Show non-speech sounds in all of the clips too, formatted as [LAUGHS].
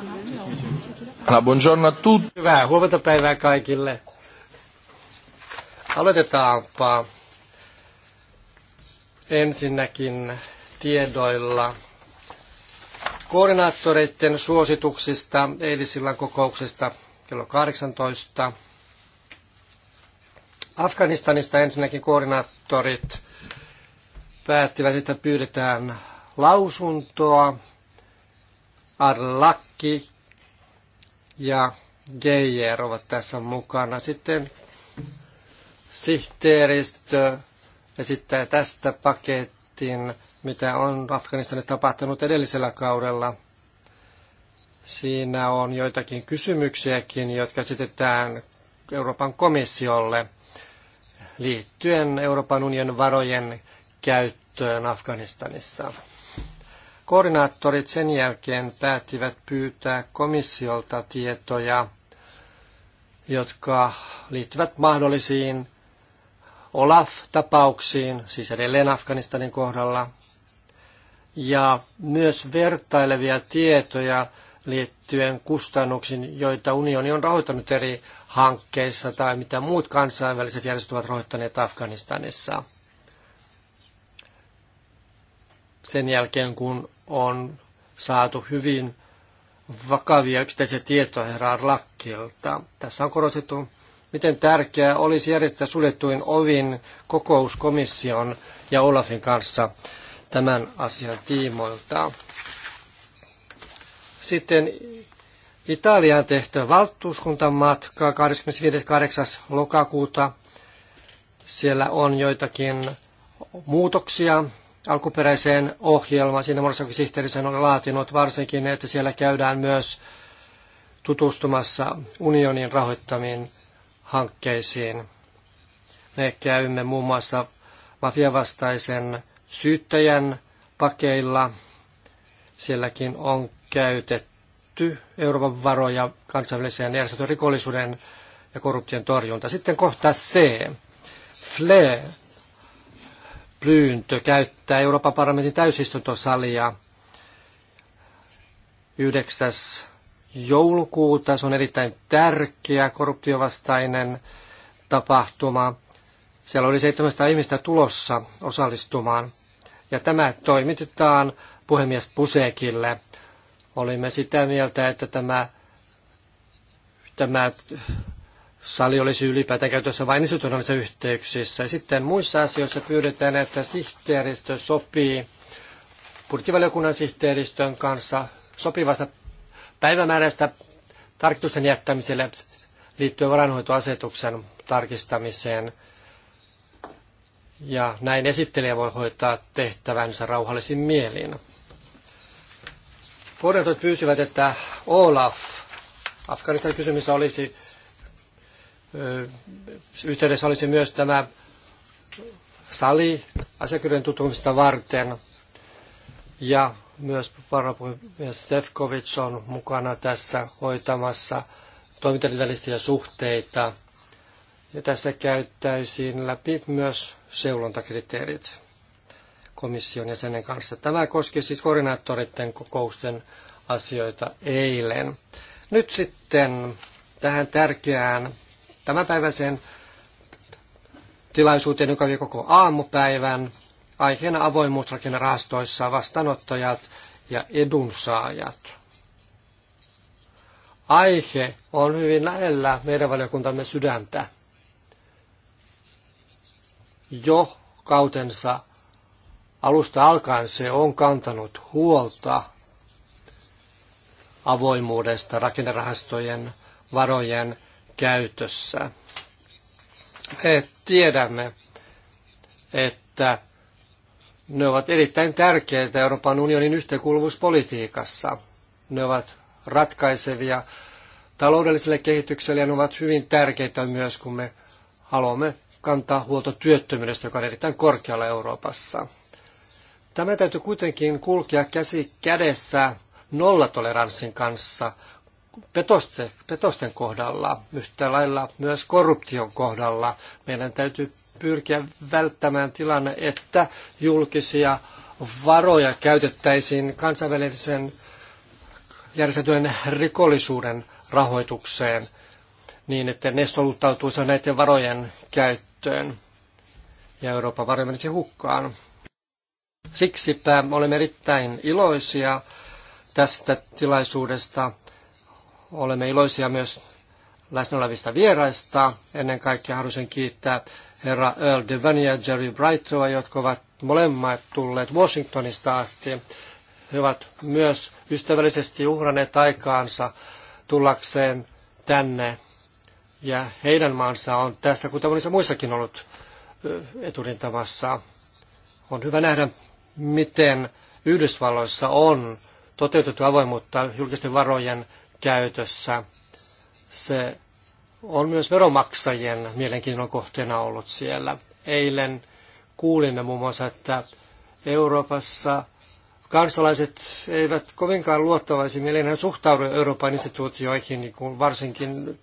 Allora, ah, buongiorno a tutti. Hyvää huomenta päivää kaikille. Aloitetaanpa ensinnäkin tiedoilla koordinaattoreiden suosituksista eilisillan kokouksesta kello 18. Afganistanista ensinnäkin koordinaattorit päättivät, että pyydetään lausuntoa Arlak Paski ja Geijer ovat tässä mukana. Sitten sihteeristö esittää tästä pakettiin, mitä on Afganistanin tapahtunut edellisellä kaudella. Siinä on joitakin kysymyksiäkin, jotka esitetään Euroopan komissiolle liittyen Euroopan unionin varojen käyttöön Afganistanissa. Koordinaattorit sen jälkeen päättivät pyytää komissiolta tietoja, jotka liittyvät mahdollisiin Olaf-tapauksiin, siis edelleen Afganistanin kohdalla, ja myös vertailevia tietoja liittyen kustannuksiin, joita unioni on rahoittanut eri hankkeissa tai mitä muut kansainväliset järjestöt ovat rahoittaneet Afganistanissa. Sen jälkeen, kun on saatu hyvin vakavia yksittäisiä tietoja herra Lakkilta. Tässä on korostettu, miten tärkeää olisi järjestää suljettuin ovin kokouskomission ja Olafin kanssa tämän asian tiimoilta. Sitten Italiaan tehtävä valtuuskuntamatka 25.8. lokakuuta. Siellä on joitakin muutoksia alkuperäiseen ohjelmaan. Siinä morsakkisihteeri sen on laatinut varsinkin, että siellä käydään myös tutustumassa unionin rahoittamiin hankkeisiin. Me käymme muun muassa mafiavastaisen syyttäjän pakeilla. Sielläkin on käytetty Euroopan varoja kansainväliseen järjestetyn rikollisuuden ja korruption torjunta. Sitten kohta C. Flair pyyntö käyttää Euroopan parlamentin täysistuntosalia 9. joulukuuta. Se on erittäin tärkeä korruptiovastainen tapahtuma. Siellä oli 700 ihmistä tulossa osallistumaan. Ja tämä toimitetaan puhemies Pusekille. Olimme sitä mieltä, että tämä, tämä sali olisi ylipäätään käytössä vain institutionaalisissa yhteyksissä. Sitten muissa asioissa pyydetään, että sihteeristö sopii budjettivaliokunnan sihteeristön kanssa sopivasta päivämäärästä tarkistusten jättämiselle liittyen varainhoitoasetuksen tarkistamiseen. Ja näin esittelijä voi hoitaa tehtävänsä rauhallisin mielin. Koordinaatot pyysivät, että Olaf, Afganistan kysymys olisi yhteydessä olisi myös tämä sali asiakirjojen tutustumista varten. Ja myös varapuhemies Sefcovic on mukana tässä hoitamassa toimintalivälisiä suhteita. Ja tässä käyttäisiin läpi myös seulontakriteerit komission jäsenen kanssa. Tämä koski siis koordinaattoreiden kokousten asioita eilen. Nyt sitten tähän tärkeään tämänpäiväiseen tilaisuuteen, joka vie koko aamupäivän. Aiheena avoimuusrakennerahastoissa vastaanottajat ja edunsaajat. Aihe on hyvin lähellä meidän valiokuntamme sydäntä. Jo kautensa alusta alkaen se on kantanut huolta avoimuudesta rakennerahastojen varojen käytössä. Me tiedämme, että ne ovat erittäin tärkeitä Euroopan unionin yhteenkuuluvuuspolitiikassa. Ne ovat ratkaisevia taloudelliselle kehitykselle ja ne ovat hyvin tärkeitä myös, kun me haluamme kantaa huolta työttömyydestä, joka on erittäin korkealla Euroopassa. Tämä täytyy kuitenkin kulkea käsi kädessä nollatoleranssin kanssa – petosten, petosten kohdalla, yhtä lailla myös korruption kohdalla. Meidän täytyy pyrkiä välttämään tilanne, että julkisia varoja käytettäisiin kansainvälisen järjestetyn rikollisuuden rahoitukseen niin, että ne soluttautuisivat näiden varojen käyttöön ja Euroopan varoja menisi hukkaan. Siksipä olemme erittäin iloisia tästä tilaisuudesta Olemme iloisia myös läsnä olevista vieraista. Ennen kaikkea haluaisin kiittää herra Earl Devaney ja Jerry Brightoa, jotka ovat molemmat tulleet Washingtonista asti. He ovat myös ystävällisesti uhranneet aikaansa tullakseen tänne. Ja heidän maansa on tässä, kuten monissa muissakin ollut eturintamassa. On hyvä nähdä, miten Yhdysvalloissa on toteutettu avoimuutta julkisten varojen käytössä. Se on myös veromaksajien mielenkiinnon kohteena ollut siellä. Eilen kuulimme muun muassa, että Euroopassa kansalaiset eivät kovinkaan luottavaisin mielenään suhtaudu Euroopan instituutioihin, niin kun varsinkin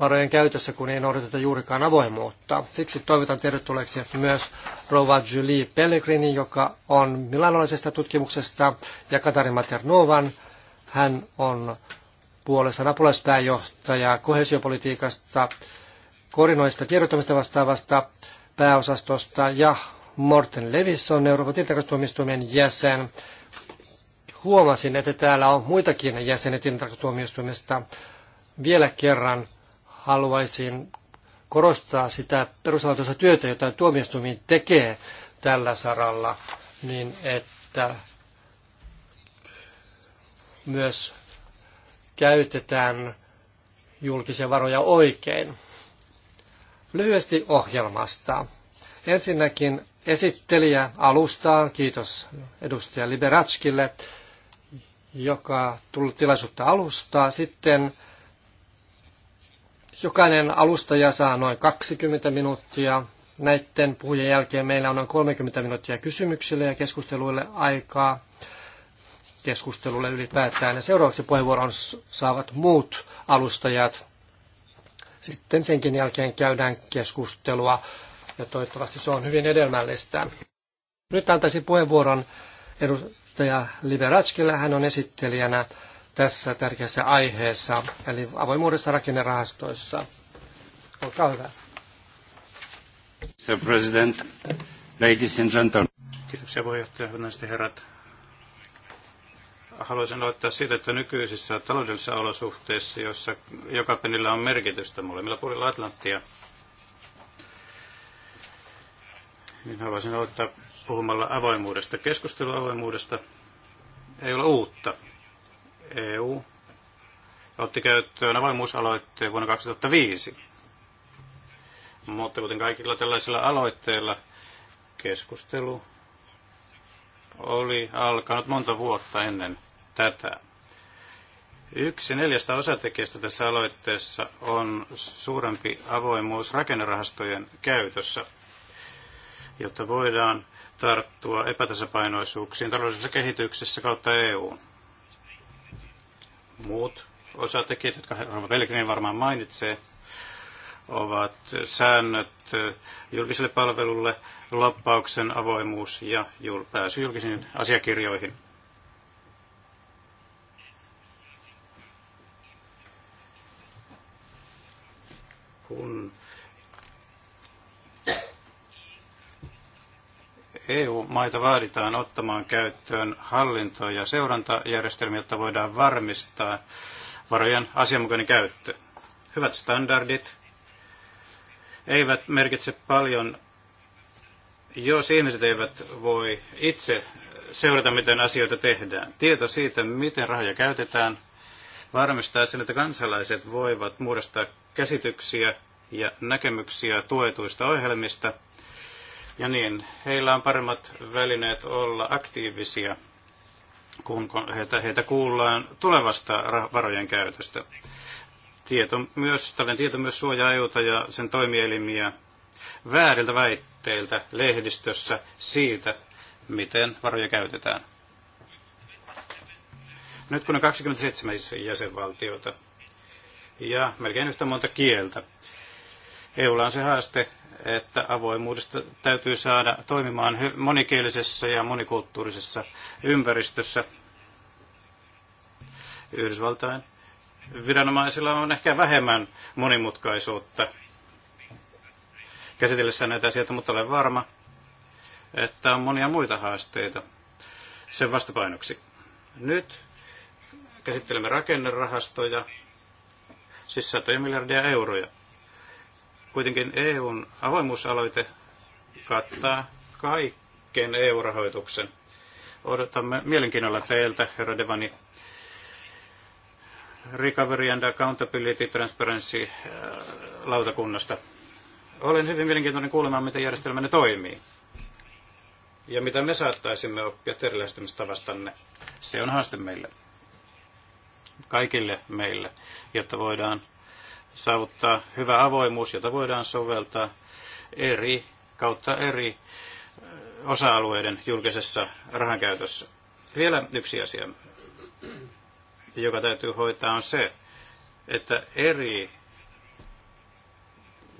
varojen käytössä, kun ei noudateta juurikaan avoimuutta. Siksi toivotan tervetulleeksi myös Rova Julie Pellegrini, joka on milanolaisesta tutkimuksesta, ja Katari Maternovan. Hän on puolesta rapulaispääjohtaja kohesiopolitiikasta, koordinoista tiedottamista vastaavasta pääosastosta ja Morten Levisson, Euroopan tilintarkastustuomioistuimen jäsen. Huomasin, että täällä on muitakin jäseniä tilintarkastustuomioistuimesta. Vielä kerran haluaisin korostaa sitä peruslaatuista työtä, jota tuomioistuimiin tekee tällä saralla, niin että myös käytetään julkisia varoja oikein. Lyhyesti ohjelmasta. Ensinnäkin esittelijä alustaan, kiitos edustaja Liberatskille, joka tullut tilaisuutta alustaa. Sitten jokainen alustaja saa noin 20 minuuttia. Näiden puhujen jälkeen meillä on noin 30 minuuttia kysymyksille ja keskusteluille aikaa keskustelulle ylipäätään. Ja seuraavaksi puheenvuoron saavat muut alustajat. Sitten senkin jälkeen käydään keskustelua ja toivottavasti se on hyvin edelmällistä. Nyt antaisin puheenvuoron edustaja Liberatskille. Hän on esittelijänä tässä tärkeässä aiheessa, eli avoimuudessa rakennerahastoissa. Olkaa hyvä. Mr. President, ladies and gentlemen. Kiitoksia puheenjohtaja, hyvät naiset herrat haluaisin aloittaa siitä, että nykyisissä taloudellisissa olosuhteissa, joissa joka penillä on merkitystä molemmilla puolilla Atlanttia, niin haluaisin aloittaa puhumalla avoimuudesta. Keskustelu avoimuudesta ei ole uutta. EU otti käyttöön avoimuusaloitteen vuonna 2005. Mutta kuten kaikilla tällaisilla aloitteilla, keskustelu oli alkanut monta vuotta ennen tätä. Yksi neljästä osatekijästä tässä aloitteessa on suurempi avoimuus rakennerahastojen käytössä, jotta voidaan tarttua epätasapainoisuuksiin taloudellisessa kehityksessä kautta EU. Muut osatekijät, jotka Pelkinen niin varmaan mainitsee, ovat säännöt julkiselle palvelulle, loppauksen avoimuus ja pääsy julkisiin asiakirjoihin. kun EU-maita vaaditaan ottamaan käyttöön hallinto- ja seurantajärjestelmiä, jotta voidaan varmistaa varojen asianmukainen käyttö. Hyvät standardit eivät merkitse paljon, jos ihmiset eivät voi itse seurata, miten asioita tehdään. Tieto siitä, miten rahoja käytetään, varmistaa sen, että kansalaiset voivat muodostaa käsityksiä ja näkemyksiä tuetuista ohjelmista. Ja niin, heillä on paremmat välineet olla aktiivisia, kun heitä, heitä kuullaan tulevasta varojen käytöstä. Tieto myös, tällainen tieto myös suojaa EUta ja sen toimielimiä vääriltä väitteiltä lehdistössä siitä, miten varoja käytetään. Nyt kun on 27 jäsenvaltiota ja melkein yhtä monta kieltä, EUlla on se haaste, että avoimuudesta täytyy saada toimimaan monikielisessä ja monikulttuurisessa ympäristössä. Yhdysvaltain viranomaisilla on ehkä vähemmän monimutkaisuutta käsitellessä näitä asioita, mutta olen varma, että on monia muita haasteita sen vastapainoksi. Nyt käsittelemme rakennerahastoja, siis satoja miljardia euroja. Kuitenkin EUn avoimuusaloite kattaa kaikkeen EU-rahoituksen. Odotamme mielenkiinnolla teiltä, herra Devani, Recovery and Accountability Transparency äh, lautakunnasta. Olen hyvin mielenkiintoinen kuulemaan, miten järjestelmänne toimii. Ja mitä me saattaisimme oppia terveellistämistavastanne, Se on haaste meille kaikille meille, jotta voidaan saavuttaa hyvä avoimuus, jota voidaan soveltaa eri kautta eri osa-alueiden julkisessa rahankäytössä. Vielä yksi asia, joka täytyy hoitaa, on se, että eri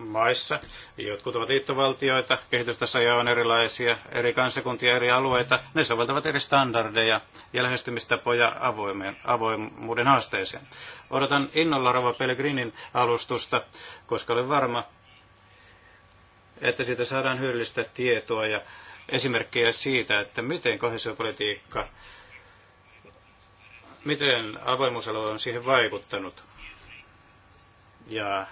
maissa. Jotkut ovat liittovaltioita, kehitystasoja on erilaisia, eri kansakuntia, eri alueita. Ne soveltavat eri standardeja ja lähestymistapoja avoimen, avoimuuden haasteeseen. Odotan innolla Rova Pellegrinin alustusta, koska olen varma, että siitä saadaan hyödyllistä tietoa ja esimerkkejä siitä, että miten kohesiopolitiikka, miten avoimuusalue on siihen vaikuttanut. Ja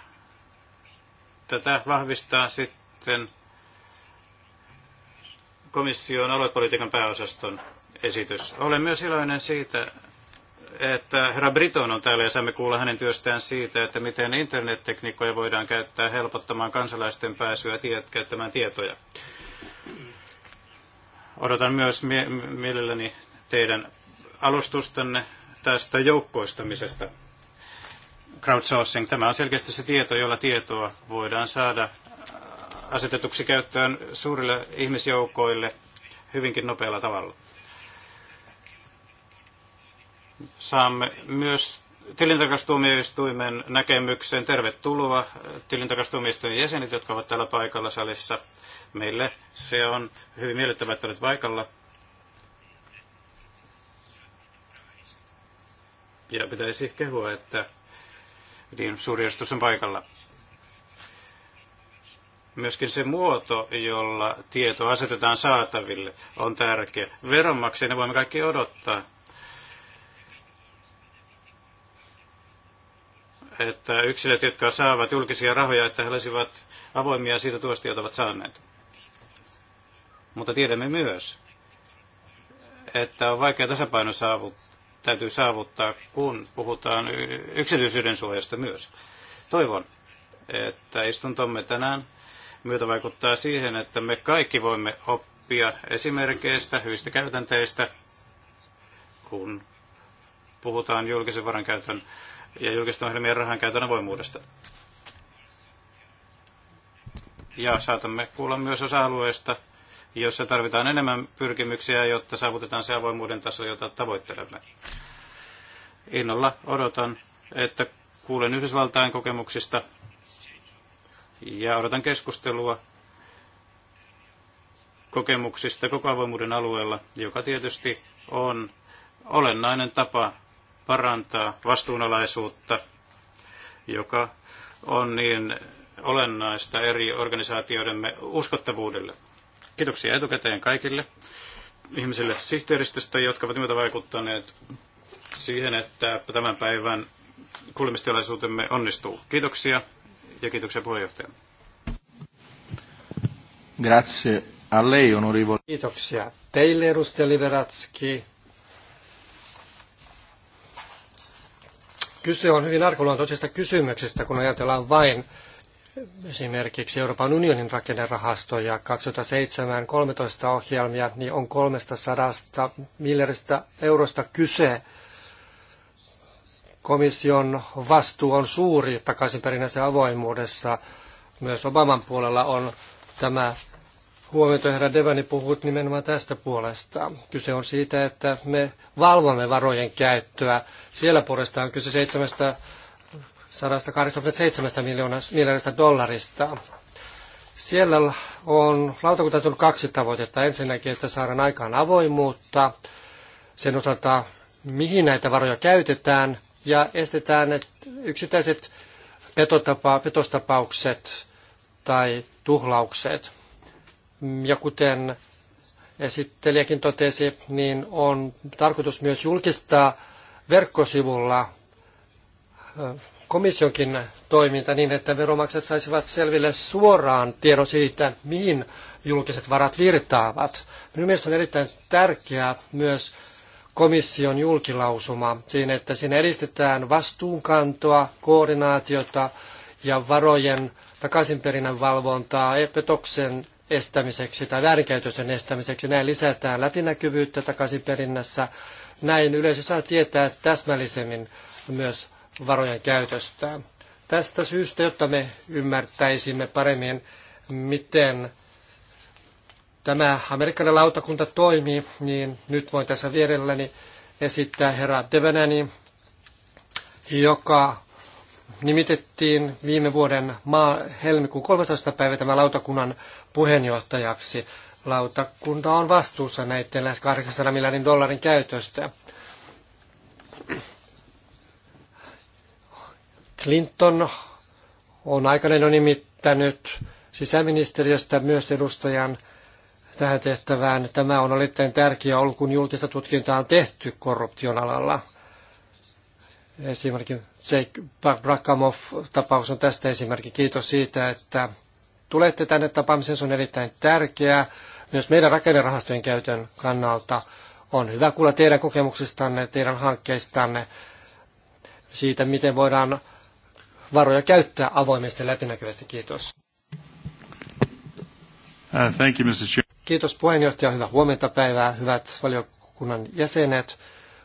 Tätä vahvistaa sitten komission aluepolitiikan pääosaston esitys. Olen myös iloinen siitä, että herra Briton on täällä ja saamme kuulla hänen työstään siitä, että miten internettekniikkoja voidaan käyttää helpottamaan kansalaisten pääsyä tiet, käyttämään tietoja. Odotan myös mie- mielelläni teidän alustustanne tästä joukkoistamisesta crowdsourcing. Tämä on selkeästi se tieto, jolla tietoa voidaan saada äh, asetetuksi käyttöön suurille ihmisjoukoille hyvinkin nopealla tavalla. Saamme myös tilintarkastuomioistuimen näkemyksen. Tervetuloa äh, tilintarkastuomioistuimen jäsenet, jotka ovat täällä paikalla salissa. Meille se on hyvin miellyttävää, että olet paikalla. Ja pitäisi kehua, että niin suuri edustus on paikalla. Myöskin se muoto, jolla tieto asetetaan saataville, on tärkeä. Veronmaksajia voimme kaikki odottaa, että yksilöt, jotka saavat julkisia rahoja, että he olisivat avoimia siitä tuosta, jota ovat saaneet. Mutta tiedämme myös, että on vaikea tasapaino saavuttaa täytyy saavuttaa, kun puhutaan yksityisyyden suojasta myös. Toivon, että istuntomme tänään myötä vaikuttaa siihen, että me kaikki voimme oppia esimerkkeistä, hyvistä käytänteistä, kun puhutaan julkisen varankäytön ja julkisten ohjelmien rahan käytön avoimuudesta. Ja saatamme kuulla myös osa-alueesta, jossa tarvitaan enemmän pyrkimyksiä, jotta saavutetaan se avoimuuden taso, jota tavoittelemme. Innolla odotan, että kuulen Yhdysvaltain kokemuksista ja odotan keskustelua kokemuksista koko avoimuuden alueella, joka tietysti on olennainen tapa parantaa vastuunalaisuutta, joka on niin olennaista eri organisaatioidemme uskottavuudelle. Kiitoksia etukäteen kaikille ihmisille sihteeristöstä, jotka ovat nimeltä vaikuttaneet siihen, että tämän päivän kuulemistilaisuutemme onnistuu. Kiitoksia ja kiitoksia puheenjohtajalle. Grazie a lei, onorevole. Kiitoksia teille, edustaja Liberatski. Kyse on hyvin arkaluontoisesta kysymyksestä, kun ajatellaan vain esimerkiksi Euroopan unionin rakennerahastoja 2007-2013 ohjelmia, niin on 300 miljardista eurosta kyse. Komission vastuu on suuri takaisinperinnässä avoimuudessa. Myös Obaman puolella on tämä huomioitu. Herra Devani puhut nimenomaan tästä puolesta. Kyse on siitä, että me valvomme varojen käyttöä. Siellä puolestaan on kyse seitsemästä 127 miljoonasta dollarista. Siellä on lautakunta tullut kaksi tavoitetta. Ensinnäkin, että saadaan aikaan avoimuutta sen osalta, mihin näitä varoja käytetään, ja estetään että yksittäiset petotapa, petostapaukset tai tuhlaukset. Ja kuten esittelijäkin totesi, niin on tarkoitus myös julkistaa verkkosivulla komissionkin toiminta niin, että veromaksat saisivat selville suoraan tiedon siitä, mihin julkiset varat virtaavat. Minun mielestäni on erittäin tärkeää myös komission julkilausuma siinä, että siinä edistetään vastuunkantoa, koordinaatiota ja varojen takaisinperinnän valvontaa petoksen estämiseksi tai väärinkäytösten estämiseksi. Näin lisätään läpinäkyvyyttä takaisinperinnässä. Näin yleisö saa tietää täsmällisemmin myös varojen käytöstä. Tästä syystä, jotta me ymmärtäisimme paremmin, miten tämä amerikkalainen lautakunta toimii, niin nyt voin tässä vierelläni esittää herra Devenäni, joka nimitettiin viime vuoden maa, helmikuun 13. päivä tämän lautakunnan puheenjohtajaksi. Lautakunta on vastuussa näiden lähes 800 miljardin dollarin käytöstä. Clinton on aikanaan on nimittänyt sisäministeriöstä myös edustajan tähän tehtävään. Tämä on erittäin tärkeä ollut, kun julkista tutkintaa on tehty korruption alalla. Esimerkiksi Jake Brakamov-tapaus on tästä esimerkki. Kiitos siitä, että tulette tänne tapaamiseen. Se on erittäin tärkeää myös meidän rakennerahastojen käytön kannalta. On hyvä kuulla teidän kokemuksistanne, teidän hankkeistanne siitä, miten voidaan varoja käyttää avoimesti ja läpinäkyvästi. Kiitos. Uh, thank you, Mr. Chair. Kiitos puheenjohtaja. Hyvää huomenta päivää, hyvät valiokunnan jäsenet.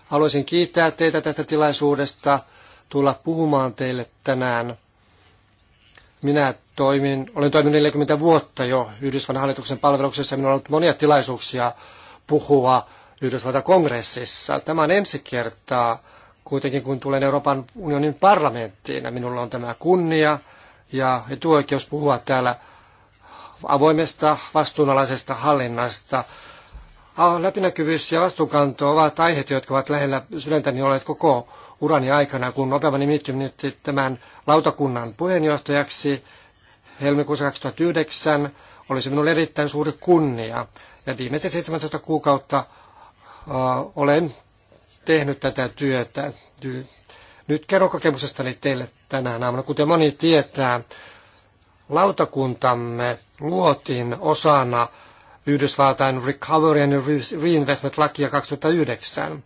Haluaisin kiittää teitä tästä tilaisuudesta tulla puhumaan teille tänään. Minä toimin, olen toiminut 40 vuotta jo Yhdysvallan hallituksen palveluksessa. Minulla on ollut monia tilaisuuksia puhua Yhdysvallan kongressissa. Tämä on ensi kertaa, kuitenkin kun tulen Euroopan unionin parlamenttiin ja minulla on tämä kunnia ja etuoikeus puhua täällä avoimesta vastuunalaisesta hallinnasta. Ah, läpinäkyvyys ja vastuunkanto ovat aiheet, jotka ovat lähellä sydäntäni olleet koko urani aikana, kun nopeammin nyt tämän lautakunnan puheenjohtajaksi helmikuussa 2009 olisi minulle erittäin suuri kunnia. Ja viimeiset 17 kuukautta äh, olen tehnyt tätä työtä. Nyt kerron kokemuksestani teille tänään aamuna. Kuten moni tietää, lautakuntamme luotiin osana Yhdysvaltain Recovery and Reinvestment-lakia 2009.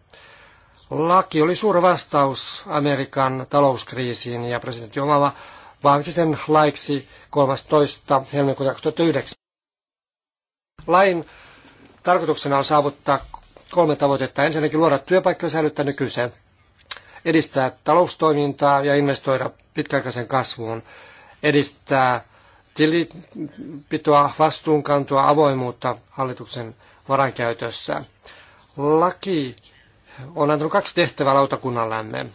Laki oli suuri vastaus Amerikan talouskriisiin ja presidentti Obama vahvisti sen laiksi 13. helmikuuta 2009. Lain tarkoituksena on saavuttaa kolme tavoitetta. Ensinnäkin luoda työpaikkoja säilyttää nykyisen, edistää taloustoimintaa ja investoida pitkäaikaisen kasvuun, edistää tilipitoa, vastuunkantoa, avoimuutta hallituksen varankäytössä. Laki on antanut kaksi tehtävää lautakunnallemme.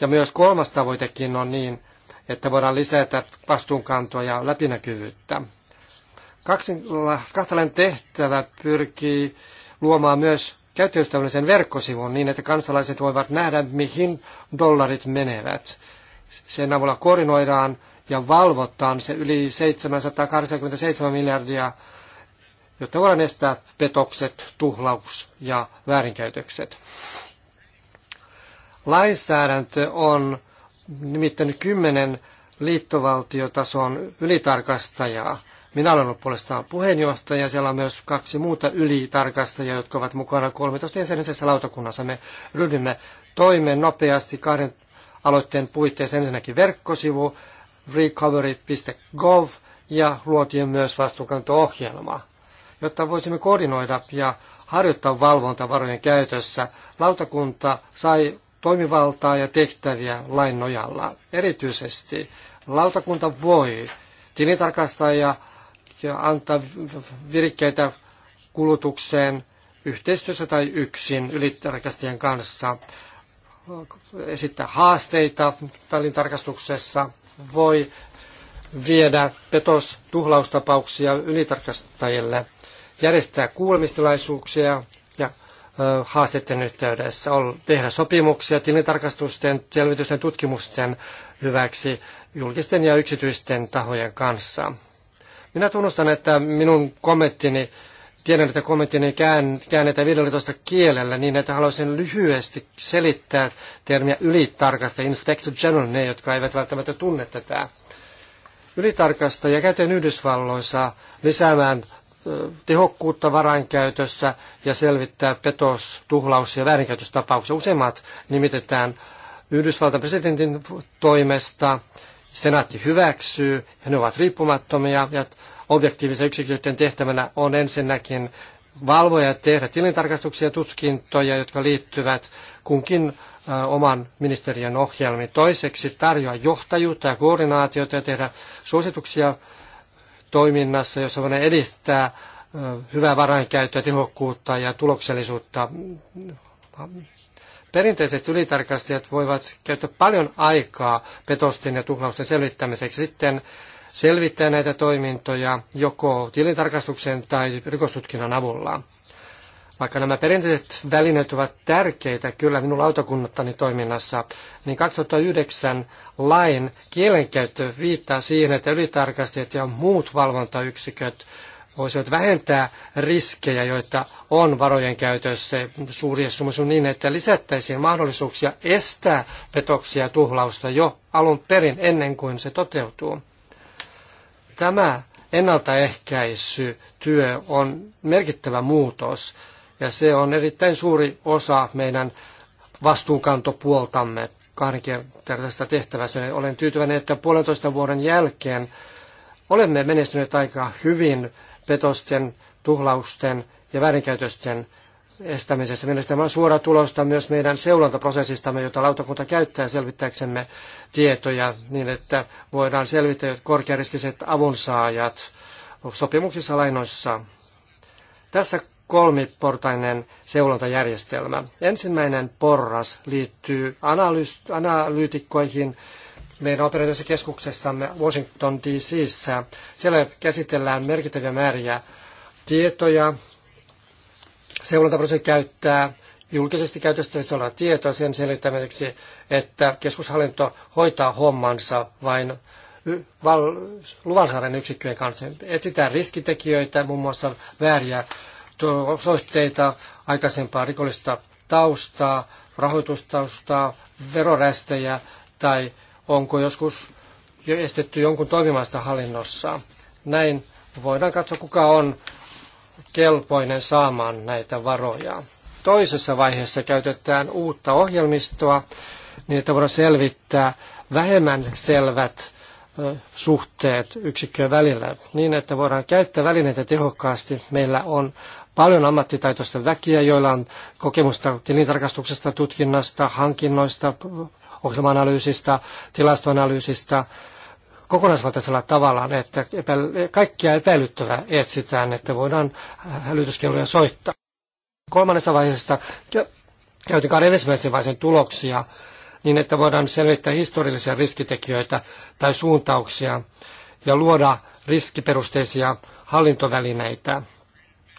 Ja myös kolmas tavoitekin on niin, että voidaan lisätä vastuunkantoa ja läpinäkyvyyttä. Kaksi, kahtalainen tehtävä pyrkii luomaan myös käyttöön tällaisen verkkosivun niin, että kansalaiset voivat nähdä, mihin dollarit menevät. Sen avulla koordinoidaan ja valvotaan se yli 787 miljardia, jotta voidaan estää petokset, tuhlaus ja väärinkäytökset. Lainsäädäntö on nimittäin kymmenen liittovaltiotason ylitarkastajaa. Minä olen ollut puolestaan puheenjohtaja. Siellä on myös kaksi muuta ylitarkastajaa, jotka ovat mukana 13 jäsenisessä lautakunnassa. Me ryhdymme toimeen nopeasti kahden aloitteen puitteissa ensinnäkin verkkosivu recovery.gov ja luotiin myös vastuukanto-ohjelma, jotta voisimme koordinoida ja harjoittaa valvontavarojen käytössä. Lautakunta sai toimivaltaa ja tehtäviä lain nojalla. Erityisesti lautakunta voi tilintarkastaa ja ja antaa virikkeitä kulutukseen yhteistyössä tai yksin ylitarkastajien kanssa, esittää haasteita tarkastuksessa voi viedä petostuhlaustapauksia ylitarkastajille, järjestää kuulemistilaisuuksia ja haasteiden yhteydessä on tehdä sopimuksia tilintarkastusten, selvitysten tutkimusten hyväksi julkisten ja yksityisten tahojen kanssa. Minä tunnustan, että minun kommenttini, tiedän, että kommenttini käännetään 15 kielellä niin, että haluaisin lyhyesti selittää termiä ylitarkasta, inspector general, ne, jotka eivät välttämättä tunne tätä. ja käteen Yhdysvalloissa lisäämään tehokkuutta varainkäytössä ja selvittää petos, tuhlaus ja väärinkäytöstapauksia. Useimmat nimitetään Yhdysvaltain presidentin toimesta senaatti hyväksyy, ja ne ovat riippumattomia, ja objektiivisen yksiköiden tehtävänä on ensinnäkin valvoja ja tehdä tilintarkastuksia ja tutkintoja, jotka liittyvät kunkin oman ministeriön ohjelmiin. Toiseksi tarjoa johtajuutta ja koordinaatiota ja tehdä suosituksia toiminnassa, jossa voidaan edistää hyvää varainkäyttöä, tehokkuutta ja tuloksellisuutta Perinteiset ylitarkastajat voivat käyttää paljon aikaa petosten ja tuhlausten selvittämiseksi. Sitten selvittää näitä toimintoja joko tilintarkastuksen tai rikostutkinnan avulla. Vaikka nämä perinteiset välineet ovat tärkeitä kyllä minun lautakunnattani toiminnassa, niin 2009 lain kielenkäyttö viittaa siihen, että ylitarkastajat ja muut valvontayksiköt voisivat vähentää riskejä, joita on varojen käytössä suuria summissa niin, että lisättäisiin mahdollisuuksia estää petoksia ja tuhlausta jo alun perin ennen kuin se toteutuu. Tämä ennaltaehkäisytyö on merkittävä muutos ja se on erittäin suuri osa meidän vastuunkantopuoltamme kahdenkertaisesta tehtävästä. Olen tyytyväinen, että puolentoista vuoden jälkeen olemme menestyneet aika hyvin petosten, tuhlausten ja väärinkäytösten estämisessä. Mielestäni tämä on suora tulosta myös meidän seulontaprosessistamme, jota lautakunta käyttää selvittääksemme tietoja niin, että voidaan selvittää korkeariskiset avunsaajat sopimuksissa lainoissa. Tässä kolmiportainen seulontajärjestelmä. Ensimmäinen porras liittyy analyytikkoihin, meidän operatiivisessa keskuksessamme Washington DCissä. Siellä käsitellään merkittäviä määriä tietoja. Seulontaprosessi käyttää julkisesti käytettävissä olevaa tietoa sen selittämiseksi, että keskushallinto hoitaa hommansa vain val- luvansaaren yksikköjen kanssa. Etsitään riskitekijöitä, muun muassa vääriä osoitteita, aikaisempaa rikollista taustaa, rahoitustaustaa, verorästejä tai onko joskus jo estetty jonkun toimimasta hallinnossa. Näin voidaan katsoa, kuka on kelpoinen saamaan näitä varoja. Toisessa vaiheessa käytetään uutta ohjelmistoa, niin että voidaan selvittää vähemmän selvät suhteet yksikköjen välillä, niin että voidaan käyttää välineitä tehokkaasti. Meillä on paljon ammattitaitoista väkiä, joilla on kokemusta tilintarkastuksesta, tutkinnasta, hankinnoista, ohjelma-analyysista, tilastoanalyysista kokonaisvaltaisella tavalla, että epä, kaikkia epäilyttävää etsitään, että voidaan hälytyskelloja soittaa. Kolmannessa vaiheessa käytin kahden ensimmäisen vaiheen tuloksia niin, että voidaan selvittää historiallisia riskitekijöitä tai suuntauksia ja luoda riskiperusteisia hallintovälineitä.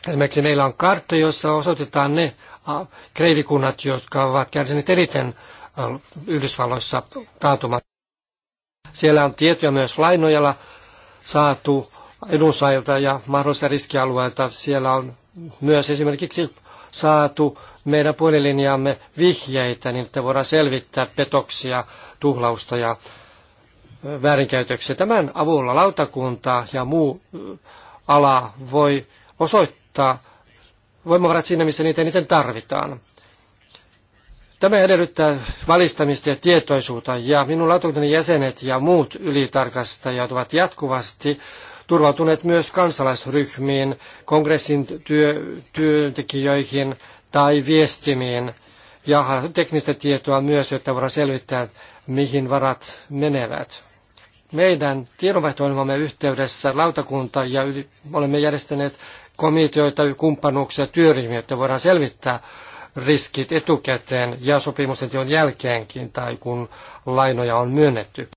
Esimerkiksi meillä on kartta, jossa osoitetaan ne kreivikunnat, jotka ovat kärsineet eriten Yhdysvalloissa kaatuma. Siellä on tietoja myös lainojalla saatu edunsaajilta ja mahdollisilta riskialueilta. Siellä on myös esimerkiksi saatu meidän puhelinlinjaamme vihjeitä, niin että voidaan selvittää petoksia, tuhlausta ja väärinkäytöksiä. Tämän avulla lautakunta ja muu ala voi osoittaa voimavarat siinä, missä niitä eniten tarvitaan. Tämä edellyttää valistamista ja tietoisuutta, ja minun lautakunnan jäsenet ja muut ylitarkastajat ovat jatkuvasti turvautuneet myös kansalaisryhmiin, kongressin työ, työntekijöihin tai viestimiin, ja teknistä tietoa myös, jotta voidaan selvittää, mihin varat menevät. Meidän tiedonvaihto-ohjelmamme yhteydessä lautakunta ja yli, olemme järjestäneet komiteoita, kumppanuuksia, työryhmiä, jotta voidaan selvittää, riskit etukäteen ja sopimusten teon jälkeenkin tai kun lainoja on myönnetty.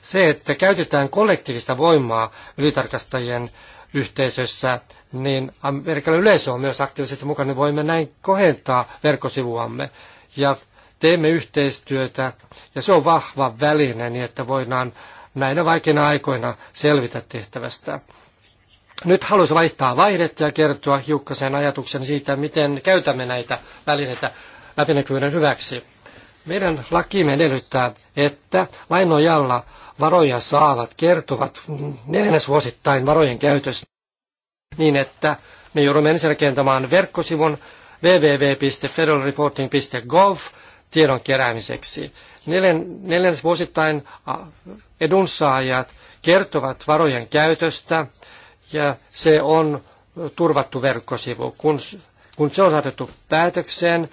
Se, että käytetään kollektiivista voimaa ylitarkastajien yhteisössä, niin Amerikan yleisö on myös aktiivisesti mukana, niin voimme näin kohentaa verkkosivuamme ja teemme yhteistyötä ja se on vahva väline niin, että voidaan näinä vaikeina aikoina selvitä tehtävästä. Nyt haluaisin vaihtaa vaihdetta ja kertoa hiukkasen ajatuksen siitä, miten käytämme näitä välineitä läpinäkyvyyden hyväksi. Meidän lakimme edellyttää, että lainojalla varoja saavat kertovat neljännesvuosittain varojen käytöstä niin, että me joudumme ensin rakentamaan verkkosivun www.federalreporting.gov tiedon keräämiseksi. Neljännesvuosittain edunsaajat kertovat varojen käytöstä ja se on turvattu verkkosivu. Kun, kun se on saatettu päätökseen,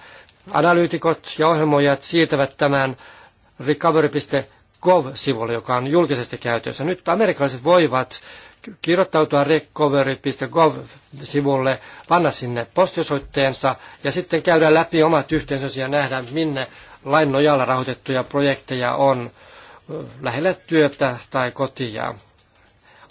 analyytikot ja ohjelmoijat siirtävät tämän recovery.gov-sivulle, joka on julkisesti käytössä. Nyt amerikkalaiset voivat kirjoittautua recovery.gov-sivulle, panna sinne postiosoitteensa ja sitten käydä läpi omat yhteisönsä ja nähdä, minne lain nojalla rahoitettuja projekteja on lähellä työtä tai kotia.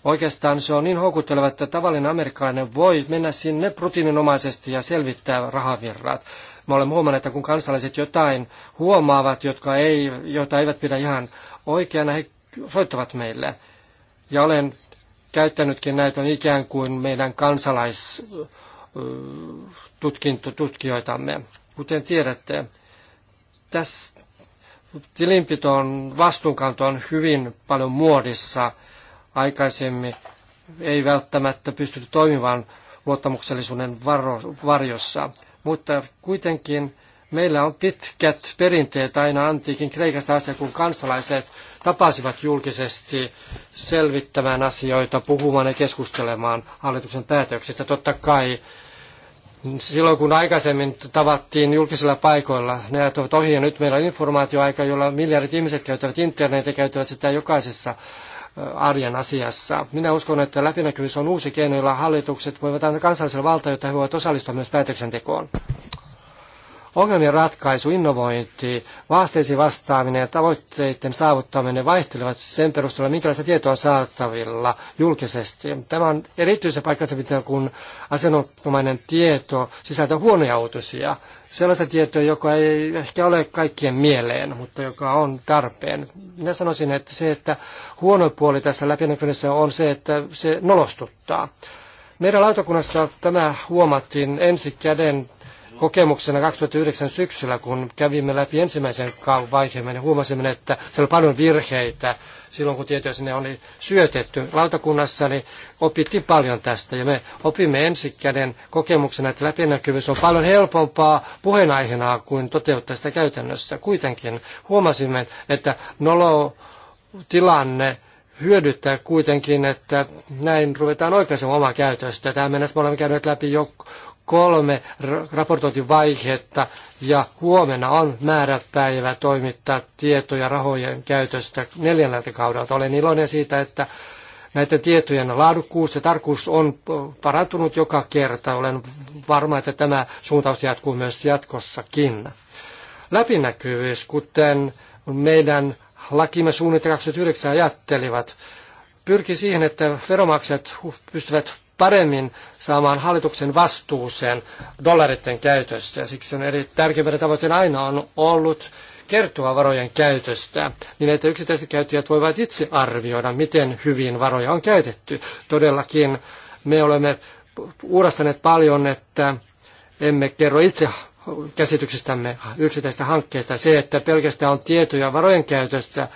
Oikeastaan se on niin houkutteleva, että tavallinen amerikkalainen voi mennä sinne rutiininomaisesti ja selvittää rahavirrat. Mä olen huomannut, että kun kansalaiset jotain huomaavat, jotka ei, joita eivät pidä ihan oikeana, he soittavat meille. Ja olen käyttänytkin näitä ikään kuin meidän kansalaistutkijoitamme. Kuten tiedätte, tässä tilinpitoon vastuunkanto on hyvin paljon muodissa – aikaisemmin ei välttämättä pystynyt toimimaan luottamuksellisuuden varjossa. Mutta kuitenkin meillä on pitkät perinteet aina antiikin Kreikasta asti, kun kansalaiset tapasivat julkisesti selvittämään asioita, puhumaan ja keskustelemaan hallituksen päätöksistä. Totta kai silloin, kun aikaisemmin tavattiin julkisilla paikoilla, ne ovat ohi ja nyt meillä on informaatioaika, jolla miljardit ihmiset käyttävät internetiä, ja käyttävät sitä jokaisessa Äh, arjen asiassa. Minä uskon, että läpinäkyvyys on uusi keino, jolla hallitukset voivat antaa kansalliselle valtaa, jotta he voivat osallistua myös päätöksentekoon. Ongelmien ratkaisu, innovointi, vasteisiin vastaaminen ja tavoitteiden saavuttaminen vaihtelevat sen perusteella, minkälaista tietoa on saatavilla julkisesti. Tämä on erityisen paikassa pitää, kun asianomainen tieto sisältää huonoja uutisia. Sellaista tietoa, joka ei ehkä ole kaikkien mieleen, mutta joka on tarpeen. Minä sanoisin, että se, että huono puoli tässä läpinäkyvyydessä on se, että se nolostuttaa. Meidän lautakunnassa tämä huomattiin ensi käden kokemuksena 2009 syksyllä, kun kävimme läpi ensimmäisen vaiheen, niin huomasimme, että siellä oli paljon virheitä silloin, kun tietoja sinne oli syötetty. Lautakunnassa niin opittiin paljon tästä ja me opimme ensikäden kokemuksena, että läpinäkyvyys on paljon helpompaa puheenaiheena kuin toteuttaa sitä käytännössä. Kuitenkin huomasimme, että nolo tilanne hyödyttää kuitenkin, että näin ruvetaan oikaisemaan omaa käytöstä. Tähän mennessä me olemme käyneet läpi jo kolme raportointivaihetta ja huomenna on määräpäivä toimittaa tietoja rahojen käytöstä neljänneltä kaudelta. Olen iloinen siitä, että näiden tietojen laadukkuus ja tarkkuus on parantunut joka kerta. Olen varma, että tämä suuntaus jatkuu myös jatkossakin. Läpinäkyvyys, kuten meidän lakimme suunnitelma 29 ajattelivat, pyrki siihen, että veromaksajat pystyvät paremmin saamaan hallituksen vastuuseen dollareiden käytöstä. Ja siksi on eri tärkeimmän tavoitteena aina on ollut kertoa varojen käytöstä, niin että yksittäiset käyttäjät voivat itse arvioida, miten hyvin varoja on käytetty. Todellakin me olemme uurastaneet paljon, että emme kerro itse käsityksestämme yksittäistä hankkeesta. Se, että pelkästään on tietoja varojen käytöstä,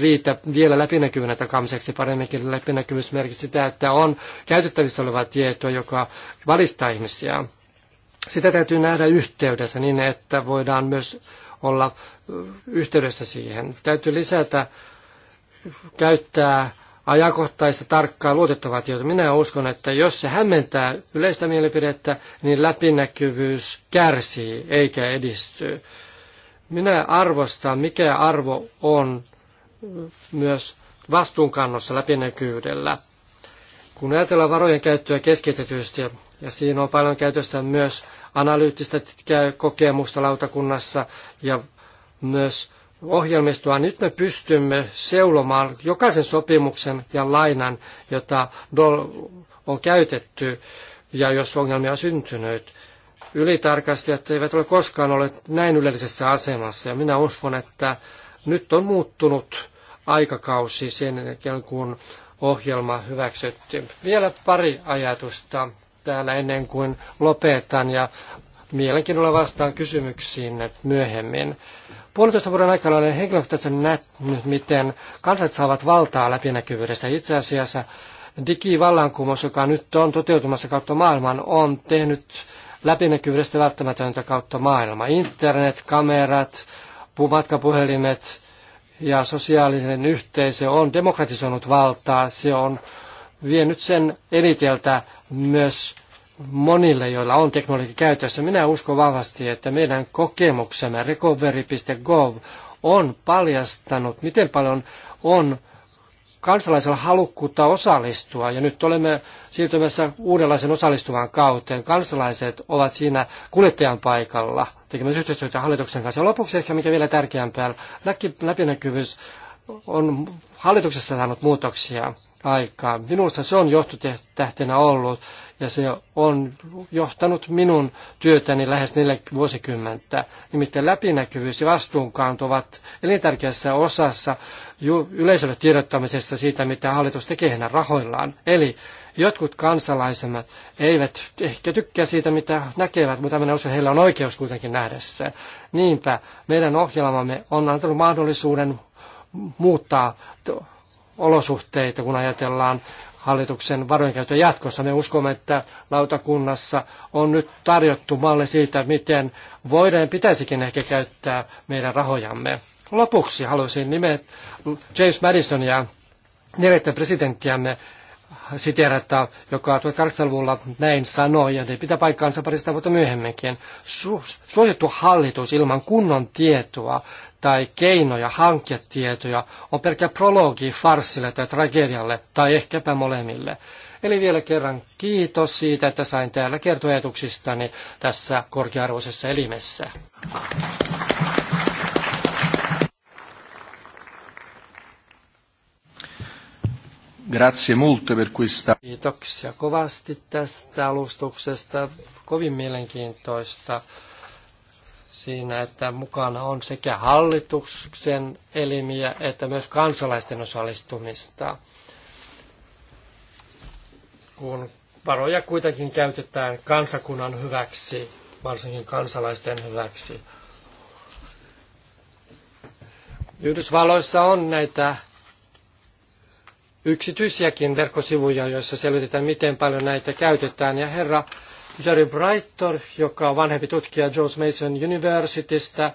riitä vielä läpinäkyvänä takaamiseksi. Paremminkin läpinäkyvyys merkitsee sitä, että on käytettävissä olevaa tietoa, joka valistaa ihmisiä. Sitä täytyy nähdä yhteydessä niin, että voidaan myös olla yhteydessä siihen. Täytyy lisätä, käyttää ajankohtaista, tarkkaa, luotettavaa tietoa. Minä uskon, että jos se hämmentää yleistä mielipidettä, niin läpinäkyvyys kärsii eikä edisty. Minä arvostan, mikä arvo on myös vastuunkannossa läpinäkyydellä. Kun ajatellaan varojen käyttöä keskitetysti, ja siinä on paljon käytöstä myös analyyttistä kokemusta lautakunnassa ja myös ohjelmistoa, nyt me pystymme seulomaan jokaisen sopimuksen ja lainan, jota on käytetty ja jos ongelmia on syntynyt. Ylitarkastajat eivät ole koskaan olleet näin ylellisessä asemassa ja minä uskon, että nyt on muuttunut aikakausi sen jälkeen, kun ohjelma hyväksyttiin. Vielä pari ajatusta täällä ennen kuin lopetan ja mielenkiinnolla vastaan kysymyksiin myöhemmin. Puolitoista vuoden aikana olen henkilökohtaisesti nähnyt, miten kansat saavat valtaa läpinäkyvyydestä. Itse asiassa digivallankumous, joka nyt on toteutumassa kautta maailman, on tehnyt läpinäkyvyydestä välttämätöntä kautta maailma. Internet, kamerat, matkapuhelimet, ja sosiaalinen yhteisö on demokratisoinut valtaa. Se on vienyt sen eniteltä myös monille, joilla on teknologia käytössä. Minä uskon vahvasti, että meidän kokemuksemme recovery.gov on paljastanut, miten paljon on kansalaisella halukkuutta osallistua. Ja nyt olemme siirtymässä uudenlaisen osallistuvan kauteen. Kansalaiset ovat siinä kuljettajan paikalla tekemässä yhteistyötä hallituksen kanssa. Ja lopuksi ehkä mikä vielä tärkeämpää, läpinäkyvyys on hallituksessa saanut muutoksia aikaa. Minusta se on johtotähtenä ollut ja se on johtanut minun työtäni lähes neljä vuosikymmentä. Nimittäin läpinäkyvyys ja vastuunkanto ovat elintärkeässä osassa yleisölle tiedottamisessa siitä, mitä hallitus tekee hänen rahoillaan. Eli Jotkut kansalaisemme eivät ehkä tykkää siitä, mitä näkevät, mutta minä uskon, heillä on oikeus kuitenkin nähdä se. Niinpä meidän ohjelmamme on antanut mahdollisuuden muuttaa olosuhteita, kun ajatellaan hallituksen varoinkäyttöä jatkossa. Me uskomme, että lautakunnassa on nyt tarjottu malli siitä, miten voidaan pitäisikin ehkä käyttää meidän rahojamme. Lopuksi haluaisin nimet James Madisonia, neljättä presidenttiämme, siteerata, joka 1800-luvulla näin sanoi, ja ne pitää paikkaansa parista vuotta myöhemminkin. Su- suosittu hallitus ilman kunnon tietoa tai keinoja hankkia tietoja on pelkkä prologi farsille tai tragedialle tai ehkäpä molemmille. Eli vielä kerran kiitos siitä, että sain täällä kertoa ajatuksistani tässä korkearvoisessa elimessä. Grazie molto per questa. Kiitoksia kovasti tästä alustuksesta. Kovin mielenkiintoista siinä, että mukana on sekä hallituksen elimiä että myös kansalaisten osallistumista. Kun varoja kuitenkin käytetään kansakunnan hyväksi, varsinkin kansalaisten hyväksi. Yhdysvalloissa on näitä yksityisiäkin verkkosivuja, joissa selvitetään, miten paljon näitä käytetään. Ja herra Jerry Brighton, joka on vanhempi tutkija George Mason Universitystä,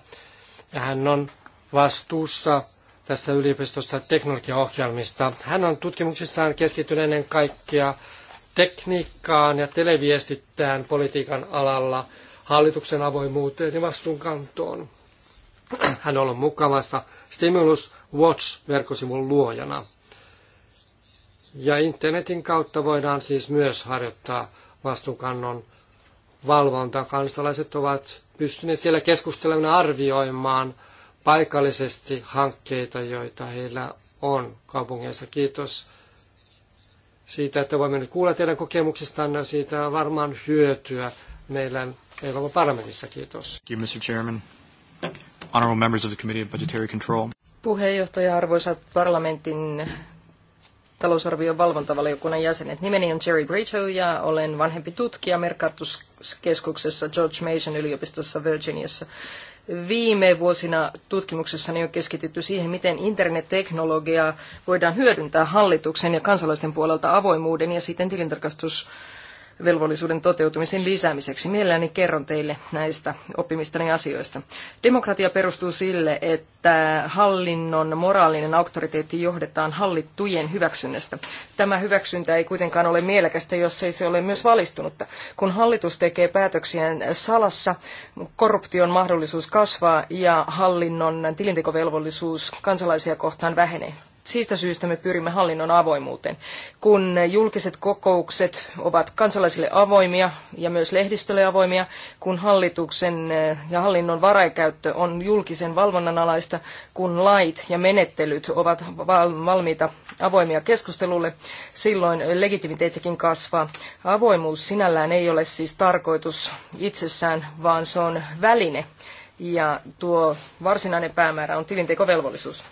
ja hän on vastuussa tässä yliopistosta teknologiaohjelmista. Hän on tutkimuksissaan keskittynyt ennen kaikkea tekniikkaan ja televiestittään politiikan alalla, hallituksen avoimuuteen ja vastuunkantoon. Hän on ollut mukavassa Stimulus Watch-verkkosivun luojana. Ja internetin kautta voidaan siis myös harjoittaa vastuunkannon valvontaa. Kansalaiset ovat pystyneet siellä keskustelemaan arvioimaan paikallisesti hankkeita, joita heillä on kaupungeissa. Kiitos siitä, että voimme nyt kuulla teidän kokemuksestanne. Siitä on varmaan hyötyä meidän Euroopan parlamentissa. Kiitos. Thank you, Mr. Chairman. members of the Committee of Budgetary Control. Puheenjohtaja, arvoisat parlamentin talousarvion valvontavaliokunnan jäsenet. Nimeni on Jerry Brito ja olen vanhempi tutkija Merkatuskeskuksessa George Mason yliopistossa Virginiassa. Viime vuosina tutkimuksessani on keskitytty siihen, miten internetteknologiaa voidaan hyödyntää hallituksen ja kansalaisten puolelta avoimuuden ja siten tilintarkastus velvollisuuden toteutumisen lisäämiseksi. Mielelläni kerron teille näistä oppimistani asioista. Demokratia perustuu sille, että hallinnon moraalinen auktoriteetti johdetaan hallittujen hyväksynnästä. Tämä hyväksyntä ei kuitenkaan ole mielekästä, jos ei se ole myös valistunutta. Kun hallitus tekee päätöksiään salassa, korruption mahdollisuus kasvaa ja hallinnon tilintekovelvollisuus kansalaisia kohtaan vähenee. Siitä syystä me pyrimme hallinnon avoimuuteen. Kun julkiset kokoukset ovat kansalaisille avoimia ja myös lehdistölle avoimia, kun hallituksen eh, ja hallinnon varaikäyttö on julkisen valvonnan alaista, kun lait ja menettelyt ovat valmiita avoimia keskustelulle, silloin legitimiteettikin kasvaa. Avoimuus sinällään ei ole siis tarkoitus itsessään, vaan se on väline ja tuo varsinainen päämäärä on tilintekovelvollisuus.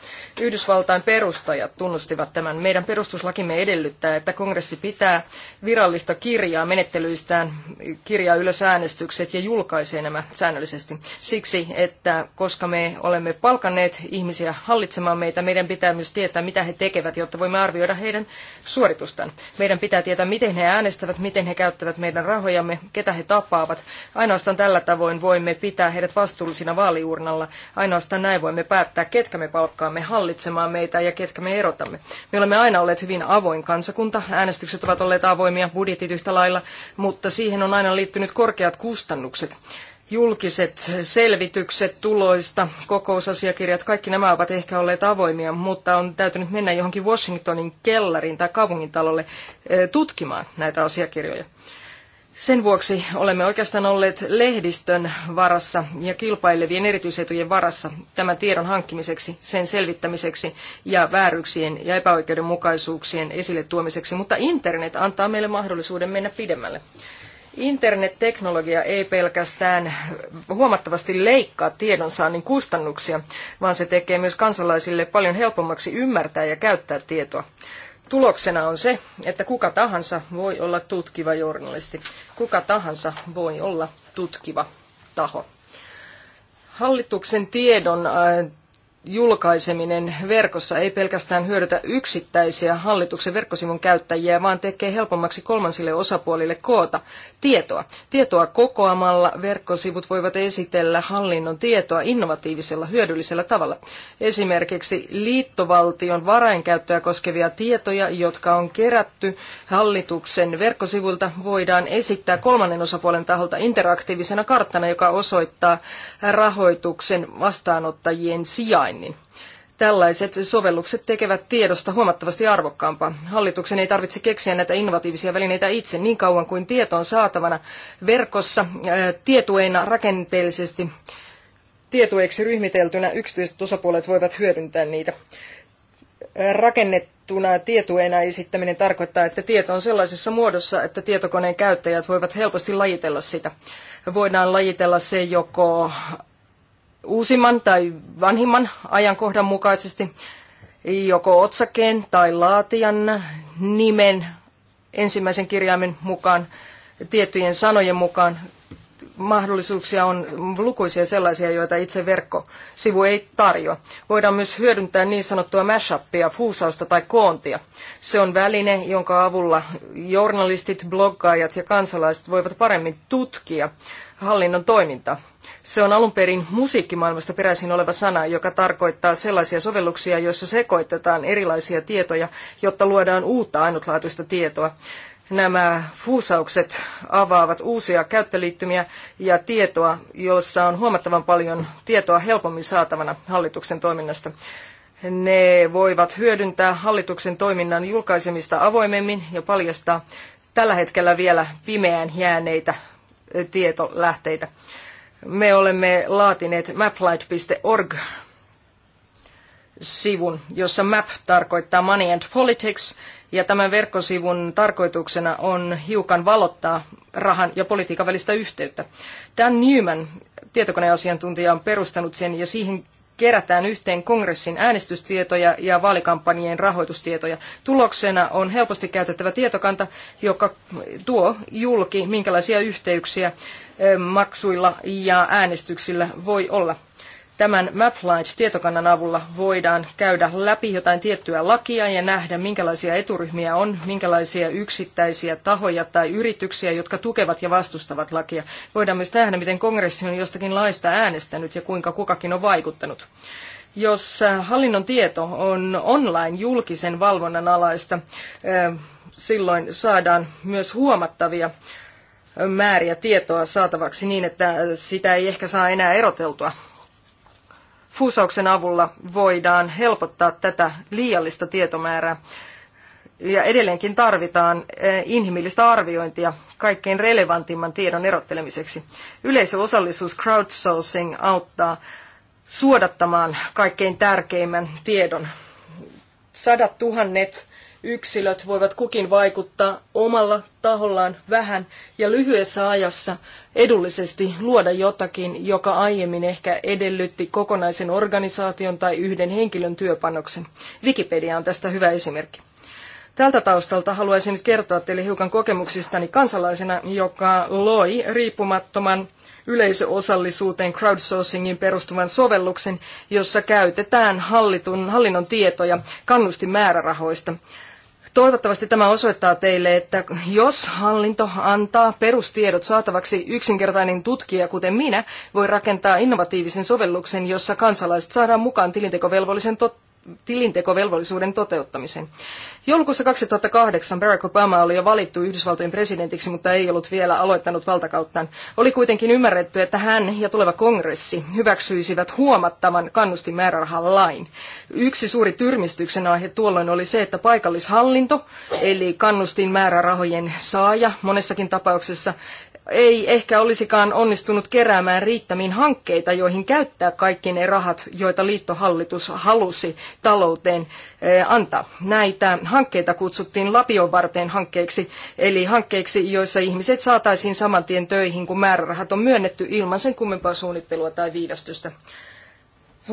Yhdysvaltain perustajat tunnustivat tämän. Meidän perustuslakimme edellyttää, että kongressi pitää virallista kirjaa menettelyistään, kirjaa ylös äänestykset ja julkaisee nämä säännöllisesti. Siksi, että koska me olemme palkanneet ihmisiä hallitsemaan meitä, meidän pitää myös tietää, mitä he tekevät, jotta voimme arvioida heidän suoritustaan. Meidän pitää tietää, miten he äänestävät, miten he käyttävät meidän rahojamme, ketä he tapaavat. Ainoastaan tällä tavoin voimme pitää heidät vastuullisina siinä vaaliurnalla. Ainoastaan näin voimme päättää, ketkä me palkkaamme hallitsemaan meitä ja ketkä me erotamme. Me olemme aina olleet hyvin avoin kansakunta. Äänestykset ovat olleet avoimia, budjetit yhtä lailla, mutta siihen on aina liittynyt korkeat kustannukset julkiset selvitykset tuloista, kokousasiakirjat, kaikki nämä ovat ehkä olleet avoimia, mutta on täytynyt mennä johonkin Washingtonin kellariin tai kaupungintalolle eh, tutkimaan näitä asiakirjoja. Sen vuoksi olemme oikeastaan olleet lehdistön varassa ja kilpailevien erityisetujen varassa tämän tiedon hankkimiseksi, sen selvittämiseksi ja vääryyksien ja epäoikeudenmukaisuuksien esille tuomiseksi, mutta internet antaa meille mahdollisuuden mennä pidemmälle. Internetteknologia ei pelkästään huomattavasti leikkaa tiedonsaannin kustannuksia, vaan se tekee myös kansalaisille paljon helpommaksi ymmärtää ja käyttää tietoa. Tuloksena on se, että kuka tahansa voi olla tutkiva journalisti. Kuka tahansa voi olla tutkiva taho. Hallituksen tiedon äh, julkaiseminen verkossa ei pelkästään hyödytä yksittäisiä hallituksen verkkosivun käyttäjiä, vaan tekee helpommaksi kolmansille osapuolille koota tietoa. Tietoa kokoamalla verkkosivut voivat esitellä hallinnon tietoa innovatiivisella hyödyllisellä tavalla. Esimerkiksi liittovaltion varainkäyttöä koskevia tietoja, jotka on kerätty hallituksen verkkosivuilta, voidaan esittää kolmannen osapuolen taholta interaktiivisena karttana, joka osoittaa rahoituksen vastaanottajien sijaan havainnin. Tällaiset sovellukset tekevät tiedosta huomattavasti arvokkaampaa. Hallituksen ei tarvitse keksiä näitä innovatiivisia välineitä itse niin kauan kuin tieto on saatavana verkossa tietueina rakenteellisesti tietueiksi ryhmiteltynä yksityiset osapuolet voivat hyödyntää niitä. Rakennettuna tietueena esittäminen tarkoittaa, että tieto on sellaisessa muodossa, että tietokoneen käyttäjät voivat helposti lajitella sitä. Voidaan lajitella se joko uusimman tai vanhimman ajankohdan mukaisesti joko otsakkeen tai laatijan nimen ensimmäisen kirjaimen mukaan, tiettyjen sanojen mukaan. Mahdollisuuksia on lukuisia sellaisia, joita itse verkkosivu ei tarjoa. Voidaan myös hyödyntää niin sanottua mashupia, fuusausta tai koontia. Se on väline, jonka avulla journalistit, bloggaajat ja kansalaiset voivat paremmin tutkia hallinnon toimintaa. Se on alun perin musiikkimaailmasta peräisin oleva sana, joka tarkoittaa sellaisia sovelluksia, joissa sekoitetaan erilaisia tietoja, jotta luodaan uutta ainutlaatuista tietoa. Nämä fuusaukset avaavat uusia käyttöliittymiä ja tietoa, jossa on huomattavan paljon tietoa helpommin saatavana hallituksen toiminnasta. Ne voivat hyödyntää hallituksen toiminnan julkaisemista avoimemmin ja paljastaa tällä hetkellä vielä pimeään jääneitä tietolähteitä. Me olemme laatineet maplight.org sivun, jossa MAP tarkoittaa Money and Politics, ja tämän verkkosivun tarkoituksena on hiukan valottaa rahan ja politiikan välistä yhteyttä. Dan Newman, tietokoneasiantuntija, on perustanut sen, ja siihen kerätään yhteen kongressin äänestystietoja ja vaalikampanjien rahoitustietoja. Tuloksena on helposti käytettävä tietokanta, joka tuo julki, minkälaisia yhteyksiä maksuilla ja äänestyksillä voi olla. Tämän MapLight-tietokannan avulla voidaan käydä läpi jotain tiettyä lakia ja nähdä, minkälaisia eturyhmiä on, minkälaisia yksittäisiä tahoja tai yrityksiä, jotka tukevat ja vastustavat lakia. Voidaan myös nähdä, miten kongressi on jostakin laista äänestänyt ja kuinka kukakin on vaikuttanut. Jos äh, hallinnon tieto on online julkisen valvonnan alaista, äh, silloin saadaan myös huomattavia äh, määriä tietoa saatavaksi niin, että sitä ei ehkä saa enää eroteltua Fuusauksen avulla voidaan helpottaa tätä liiallista tietomäärää. Ja edelleenkin tarvitaan eh, inhimillistä arviointia kaikkein relevantimman tiedon erottelemiseksi. Yleisöosallisuus crowdsourcing auttaa suodattamaan kaikkein tärkeimmän tiedon. Sadat tuhannet yksilöt voivat kukin vaikuttaa omalla tahollaan vähän ja lyhyessä ajassa edullisesti luoda jotakin, joka aiemmin ehkä edellytti kokonaisen organisaation tai yhden henkilön työpanoksen. Wikipedia on tästä hyvä esimerkki. Tältä taustalta haluaisin nyt kertoa teille hiukan kokemuksistani kansalaisena, joka loi riippumattoman yleisöosallisuuteen crowdsourcingin perustuvan sovelluksen, jossa käytetään hallitun, hallinnon tietoja kannustimäärärahoista. määrärahoista Toivottavasti tämä osoittaa teille, että jos hallinto antaa perustiedot saatavaksi yksinkertainen tutkija, kuten minä, voi rakentaa innovatiivisen sovelluksen, jossa kansalaiset saadaan mukaan tilintekovelvollisen tot- tilintekovelvollisuuden toteuttamisen. Joulukuussa 2008 Barack Obama oli jo valittu Yhdysvaltojen presidentiksi, mutta ei ollut vielä aloittanut valtakauttaan. Oli kuitenkin ymmärretty, että hän ja tuleva kongressi hyväksyisivät huomattavan kannustimäärärahan lain. Yksi suuri tyrmistyksen aihe tuolloin oli se, että paikallishallinto, eli kannustinmäärärahojen saaja monessakin tapauksessa, ei ehkä olisikaan onnistunut keräämään riittämiin hankkeita, joihin käyttää kaikki ne rahat, joita liittohallitus halusi talouteen eh, antaa. Näitä hankkeita kutsuttiin lapion varten hankkeiksi, eli hankkeiksi, joissa ihmiset saataisiin saman tien töihin, kun määrärahat on myönnetty ilman sen kummempaa suunnittelua tai viivästystä.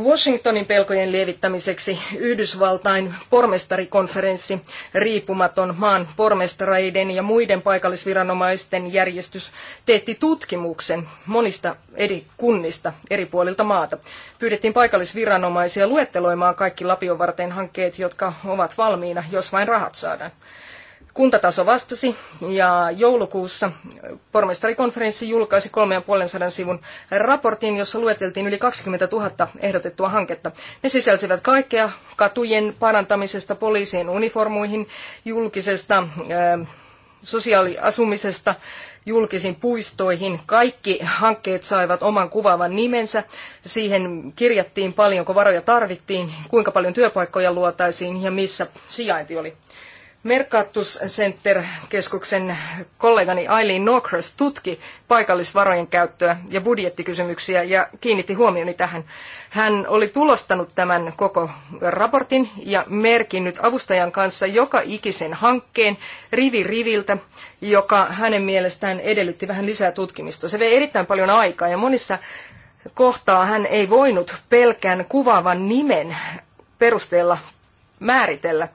Washingtonin pelkojen lievittämiseksi Yhdysvaltain pormestarikonferenssi, riippumaton maan pormestareiden ja muiden paikallisviranomaisten järjestys, teetti tutkimuksen monista eri kunnista eri puolilta maata. Pyydettiin paikallisviranomaisia luetteloimaan kaikki Lapion varten hankkeet, jotka ovat valmiina, jos vain rahat saadaan. Kuntataso vastasi ja joulukuussa pormestarikonferenssi julkaisi 3,5 sivun raportin, jossa lueteltiin yli 20 000 ehdotettua hanketta. Ne sisälsivät kaikkea katujen parantamisesta poliisien uniformuihin, julkisesta äh, sosiaaliasumisesta julkisiin puistoihin. Kaikki hankkeet saivat oman kuvaavan nimensä. Siihen kirjattiin paljonko varoja tarvittiin, kuinka paljon työpaikkoja luotaisiin ja missä sijainti oli. Mercatus Center-keskuksen kollegani Aileen Norcross tutki paikallisvarojen käyttöä ja budjettikysymyksiä ja kiinnitti huomioni tähän. Hän oli tulostanut tämän koko raportin ja merkinnyt avustajan kanssa joka ikisen hankkeen rivi riviltä, joka hänen mielestään edellytti vähän lisää tutkimista. Se vei erittäin paljon aikaa ja monissa kohtaa hän ei voinut pelkän kuvaavan nimen perusteella määritellä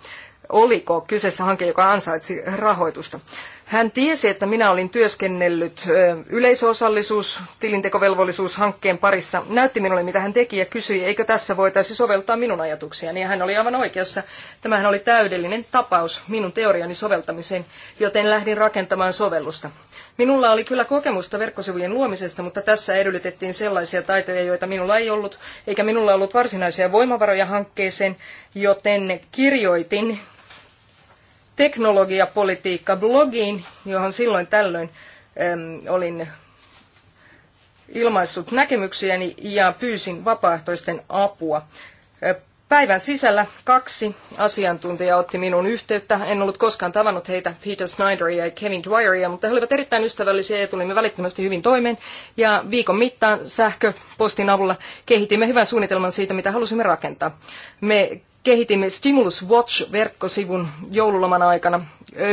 oliko kyseessä hanke, joka ansaitsi rahoitusta. Hän tiesi, että minä olin työskennellyt yleisosallisuus, tilintekovelvollisuushankkeen parissa, näytti minulle, mitä hän teki ja kysyi, eikö tässä voitaisi soveltaa minun ajatuksiani. Ja hän oli aivan oikeassa. Tämähän oli täydellinen tapaus minun teoriani soveltamiseen, joten lähdin rakentamaan sovellusta. Minulla oli kyllä kokemusta verkkosivujen luomisesta, mutta tässä edellytettiin sellaisia taitoja, joita minulla ei ollut, eikä minulla ollut varsinaisia voimavaroja hankkeeseen, joten kirjoitin teknologiapolitiikka blogiin, johon silloin tällöin olin ilmaissut näkemyksiäni ja pyysin vapaaehtoisten apua. Päivän sisällä kaksi asiantuntijaa otti minun yhteyttä. En ollut koskaan tavannut heitä, Peter Snyderia ja Kevin Dwyeria, mutta he olivat erittäin ystävällisiä ja tulimme välittömästi hyvin toimeen. Ja viikon mittaan sähköpostin avulla kehitimme hyvän suunnitelman siitä, mitä halusimme rakentaa. Me kehitimme Stimulus Watch-verkkosivun joululoman aikana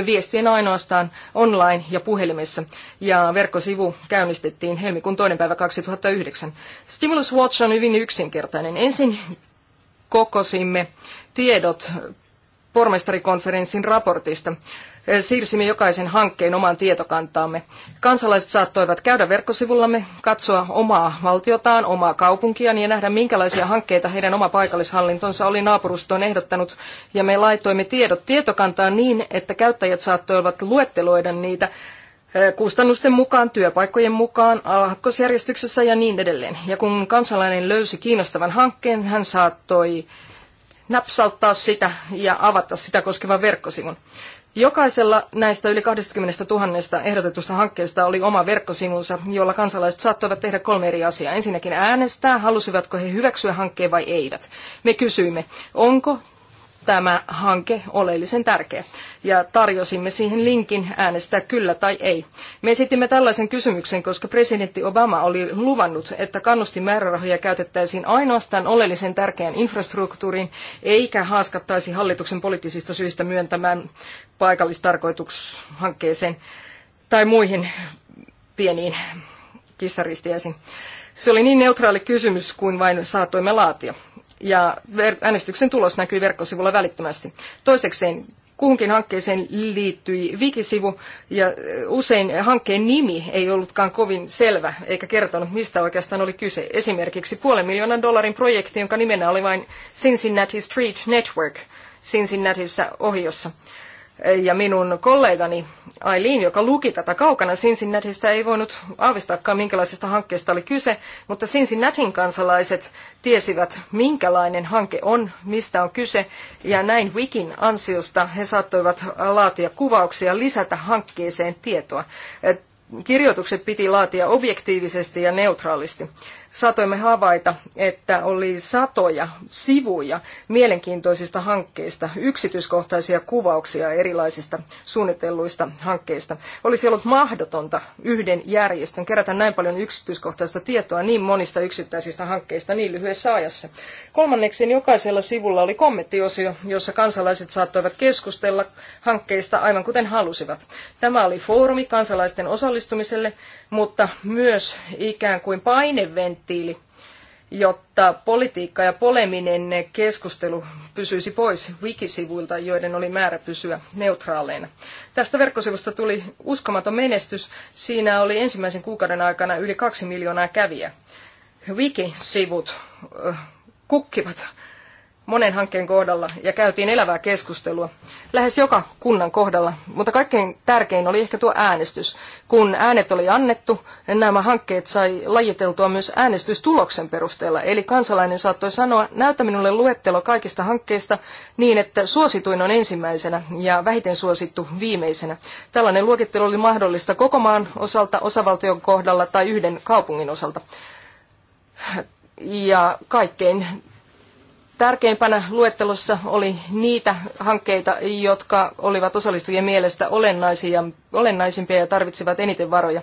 viestien ainoastaan online ja puhelimessa, ja verkkosivu käynnistettiin helmikuun toinen päivä 2009. Stimulus Watch on hyvin yksinkertainen. Ensin kokosimme tiedot pormestarikonferenssin raportista siirsimme jokaisen hankkeen omaan tietokantaamme. Kansalaiset saattoivat käydä verkkosivullamme, katsoa omaa valtiotaan, omaa kaupunkiaan ja nähdä, minkälaisia hankkeita heidän oma paikallishallintonsa oli naapurustoon ehdottanut. Ja me laitoimme tiedot tietokantaan niin, että käyttäjät saattoivat luetteloida niitä kustannusten mukaan, työpaikkojen mukaan, alhakkosjärjestyksessä ja niin edelleen. Ja kun kansalainen löysi kiinnostavan hankkeen, hän saattoi napsauttaa sitä ja avata sitä koskevan verkkosivun. Jokaisella näistä yli 20 000 ehdotetusta hankkeesta oli oma verkkosivunsa, jolla kansalaiset saattoivat tehdä kolme eri asiaa. Ensinnäkin äänestää, halusivatko he hyväksyä hankkeen vai eivät. Me kysyimme, onko tämä hanke oleellisen tärkeä. Ja tarjosimme siihen linkin äänestää kyllä tai ei. Me esitimme tällaisen kysymyksen, koska presidentti Obama oli luvannut, että kannustimäärärahoja käytettäisiin ainoastaan oleellisen tärkeän infrastruktuuriin, eikä haaskattaisi hallituksen poliittisista syistä myöntämään paikallistarkoitushankkeeseen tai muihin pieniin kissaristiäisiin. Se oli niin neutraali kysymys kuin vain saatoimme laatia ja äänestyksen tulos näkyi verkkosivulla välittömästi. Toisekseen kuhunkin hankkeeseen liittyi wikisivu ja usein hankkeen nimi ei ollutkaan kovin selvä eikä kertonut mistä oikeastaan oli kyse. Esimerkiksi puolen miljoonan dollarin projekti, jonka nimenä oli vain Cincinnati Street Network Cincinnatissa ohiossa ja minun kollegani Aileen, joka luki tätä kaukana Cincinnatiista, ei voinut aavistaakaan, minkälaisesta hankkeesta oli kyse, mutta Cincinnatin kansalaiset tiesivät, minkälainen hanke on, mistä on kyse, ja näin Wikin ansiosta he saattoivat laatia kuvauksia, lisätä hankkeeseen tietoa. Kirjoitukset piti laatia objektiivisesti ja neutraalisti saatoimme havaita, että oli satoja sivuja mielenkiintoisista hankkeista, yksityiskohtaisia kuvauksia erilaisista suunnitelluista hankkeista. Olisi ollut mahdotonta yhden järjestön kerätä näin paljon yksityiskohtaista tietoa niin monista yksittäisistä hankkeista niin lyhyessä ajassa. Kolmanneksi niin jokaisella sivulla oli kommenttiosio, jossa kansalaiset saattoivat keskustella hankkeista aivan kuten halusivat. Tämä oli foorumi kansalaisten osallistumiselle, mutta myös ikään kuin paineventi venttiili, jotta politiikka ja poleminen keskustelu pysyisi pois wikisivuilta, joiden oli määrä pysyä neutraaleina. Tästä verkkosivusta tuli uskomaton menestys. Siinä oli ensimmäisen kuukauden aikana yli kaksi miljoonaa kävijää. Wikisivut kukkivat monen hankkeen kohdalla ja käytiin elävää keskustelua lähes joka kunnan kohdalla, mutta kaikkein tärkein oli ehkä tuo äänestys. Kun äänet oli annettu, nämä hankkeet sai lajiteltua myös äänestystuloksen perusteella, eli kansalainen saattoi sanoa, näytä minulle luettelo kaikista hankkeista niin, että suosituin on ensimmäisenä ja vähiten suosittu viimeisenä. Tällainen luokittelu oli mahdollista koko maan osalta, osavaltion kohdalla tai yhden kaupungin osalta. Ja kaikkein Tärkeimpänä luettelossa oli niitä hankkeita, jotka olivat osallistujien mielestä olennaisia, olennaisimpia ja tarvitsivat eniten varoja.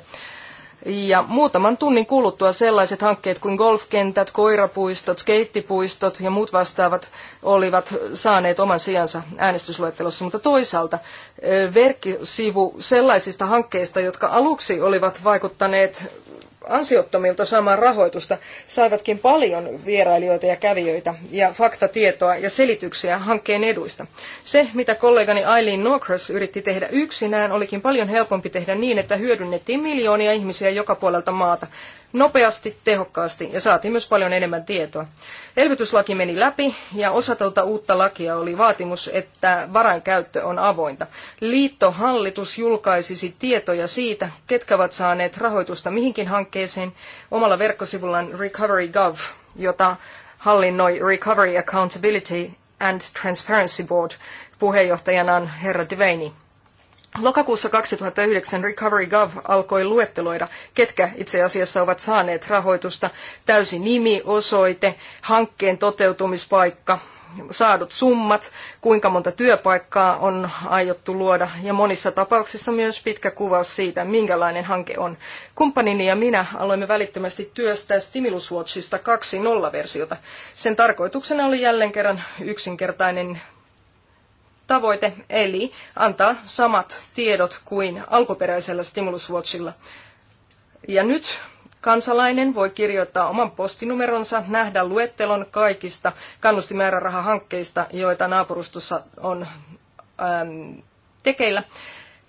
Ja muutaman tunnin kuluttua sellaiset hankkeet kuin golfkentät, koirapuistot, skeittipuistot ja muut vastaavat olivat saaneet oman sijansa äänestysluettelossa. Mutta toisaalta verkkisivu sellaisista hankkeista, jotka aluksi olivat vaikuttaneet ansiottomilta saamaan rahoitusta saivatkin paljon vierailijoita ja kävijöitä ja faktatietoa ja selityksiä hankkeen eduista. Se, mitä kollegani Eileen Norcross yritti tehdä yksinään, olikin paljon helpompi tehdä niin, että hyödynnettiin miljoonia ihmisiä joka puolelta maata nopeasti, tehokkaasti ja saatiin myös paljon enemmän tietoa. Elvytyslaki meni läpi ja osa tuota uutta lakia oli vaatimus, että varainkäyttö on avointa. Liittohallitus julkaisisi tietoja siitä, ketkä ovat saaneet rahoitusta mihinkin hankkeeseen omalla verkkosivullaan Recovery.gov, jota hallinnoi Recovery Accountability and Transparency Board puheenjohtajanaan herra Devaney. Lokakuussa 2009 Recovery Gov alkoi luetteloida, ketkä itse asiassa ovat saaneet rahoitusta, täysi nimi, osoite, hankkeen toteutumispaikka, saadut summat, kuinka monta työpaikkaa on aiottu luoda ja monissa tapauksissa myös pitkä kuvaus siitä, minkälainen hanke on. Kumppanini ja minä aloimme välittömästi työstää Stimulus Watchista 2.0-versiota. Sen tarkoituksena oli jälleen kerran yksinkertainen tavoite, eli antaa samat tiedot kuin alkuperäisellä Stimulus Watchilla. Ja nyt kansalainen voi kirjoittaa oman postinumeronsa, nähdä luettelon kaikista kannustimäärärahahankkeista, joita naapurustossa on äm, tekeillä.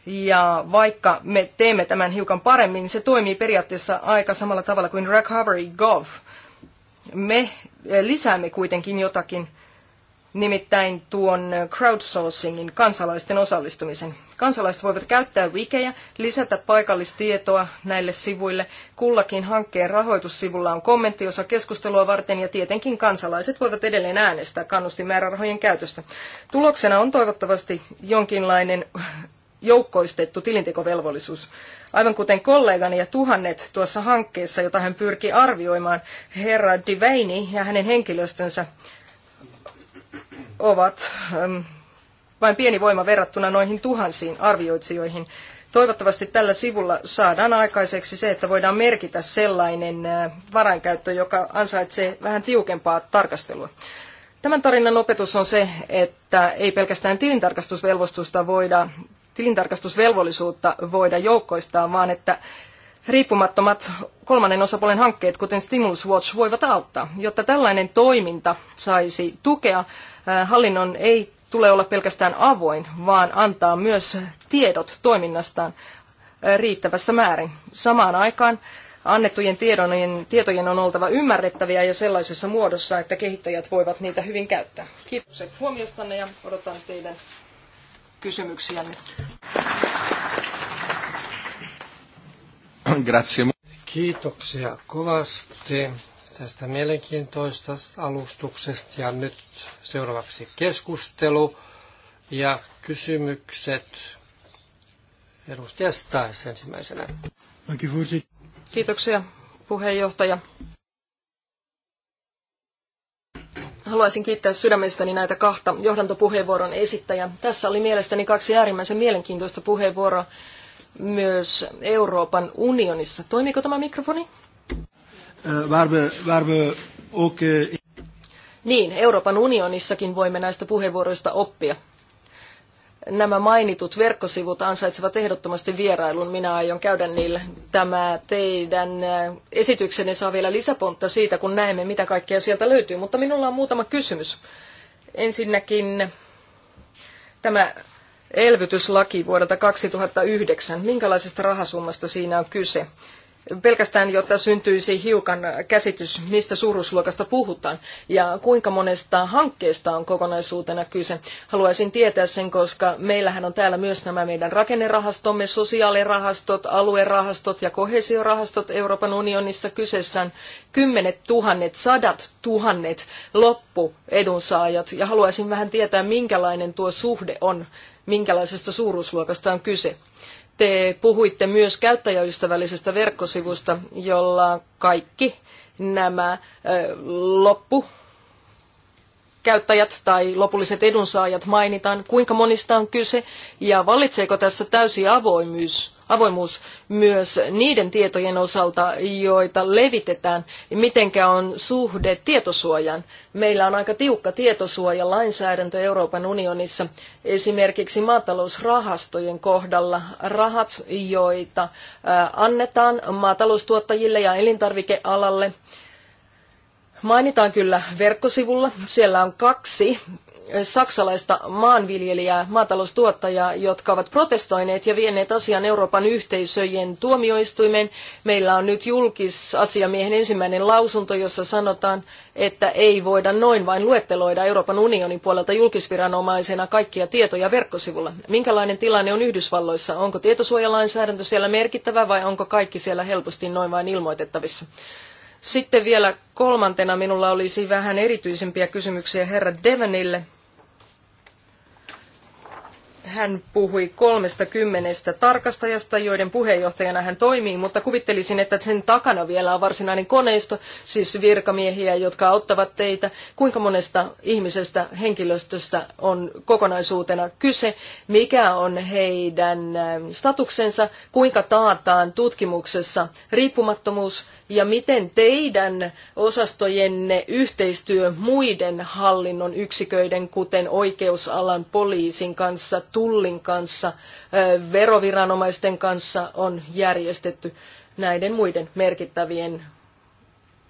Ja vaikka me teemme tämän hiukan paremmin, niin se toimii periaatteessa aika samalla tavalla kuin Recovery Gov. Me lisäämme kuitenkin jotakin nimittäin tuon crowdsourcingin kansalaisten osallistumisen. Kansalaiset voivat käyttää wikejä, lisätä paikallistietoa näille sivuille. Kullakin hankkeen rahoitussivulla on kommenttiosa keskustelua varten ja tietenkin kansalaiset voivat edelleen äänestää kannustimäärärahojen käytöstä. Tuloksena on toivottavasti jonkinlainen joukkoistettu tilintekovelvollisuus. Aivan kuten kollegani ja tuhannet tuossa hankkeessa, jota hän pyrki arvioimaan, herra Divaini ja hänen henkilöstönsä ovat ähm, vain pieni voima verrattuna noihin tuhansiin arvioitsijoihin. Toivottavasti tällä sivulla saadaan aikaiseksi se, että voidaan merkitä sellainen äh, varainkäyttö, joka ansaitsee vähän tiukempaa tarkastelua. Tämän tarinan opetus on se, että ei pelkästään tilintarkastusvelvollisuutta voida, tilintarkastusvelvollisuutta voida joukkoistaa, vaan että riippumattomat kolmannen osapuolen hankkeet, kuten Stimulus Watch, voivat auttaa. Jotta tällainen toiminta saisi tukea, äh, hallinnon ei tule olla pelkästään avoin, vaan antaa myös tiedot toiminnastaan äh, riittävässä määrin. Samaan aikaan annettujen tiedon, tietojen on oltava ymmärrettäviä ja sellaisessa muodossa, että kehittäjät voivat niitä hyvin käyttää. Kiitokset huomiostanne ja odotan teidän kysymyksiänne. [COUGHS] Grazie. Kiitoksia kovasti tästä mielenkiintoista alustuksesta ja nyt seuraavaksi keskustelu ja kysymykset. Edustaja Stais ensimmäisenä. Kiitoksia puheenjohtaja. Haluaisin kiittää sydämestäni näitä kahta johdantopuheenvuoron esittäjää. Tässä oli mielestäni kaksi äärimmäisen mielenkiintoista puheenvuoroa myös Euroopan unionissa. Toimiiko tämä mikrofoni? Äh, värbe, värbe, okay. Niin, Euroopan unionissakin voimme näistä puheenvuoroista oppia. Nämä mainitut verkkosivut ansaitsevat ehdottomasti vierailun. Minä aion käydä niillä. Tämä teidän äh, esityksenne saa vielä lisäpontta siitä, kun näemme, mitä kaikkea sieltä löytyy. Mutta minulla on muutama kysymys. Ensinnäkin tämä elvytyslaki vuodelta 2009. Minkälaisesta rahasummasta siinä on kyse? pelkästään, jotta syntyisi hiukan käsitys, mistä suuruusluokasta puhutaan ja kuinka monesta hankkeesta on kokonaisuutena kyse. Haluaisin tietää sen, koska meillähän on täällä myös nämä meidän rakennerahastomme, sosiaalirahastot, aluerahastot ja kohesiorahastot Euroopan unionissa kyseessä kymmenet tuhannet, sadat tuhannet loppuedunsaajat. Ja haluaisin vähän tietää, minkälainen tuo suhde on, minkälaisesta suuruusluokasta on kyse. Te puhuitte myös käyttäjäystävällisestä verkkosivusta, jolla kaikki nämä loppu käyttäjät tai lopulliset edunsaajat mainitaan, kuinka monista on kyse ja valitseeko tässä täysi avoimuus avoimuus myös niiden tietojen osalta, joita levitetään, mitenkä on suhde tietosuojan. Meillä on aika tiukka tietosuojalainsäädäntö Euroopan unionissa. Esimerkiksi maatalousrahastojen kohdalla rahat, joita annetaan maataloustuottajille ja elintarvikealalle, mainitaan kyllä verkkosivulla. Siellä on kaksi saksalaista maanviljelijää, maataloustuottajaa, jotka ovat protestoineet ja vieneet asian Euroopan yhteisöjen tuomioistuimeen. Meillä on nyt julkisasiamiehen ensimmäinen lausunto, jossa sanotaan, että ei voida noin vain luetteloida Euroopan unionin puolelta julkisviranomaisena kaikkia tietoja verkkosivulla. Minkälainen tilanne on Yhdysvalloissa? Onko tietosuojalainsäädäntö siellä merkittävä vai onko kaikki siellä helposti noin vain ilmoitettavissa? Sitten vielä kolmantena minulla olisi vähän erityisempiä kysymyksiä herra Devonille hän puhui kolmesta-kymmenestä tarkastajasta, joiden puheenjohtajana hän toimii, mutta kuvittelisin, että sen takana vielä on varsinainen koneisto, siis virkamiehiä, jotka auttavat teitä. Kuinka monesta ihmisestä, henkilöstöstä on kokonaisuutena kyse? Mikä on heidän äh, statuksensa? Kuinka taataan tutkimuksessa riippumattomuus? ja miten teidän osastojenne yhteistyö muiden hallinnon yksiköiden, kuten oikeusalan poliisin kanssa, tullin kanssa, veroviranomaisten kanssa on järjestetty näiden muiden merkittävien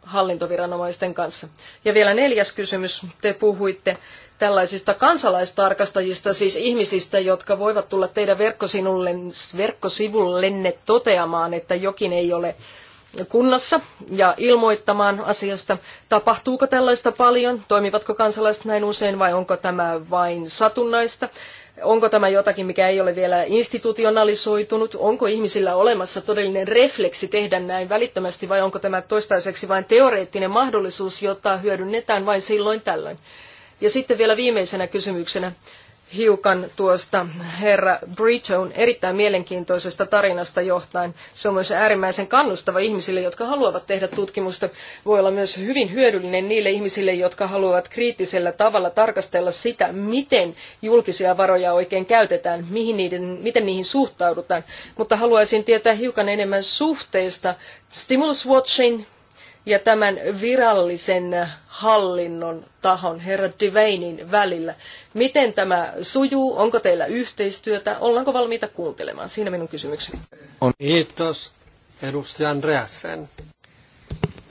hallintoviranomaisten kanssa. Ja vielä neljäs kysymys. Te puhuitte tällaisista kansalaistarkastajista, siis ihmisistä, jotka voivat tulla teidän verkkosivullenne toteamaan, että jokin ei ole kunnassa ja ilmoittamaan asiasta. Tapahtuuko tällaista paljon? Toimivatko kansalaiset näin usein vai onko tämä vain satunnaista? Onko tämä jotakin, mikä ei ole vielä institutionalisoitunut? Onko ihmisillä olemassa todellinen refleksi tehdä näin välittömästi vai onko tämä toistaiseksi vain teoreettinen mahdollisuus, jota hyödynnetään vain silloin tällöin? Ja sitten vielä viimeisenä kysymyksenä hiukan tuosta herra Bridgeon erittäin mielenkiintoisesta tarinasta johtain. Se on myös äärimmäisen kannustava ihmisille, jotka haluavat tehdä tutkimusta. Voi olla myös hyvin hyödyllinen niille ihmisille, jotka haluavat kriittisellä tavalla tarkastella sitä, miten julkisia varoja oikein käytetään, mihin niiden, miten niihin suhtaudutaan. Mutta haluaisin tietää hiukan enemmän suhteista Stimulus Watchin ja tämän virallisen hallinnon tahon, herra Devainin välillä. Miten tämä sujuu? Onko teillä yhteistyötä? Ollaanko valmiita kuuntelemaan? Siinä minun kysymykseni. On. Kiitos, edustaja Andreasen.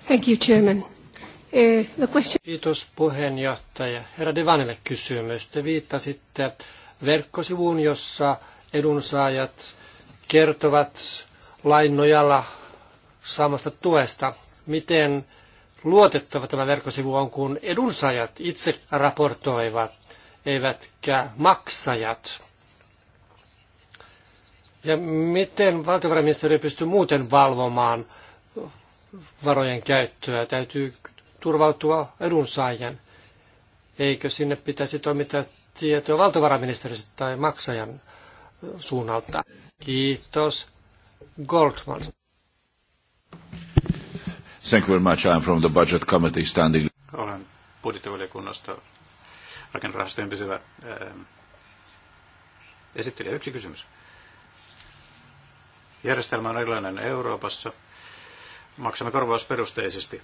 Thank you, Chairman. Eh, the question... Kiitos puheenjohtaja. Herra Devanille kysymys. Te viittasitte verkkosivuun, jossa edunsaajat kertovat lain nojalla saamasta tuesta miten luotettava tämä verkkosivu on, kun edunsaajat itse raportoivat, eivätkä maksajat. Ja miten valtiovarainministeriö pystyy muuten valvomaan varojen käyttöä? Täytyy turvautua edunsaajan. Eikö sinne pitäisi toimittaa tietoa valtiovarainministeriöstä tai maksajan suunnalta? Kiitos. Goldman. Thank you very much. I'm from the budget committee standing. Olen budjettivaliokunnasta rakennerahastojen pysyvä ähm, esittelijä. Yksi kysymys. Järjestelmä on erilainen Euroopassa. Maksamme korvausperusteisesti.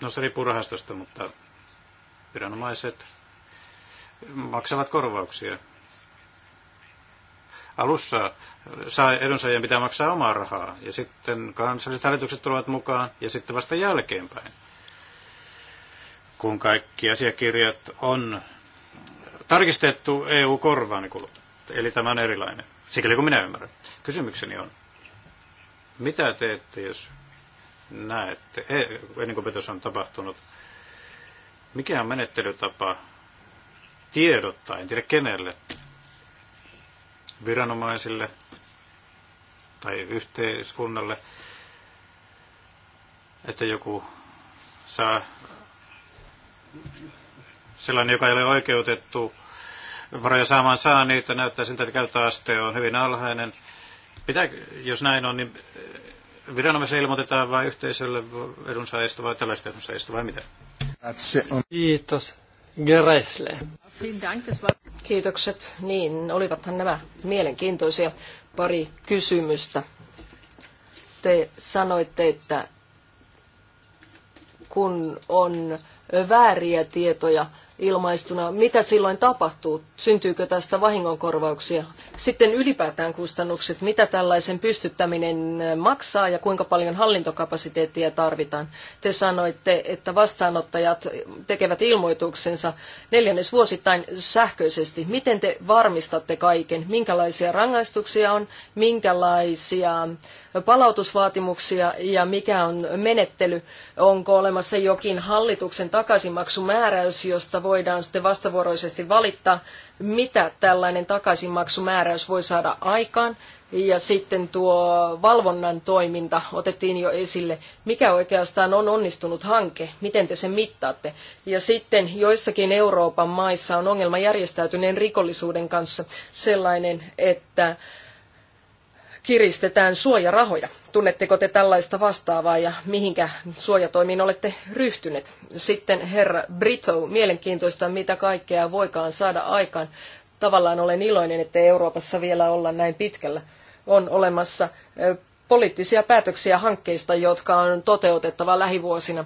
No se riippuu rahastosta, mutta viranomaiset maksavat korvauksia alussa saa, edunsaajien pitää maksaa omaa rahaa ja sitten kansalliset hallitukset tulevat mukaan ja sitten vasta jälkeenpäin, kun kaikki asiakirjat on tarkistettu eu korvaan niin Eli tämä on erilainen, sikäli kuin minä ymmärrän. Kysymykseni on, mitä teette, jos näette, e ennen kuin petos on tapahtunut, mikä on menettelytapa tiedottaa, en tiedä kenelle, viranomaisille tai yhteiskunnalle, että joku saa sellainen, joka ei ole oikeutettu varoja saamaan saa niitä, näyttää siltä, että käyttöaste on hyvin alhainen. Pitää, jos näin on, niin viranomaisille ilmoitetaan vai yhteisölle edunsaajista vai tällaista edunsaajista vai mitä? Kiitos. Gressle. Kiitokset. Niin, olivathan nämä mielenkiintoisia pari kysymystä. Te sanoitte, että kun on vääriä tietoja, ilmaistuna, mitä silloin tapahtuu, syntyykö tästä vahingonkorvauksia. Sitten ylipäätään kustannukset, mitä tällaisen pystyttäminen äh, maksaa ja kuinka paljon hallintokapasiteettia tarvitaan. Te sanoitte, että vastaanottajat tekevät ilmoituksensa neljännesvuosittain sähköisesti. Miten te varmistatte kaiken? Minkälaisia rangaistuksia on? Minkälaisia palautusvaatimuksia ja mikä on menettely? Onko olemassa jokin hallituksen takaisinmaksumääräys, josta voidaan sitten vastavuoroisesti valittaa, mitä tällainen takaisinmaksumääräys voi saada aikaan? Ja sitten tuo valvonnan toiminta otettiin jo esille. Mikä oikeastaan on onnistunut hanke? Miten te sen mittaatte? Ja sitten joissakin Euroopan maissa on ongelma järjestäytyneen rikollisuuden kanssa sellainen, että kiristetään suojarahoja. Tunnetteko te tällaista vastaavaa ja mihinkä suojatoimiin olette ryhtyneet? Sitten herra Brito, mielenkiintoista mitä kaikkea voikaan saada aikaan. Tavallaan olen iloinen, että Euroopassa vielä ollaan näin pitkällä. On olemassa poliittisia päätöksiä hankkeista, jotka on toteutettava lähivuosina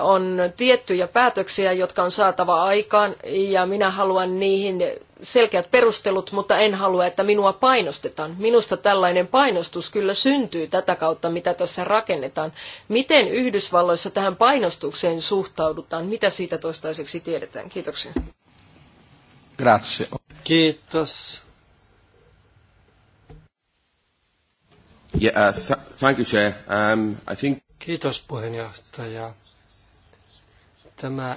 on tiettyjä päätöksiä, jotka on saatava aikaan, ja minä haluan niihin selkeät perustelut, mutta en halua, että minua painostetaan. Minusta tällainen painostus kyllä syntyy tätä kautta, mitä tässä rakennetaan. Miten Yhdysvalloissa tähän painostukseen suhtaudutaan? Mitä siitä toistaiseksi tiedetään? Kiitoksia. Grazie. Kiitos. Yeah, uh, th thank you, Chair. Um, I think... Kiitos puheenjohtaja. Tämä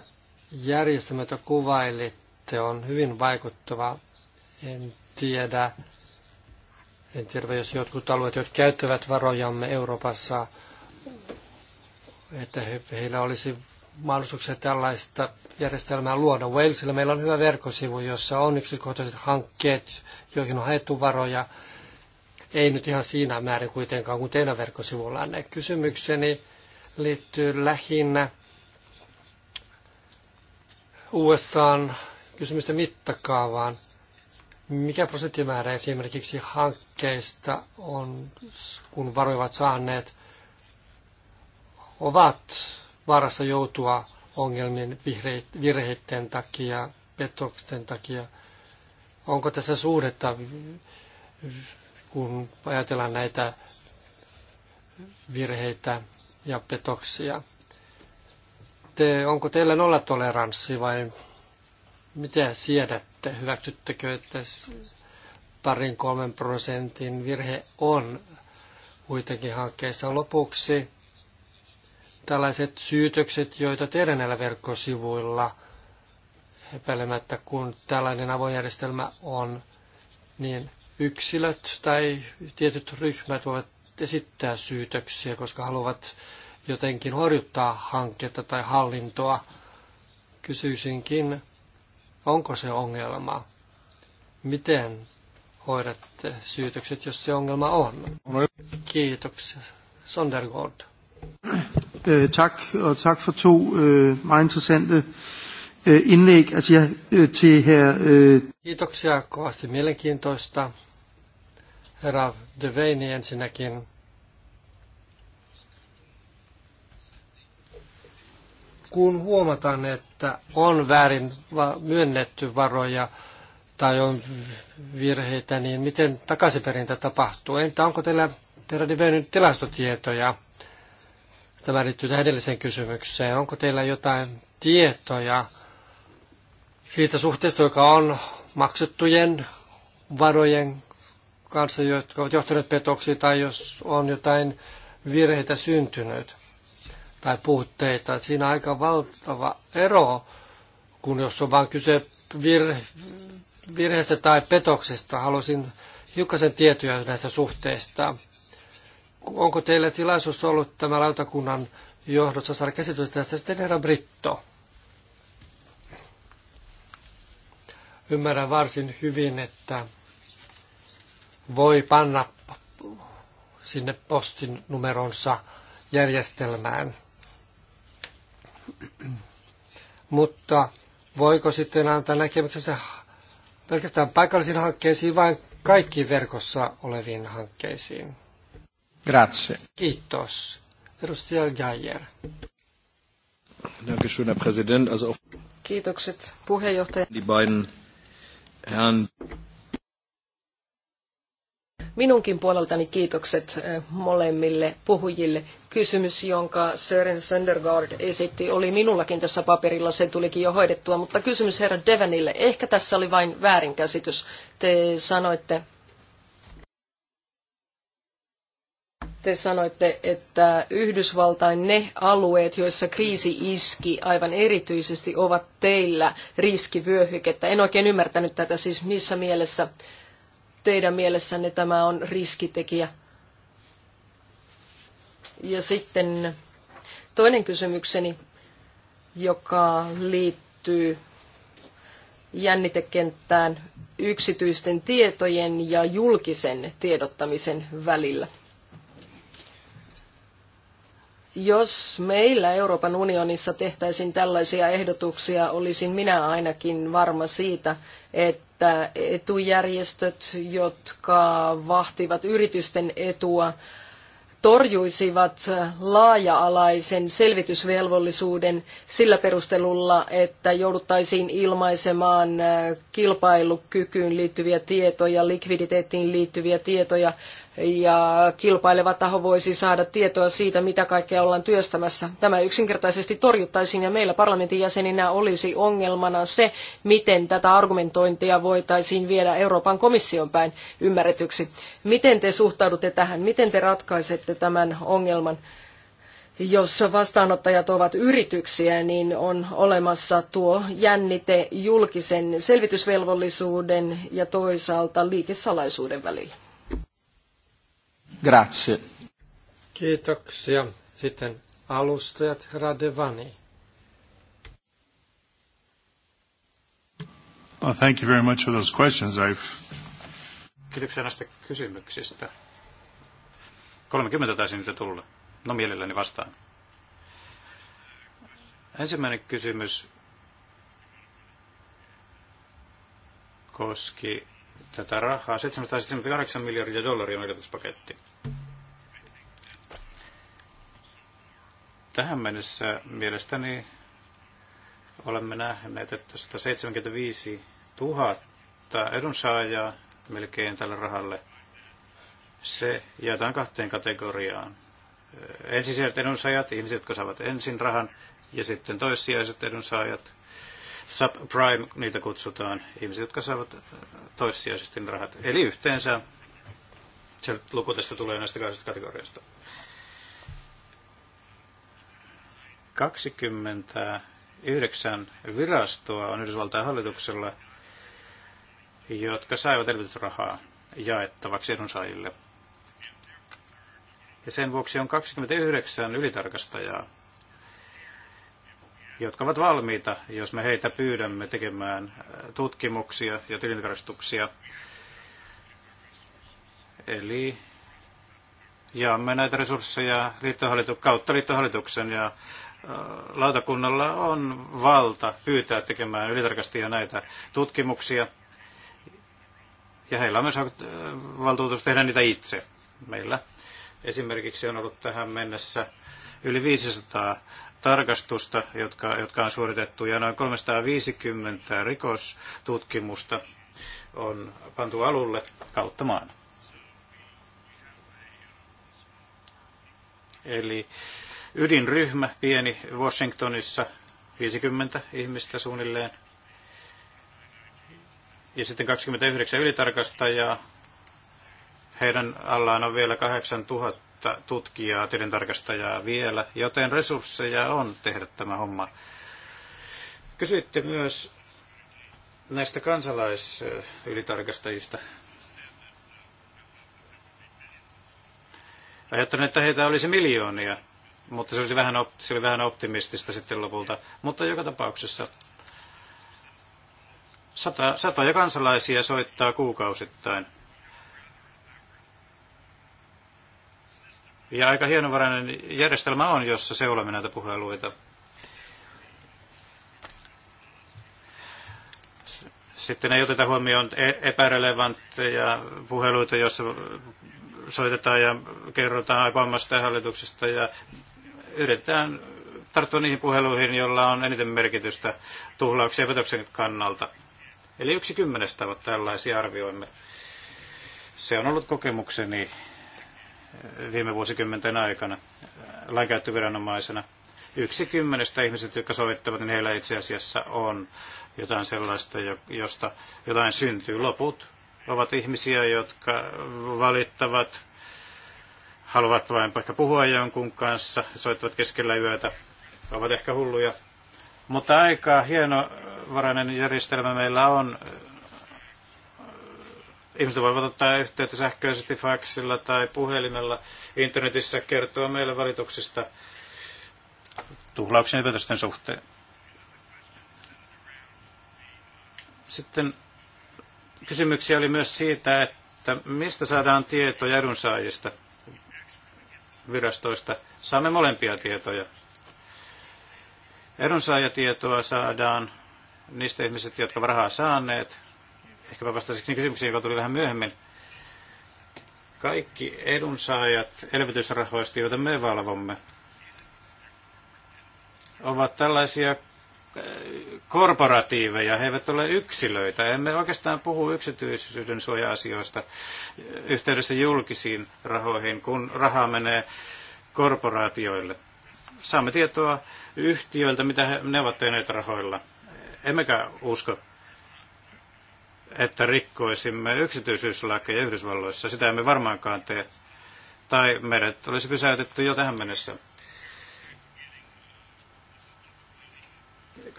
järjestelmä, jota kuvailit, aloite on hyvin vaikuttava. En tiedä, en tiedä, jos jotkut alueet, jotka käyttävät varojamme Euroopassa, että he, heillä olisi mahdollisuuksia tällaista järjestelmää luoda. Walesilla meillä on hyvä verkkosivu, jossa on yksityiskohtaiset hankkeet, joihin on haettu varoja. Ei nyt ihan siinä määrin kuitenkaan kuin teidän verkkosivullanne. Kysymykseni liittyy lähinnä USAn kysymysten mittakaavaan. Mikä prosenttimäärä esimerkiksi hankkeista on, kun varoivat saaneet, ovat vaarassa joutua ongelmien virheiden takia, petoksen takia? Onko tässä suhdetta, kun ajatellaan näitä virheitä ja petoksia? Te, onko teillä nollatoleranssi vai mitä siedätte? Hyväksyttekö, että parin kolmen prosentin virhe on kuitenkin hankkeessa lopuksi? Tällaiset syytökset, joita teidän näillä verkkosivuilla, epäilemättä kun tällainen avojärjestelmä on, niin yksilöt tai tietyt ryhmät voivat esittää syytöksiä, koska haluavat jotenkin horjuttaa hanketta tai hallintoa. Kysyisinkin, Onko se ongelma? Miten hoidatte syytökset, jos se ongelma on? Kiitoksia. Sondergaard. Øh, tak, og tak for to uh, meget interessante øh, indlæg. Altså, jeg, til her, Kiitoksia kovasti mielenkiintoista. Herra Deveini ensinnäkin kun huomataan, että on väärin myönnetty varoja tai on virheitä, niin miten takaisinperintä tapahtuu? Entä onko teillä Terra tilastotietoja? Tämä liittyy tähän edelliseen kysymykseen. Onko teillä jotain tietoja siitä suhteesta, joka on maksettujen varojen kanssa, jotka ovat johtaneet petoksiin, tai jos on jotain virheitä syntynyt? tai puutteita. Siinä on aika valtava ero, kun jos on vain kyse virhe, virheestä tai petoksesta. Haluaisin hiukkasen tietoja näistä suhteista. Onko teillä tilaisuus ollut tämä lautakunnan johdossa saada käsitystä tästä sitten herra Britto? Ymmärrän varsin hyvin, että voi panna sinne postin numeronsa järjestelmään. Mutta voiko sitten antaa näkemyksensä pelkästään paikallisiin hankkeisiin vai kaikkiin verkossa oleviin hankkeisiin? Grazie. Kiitos. Edustaja Geyer. Dankeschön, Herr Präsident. Also auf Kiitokset puheenjohtaja. Die beiden Herren Minunkin puoleltani kiitokset eh, molemmille puhujille. Kysymys, jonka Sören Söndergaard esitti, oli minullakin tässä paperilla, se tulikin jo hoidettua, mutta kysymys herra Devenille. Ehkä tässä oli vain väärinkäsitys. Te sanoitte, te sanoitte, että Yhdysvaltain ne alueet, joissa kriisi iski aivan erityisesti, ovat teillä riskivyöhykettä. En oikein ymmärtänyt tätä siis missä mielessä teidän mielessänne tämä on riskitekijä? Ja sitten toinen kysymykseni, joka liittyy jännitekenttään yksityisten tietojen ja julkisen tiedottamisen välillä. Jos meillä Euroopan unionissa tehtäisiin tällaisia ehdotuksia, olisin minä ainakin varma siitä, että etujärjestöt, jotka vahtivat yritysten etua, torjuisivat laaja-alaisen selvitysvelvollisuuden sillä perustelulla, että jouduttaisiin ilmaisemaan kilpailukykyyn liittyviä tietoja, likviditeettiin liittyviä tietoja ja kilpaileva taho voisi saada tietoa siitä, mitä kaikkea ollaan työstämässä. Tämä yksinkertaisesti torjuttaisiin ja meillä parlamentin jäseninä olisi ongelmana se, miten tätä argumentointia voitaisiin viedä Euroopan komission päin ymmärretyksi. Miten te suhtaudutte tähän? Miten te ratkaisette tämän ongelman? jos vastaanottajat ovat yrityksiä, niin on olemassa tuo jännite julkisen selvitysvelvollisuuden ja toisaalta liikesalaisuuden välillä. Grazie. Kiitoksia. Sitten alustajat Radevani. Well, thank you very much for those questions. I've... Kiitoksia näistä kysymyksistä. 30 taisi niitä tulla. No mielelläni vastaan. Ensimmäinen kysymys koski tätä rahaa. 778 miljardia dollaria on elvytyspaketti. Tähän mennessä mielestäni olemme nähneet, että 175 000 edunsaajaa melkein tälle rahalle. Se jaetaan kahteen kategoriaan. Ensisijaiset edunsaajat, ihmiset, jotka saavat ensin rahan, ja sitten toissijaiset edunsaajat, subprime, niitä kutsutaan, ihmiset, jotka saavat toissijaisesti rahat. Eli yhteensä se luku tästä tulee näistä kahdesta kategoriasta. 29 virastoa on Yhdysvaltain hallituksella, jotka saivat elvytysrahaa jaettavaksi edunsaajille. Ja sen vuoksi on 29 ylitarkastajaa, jotka ovat valmiita, jos me heitä pyydämme tekemään äh, tutkimuksia ja tilintarkastuksia. Eli jaamme näitä resursseja liittohallitu- kautta liittohallituksen ja lautakunnalla on valta pyytää tekemään ylitarkasti näitä tutkimuksia. Ja heillä on myös valtuutus tehdä niitä itse. Meillä esimerkiksi on ollut tähän mennessä yli 500 tarkastusta, jotka, jotka on suoritettu, ja noin 350 rikostutkimusta on pantu alulle kautta maan. Eli ydinryhmä pieni Washingtonissa, 50 ihmistä suunnilleen. Ja sitten 29 ylitarkastajaa. Heidän allaan on vielä 8000 tutkijaa, tilintarkastajaa vielä, joten resursseja on tehdä tämä homma. Kysyitte myös näistä kansalaisylitarkastajista. Ajattelin, että heitä olisi miljoonia mutta se, oli vähän, se oli vähän optimistista sitten lopulta. Mutta joka tapauksessa sata, satoja kansalaisia soittaa kuukausittain. Ja aika hienovarainen järjestelmä on, jossa seulamme näitä puheluita. Sitten ei oteta huomioon e-, epärelevantteja puheluita, joissa soitetaan ja kerrotaan aipammasta hallituksesta ja yritetään tarttua niihin puheluihin, joilla on eniten merkitystä tuhlauksen ja petoksen kannalta. Eli yksi kymmenestä ovat tällaisia arvioimme. Se on ollut kokemukseni eh, viime vuosikymmenten aikana eh, lainkäyttöviranomaisena. Yksi kymmenestä ihmisistä, jotka soittavat, niin heillä itse asiassa on jotain sellaista, josta jotain syntyy. Loput ovat ihmisiä, jotka valittavat haluavat vain vaikka puhua jonkun kanssa, soittavat keskellä yötä, ovat ehkä hulluja. Mutta aika hienovarainen järjestelmä meillä on. Ihmiset voivat ottaa yhteyttä sähköisesti faksilla tai puhelimella internetissä kertoa meille valituksista tuhlauksen ja petosten suhteen. Sitten kysymyksiä oli myös siitä, että mistä saadaan tietoja edunsaajista – virastoista saamme molempia tietoja. Edunsaajatietoa saadaan niistä ihmisistä, jotka ovat rahaa saaneet. Ehkäpä vastaisin kysymyksiin, joka tuli vähän myöhemmin. Kaikki edunsaajat elvytysrahoista, joita me valvomme, ovat tällaisia korporatiiveja, he eivät ole yksilöitä. Emme oikeastaan puhu yksityisyyden suoja-asioista yhteydessä julkisiin rahoihin, kun rahaa menee korporaatioille. Saamme tietoa yhtiöiltä, mitä he, ne ovat tehneet rahoilla. Emmekä usko, että rikkoisimme yksityisyyslakeja Yhdysvalloissa. Sitä emme varmaankaan tee. Tai meidät olisi pysäytetty jo tähän mennessä.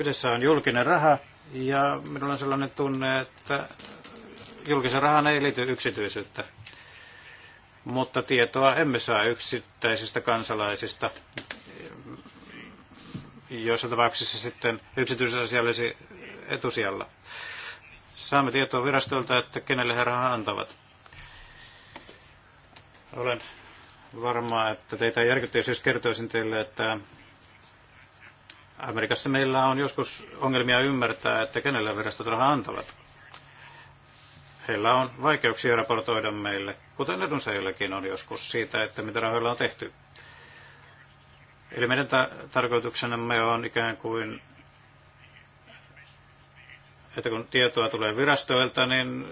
Kyseessä on julkinen raha ja minulla on sellainen tunne, että julkisen rahan ei liity yksityisyyttä. Mutta tietoa emme saa yksittäisistä kansalaisista. Joissa tapauksissa sitten yksityisasia olisi etusijalla. Saamme tietoa virastolta, että kenelle he rahaa antavat. Olen varma, että teitä järkyttäisi, jos kertoisin teille, että Amerikassa meillä on joskus ongelmia ymmärtää, että kenelle virastot rahaa antavat. Heillä on vaikeuksia raportoida meille, kuten edunsaajillekin on joskus siitä, että mitä rahoilla on tehty. Eli meidän ta- tarkoituksenamme on ikään kuin, että kun tietoa tulee virastoilta, niin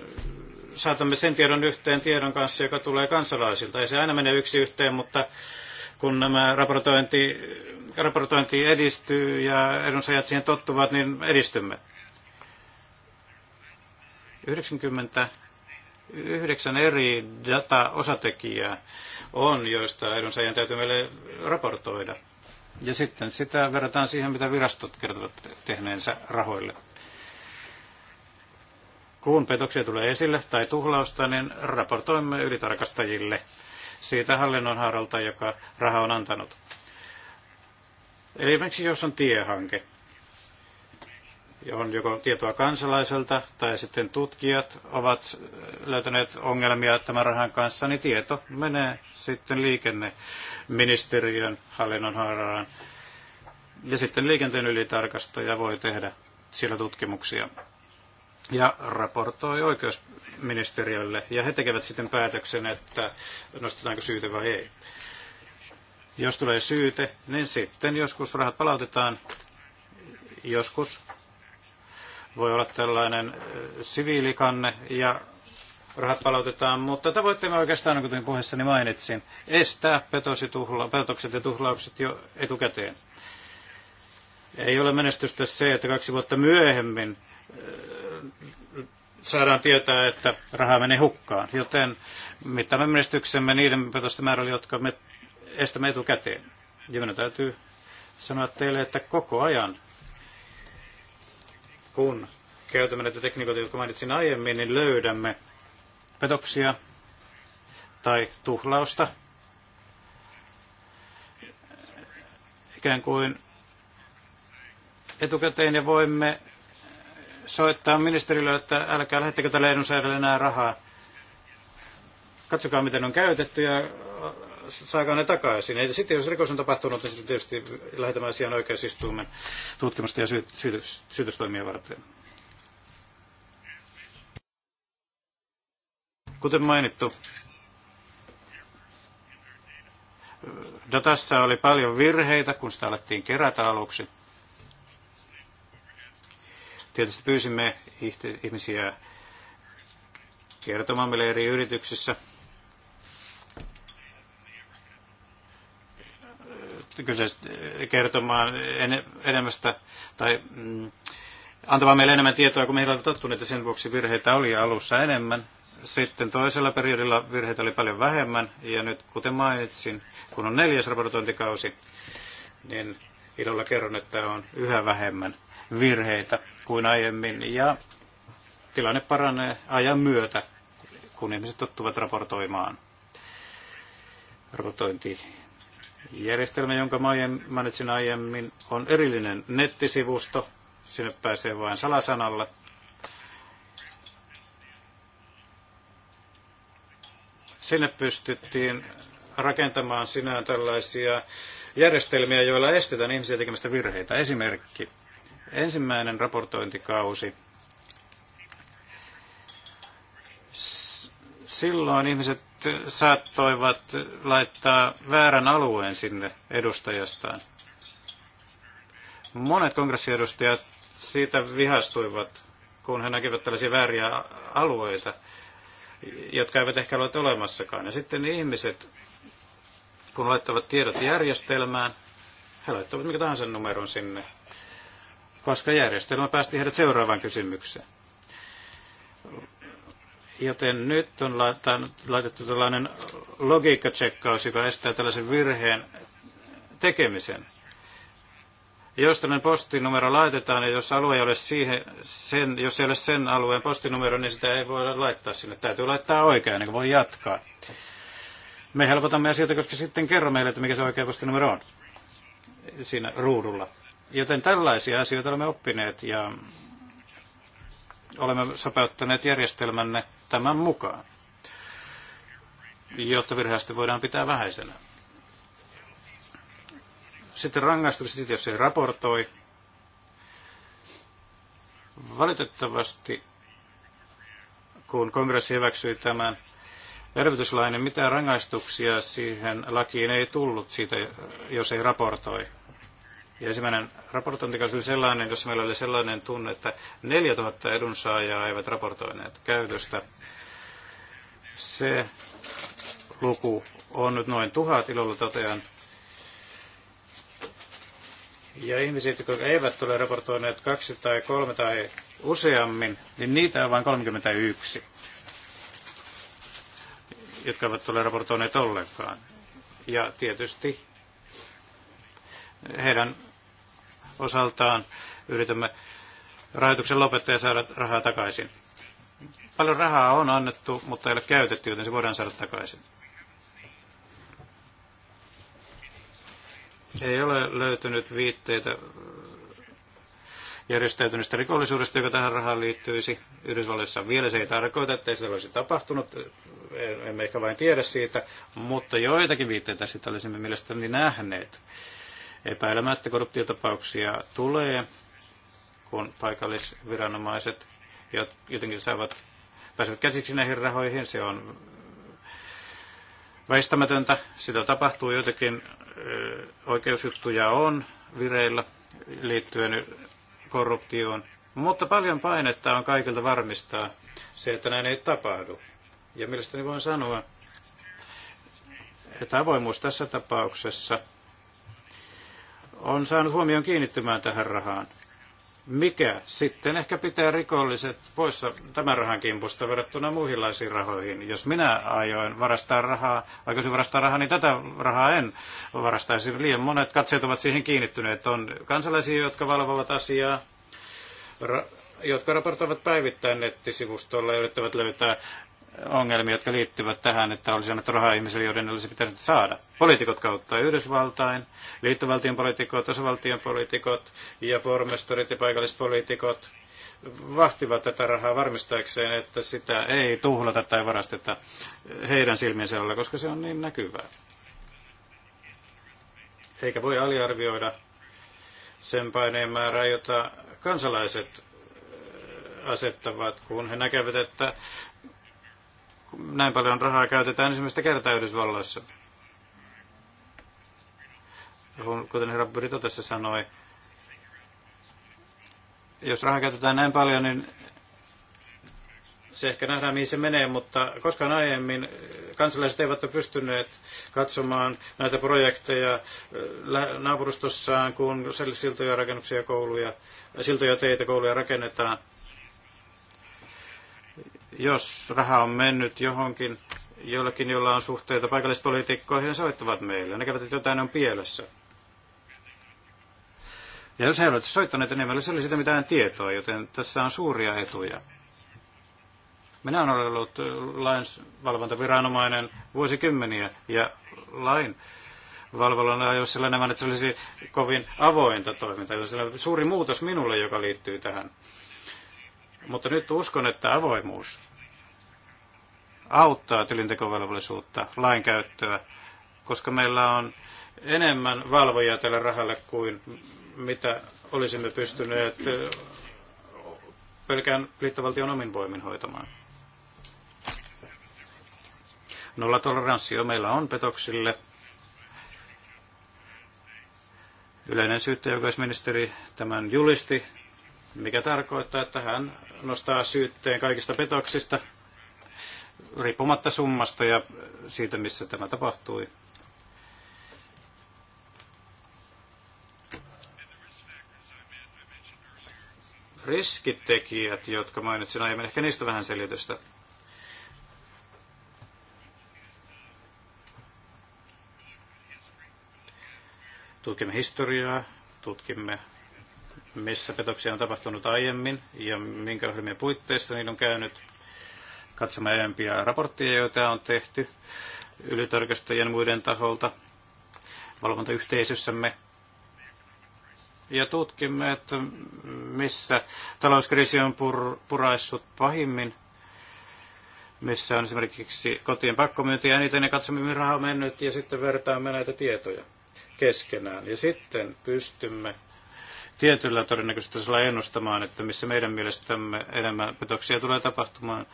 saatamme sen tiedon yhteen tiedon kanssa, joka tulee kansalaisilta. Ei se aina mene yksi yhteen, mutta kun nämä raportointi raportointi edistyy ja edunsaajat siihen tottuvat, niin edistymme. 99 eri data-osatekijää on, joista edunsaajan täytyy meille raportoida. Ja sitten sitä verrataan siihen, mitä virastot kertovat tehneensä rahoille. Kun petoksia tulee esille tai tuhlausta, niin raportoimme ylitarkastajille siitä hallinnon haaralta, joka raha on antanut eli Esimerkiksi jos on tiehanke, johon joko tietoa kansalaiselta tai sitten tutkijat ovat äh, löytäneet ongelmia tämän rahan kanssa, niin tieto menee sitten liikenneministeriön haaraan Ja sitten liikenteen ylitarkastaja voi tehdä siellä tutkimuksia ja raportoi oikeusministeriölle. Ja he tekevät sitten päätöksen, että nostetaanko syyte vai ei. Jos tulee syyte, niin sitten joskus rahat palautetaan. Joskus voi olla tällainen siviilikanne ja rahat palautetaan, mutta tavoitteemme oikeastaan, niin kuten puheessani mainitsin, estää petokset ja tuhlaukset jo etukäteen. Ei ole menestystä se, että kaksi vuotta myöhemmin saadaan tietää, että raha menee hukkaan. Joten mittaamme menestyksemme niiden petosten määrällä, jotka me estämme etukäteen. Ja minun täytyy sanoa teille, että koko ajan, kun käytämme näitä tekniikoita, jotka mainitsin aiemmin, niin löydämme petoksia tai tuhlausta. Ikään kuin etukäteen ja voimme soittaa ministerille, että älkää lähettäkö tälle edunsaajalle enää rahaa. Katsokaa, miten on käytetty ja saakaa ne takaisin. Eli sitten jos rikos on tapahtunut, niin sitten tietysti lähetämme asian oikeusistuimen tutkimusta ja syy- syytöstoimia varten. Kuten mainittu, datassa oli paljon virheitä, kun sitä alettiin kerätä aluksi. Tietysti pyysimme ihmisiä kertomaan meille eri yrityksissä – kyseistä, kertomaan en, enemmästä tai mm, antamaan meille enemmän tietoa kuin meillä on tottunut, että sen vuoksi virheitä oli alussa enemmän. Sitten toisella periodilla virheitä oli paljon vähemmän, ja nyt kuten mainitsin, kun on neljäs raportointikausi, niin ilolla kerron, että on yhä vähemmän virheitä kuin aiemmin, ja tilanne paranee ajan myötä, kun ihmiset tottuvat raportoimaan raportointi Järjestelmä, jonka mainitsin aiemmin, on erillinen nettisivusto. Sinne pääsee vain salasanalla. Sinne pystyttiin rakentamaan sinään tällaisia järjestelmiä, joilla estetään ihmisiä tekemästä virheitä. Esimerkki. Ensimmäinen raportointikausi. Silloin ihmiset saattoivat laittaa väärän alueen sinne edustajastaan. Monet kongressiedustajat siitä vihastuivat, kun he näkivät tällaisia vääriä alueita, jotka eivät ehkä ole olemassakaan. Ja sitten ihmiset, kun laittavat tiedot järjestelmään, he laittavat mikä tahansa numeron sinne, koska järjestelmä päästi heidät seuraavaan kysymykseen. Joten nyt on laitettu tällainen logiikkatsekkaus, joka estää tällaisen virheen tekemisen. Jos tällainen postinumero laitetaan, ja jos alue ei ole siihen, sen, jos ei ole sen alueen postinumero, niin sitä ei voida laittaa sinne. Täytyy laittaa oikein, niin kuin voi jatkaa. Me helpotamme asioita, koska sitten kerro meille, että mikä se oikea postinumero on siinä ruudulla. Joten tällaisia asioita olemme oppineet ja olemme sopeuttaneet järjestelmänne tämän mukaan, jotta virheistä voidaan pitää vähäisenä. Sitten rangaistukset, jos ei raportoi. Valitettavasti, kun kongressi hyväksyi tämän elvytyslain, niin mitään rangaistuksia siihen lakiin ei tullut siitä, jos ei raportoi ja ensimmäinen raportointi oli sellainen, jossa meillä oli sellainen tunne, että 4000 edunsaajaa eivät raportoineet käytöstä. Se luku on nyt noin tuhat, ilolla totean. Ja ihmisiä, jotka eivät ole raportoineet kaksi tai kolme tai useammin, niin niitä on vain 31, jotka eivät ole raportoineet ollenkaan. Ja tietysti heidän osaltaan yritämme rahoituksen lopettaa ja saada rahaa takaisin. Paljon rahaa on annettu, mutta ei ole käytetty, joten se voidaan saada takaisin. Ei ole löytynyt viitteitä järjestäytyneestä rikollisuudesta, joka tähän rahaan liittyisi. Yhdysvalloissa vielä se ei tarkoita, että sitä olisi tapahtunut. Emme ehkä vain tiedä siitä, mutta joitakin viitteitä sitä olisimme mielestäni nähneet. Epäilemättä korruptiotapauksia tulee, kun paikallisviranomaiset jotenkin saavat, pääsevät käsiksi näihin rahoihin. Se on väistämätöntä. Sitä tapahtuu jotenkin. Oikeusjuttuja on vireillä liittyen korruptioon, mutta paljon painetta on kaikilta varmistaa se, että näin ei tapahdu. Ja mielestäni voin sanoa, että avoimuus tässä tapauksessa on saanut huomion kiinnittymään tähän rahaan, mikä sitten ehkä pitää rikolliset poissa tämän rahan kimpusta verrattuna muihinlaisiin rahoihin. Jos minä aioin varastaa rahaa, se varastaa rahaa, niin tätä rahaa en varastaisi. Liian monet katseet ovat siihen kiinnittyneet. On kansalaisia, jotka valvovat asiaa, jotka raportoivat päivittäin nettisivustolla ja yrittävät löytää ongelmia, jotka liittyvät tähän, että olisi annettu rahaa ihmisille, joiden olisi pitänyt saada. Poliitikot kautta Yhdysvaltain, liittovaltion poliitikot, osavaltion poliitikot ja pormestorit ja paikallispoliitikot vahtivat tätä rahaa varmistaakseen, että sitä ei tuhlata tai varasteta heidän silmiensä alla, koska se on niin näkyvää. Eikä voi aliarvioida sen paineen määrää, jota kansalaiset äh, asettavat, kun he näkevät, että näin paljon rahaa käytetään ensimmäistä kertaa Yhdysvalloissa. Kuten herra Pyrito tässä sanoi, jos rahaa käytetään näin paljon, niin se ehkä nähdään, mihin se menee, mutta koskaan aiemmin kansalaiset eivät ole pystyneet katsomaan näitä projekteja eh, naapurustossaan, kun siltoja, rakennuksia, kouluja, siltoja, teitä, kouluja rakennetaan – jos raha on mennyt johonkin, jollakin, jolla on suhteita paikallispolitiikkoihin, he soittavat meille. Näkevät, että jotain on pielessä. Ja jos he ovat soittaneet enemmän, se oli sitä mitään tietoa, joten tässä on suuria etuja. Minä olen ollut lainvalvontaviranomainen vuosikymmeniä ja lain valvonnalla ei ole sellainen, että se olisi kovin avointa toimintaa. Se on suuri muutos minulle, joka liittyy tähän. Mutta nyt uskon, että avoimuus auttaa tilintekovelvollisuutta, lainkäyttöä, koska meillä on enemmän valvojia tälle rahalle kuin mitä olisimme pystyneet pelkään liittovaltion omin voimin hoitamaan. Nollatoleranssi jo meillä on petoksille. Yleinen syyttäjäoikeusministeri tämän julisti, mikä tarkoittaa, että hän nostaa syytteen kaikista petoksista – riippumatta summasta ja äh, siitä, missä tämä tapahtui. riskitekijät, jotka mainitsin aiemmin, ehkä niistä vähän selitystä. Tutkimme historiaa, tutkimme missä petoksia on tapahtunut aiemmin ja minkä ohjelmien puitteissa niin on käynyt. Katsomme aiempia raportteja, joita on tehty ylitarkastajien muiden taholta valvontayhteisössämme. Ja tutkimme, että missä talouskriisi on pur- puraissut pahimmin, missä on esimerkiksi kotien pakkomyyntiä eniten ja katsomme, mihin raha on mennyt ja sitten vertaamme näitä tietoja keskenään. Ja sitten pystymme tietyllä todennäköisesti ennustamaan, että missä meidän mielestämme enemmän petoksia tulee tapahtumaan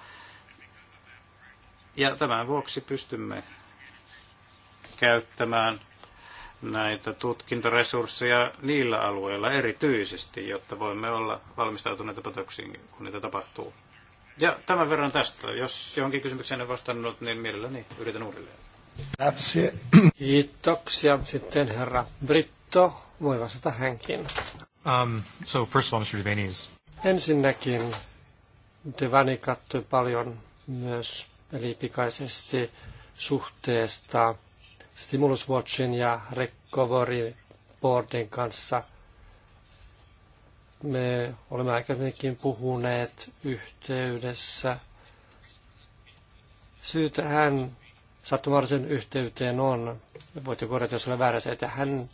ja tämän vuoksi pystymme käyttämään näitä tutkintaresursseja niillä alueilla erityisesti, jotta voimme olla valmistautuneita patoksiin, kun niitä tapahtuu. Ja tämän verran tästä. Jos johonkin kysymykseen en vastannut, niin mielelläni yritän uudelleen. Grazie. Kiitoksia. Sitten herra Britto voi vastata hänkin. Um, so first of all, Mr. Ensinnäkin Devani kattoi paljon myös eli pikaisesti suhteesta Stimulus Watchin ja Recovery Boardin kanssa. Me olemme aikaisemminkin puhuneet yhteydessä. Syy tähän sattumarisen yhteyteen on, voitte korjata jos olen väärässä, että hän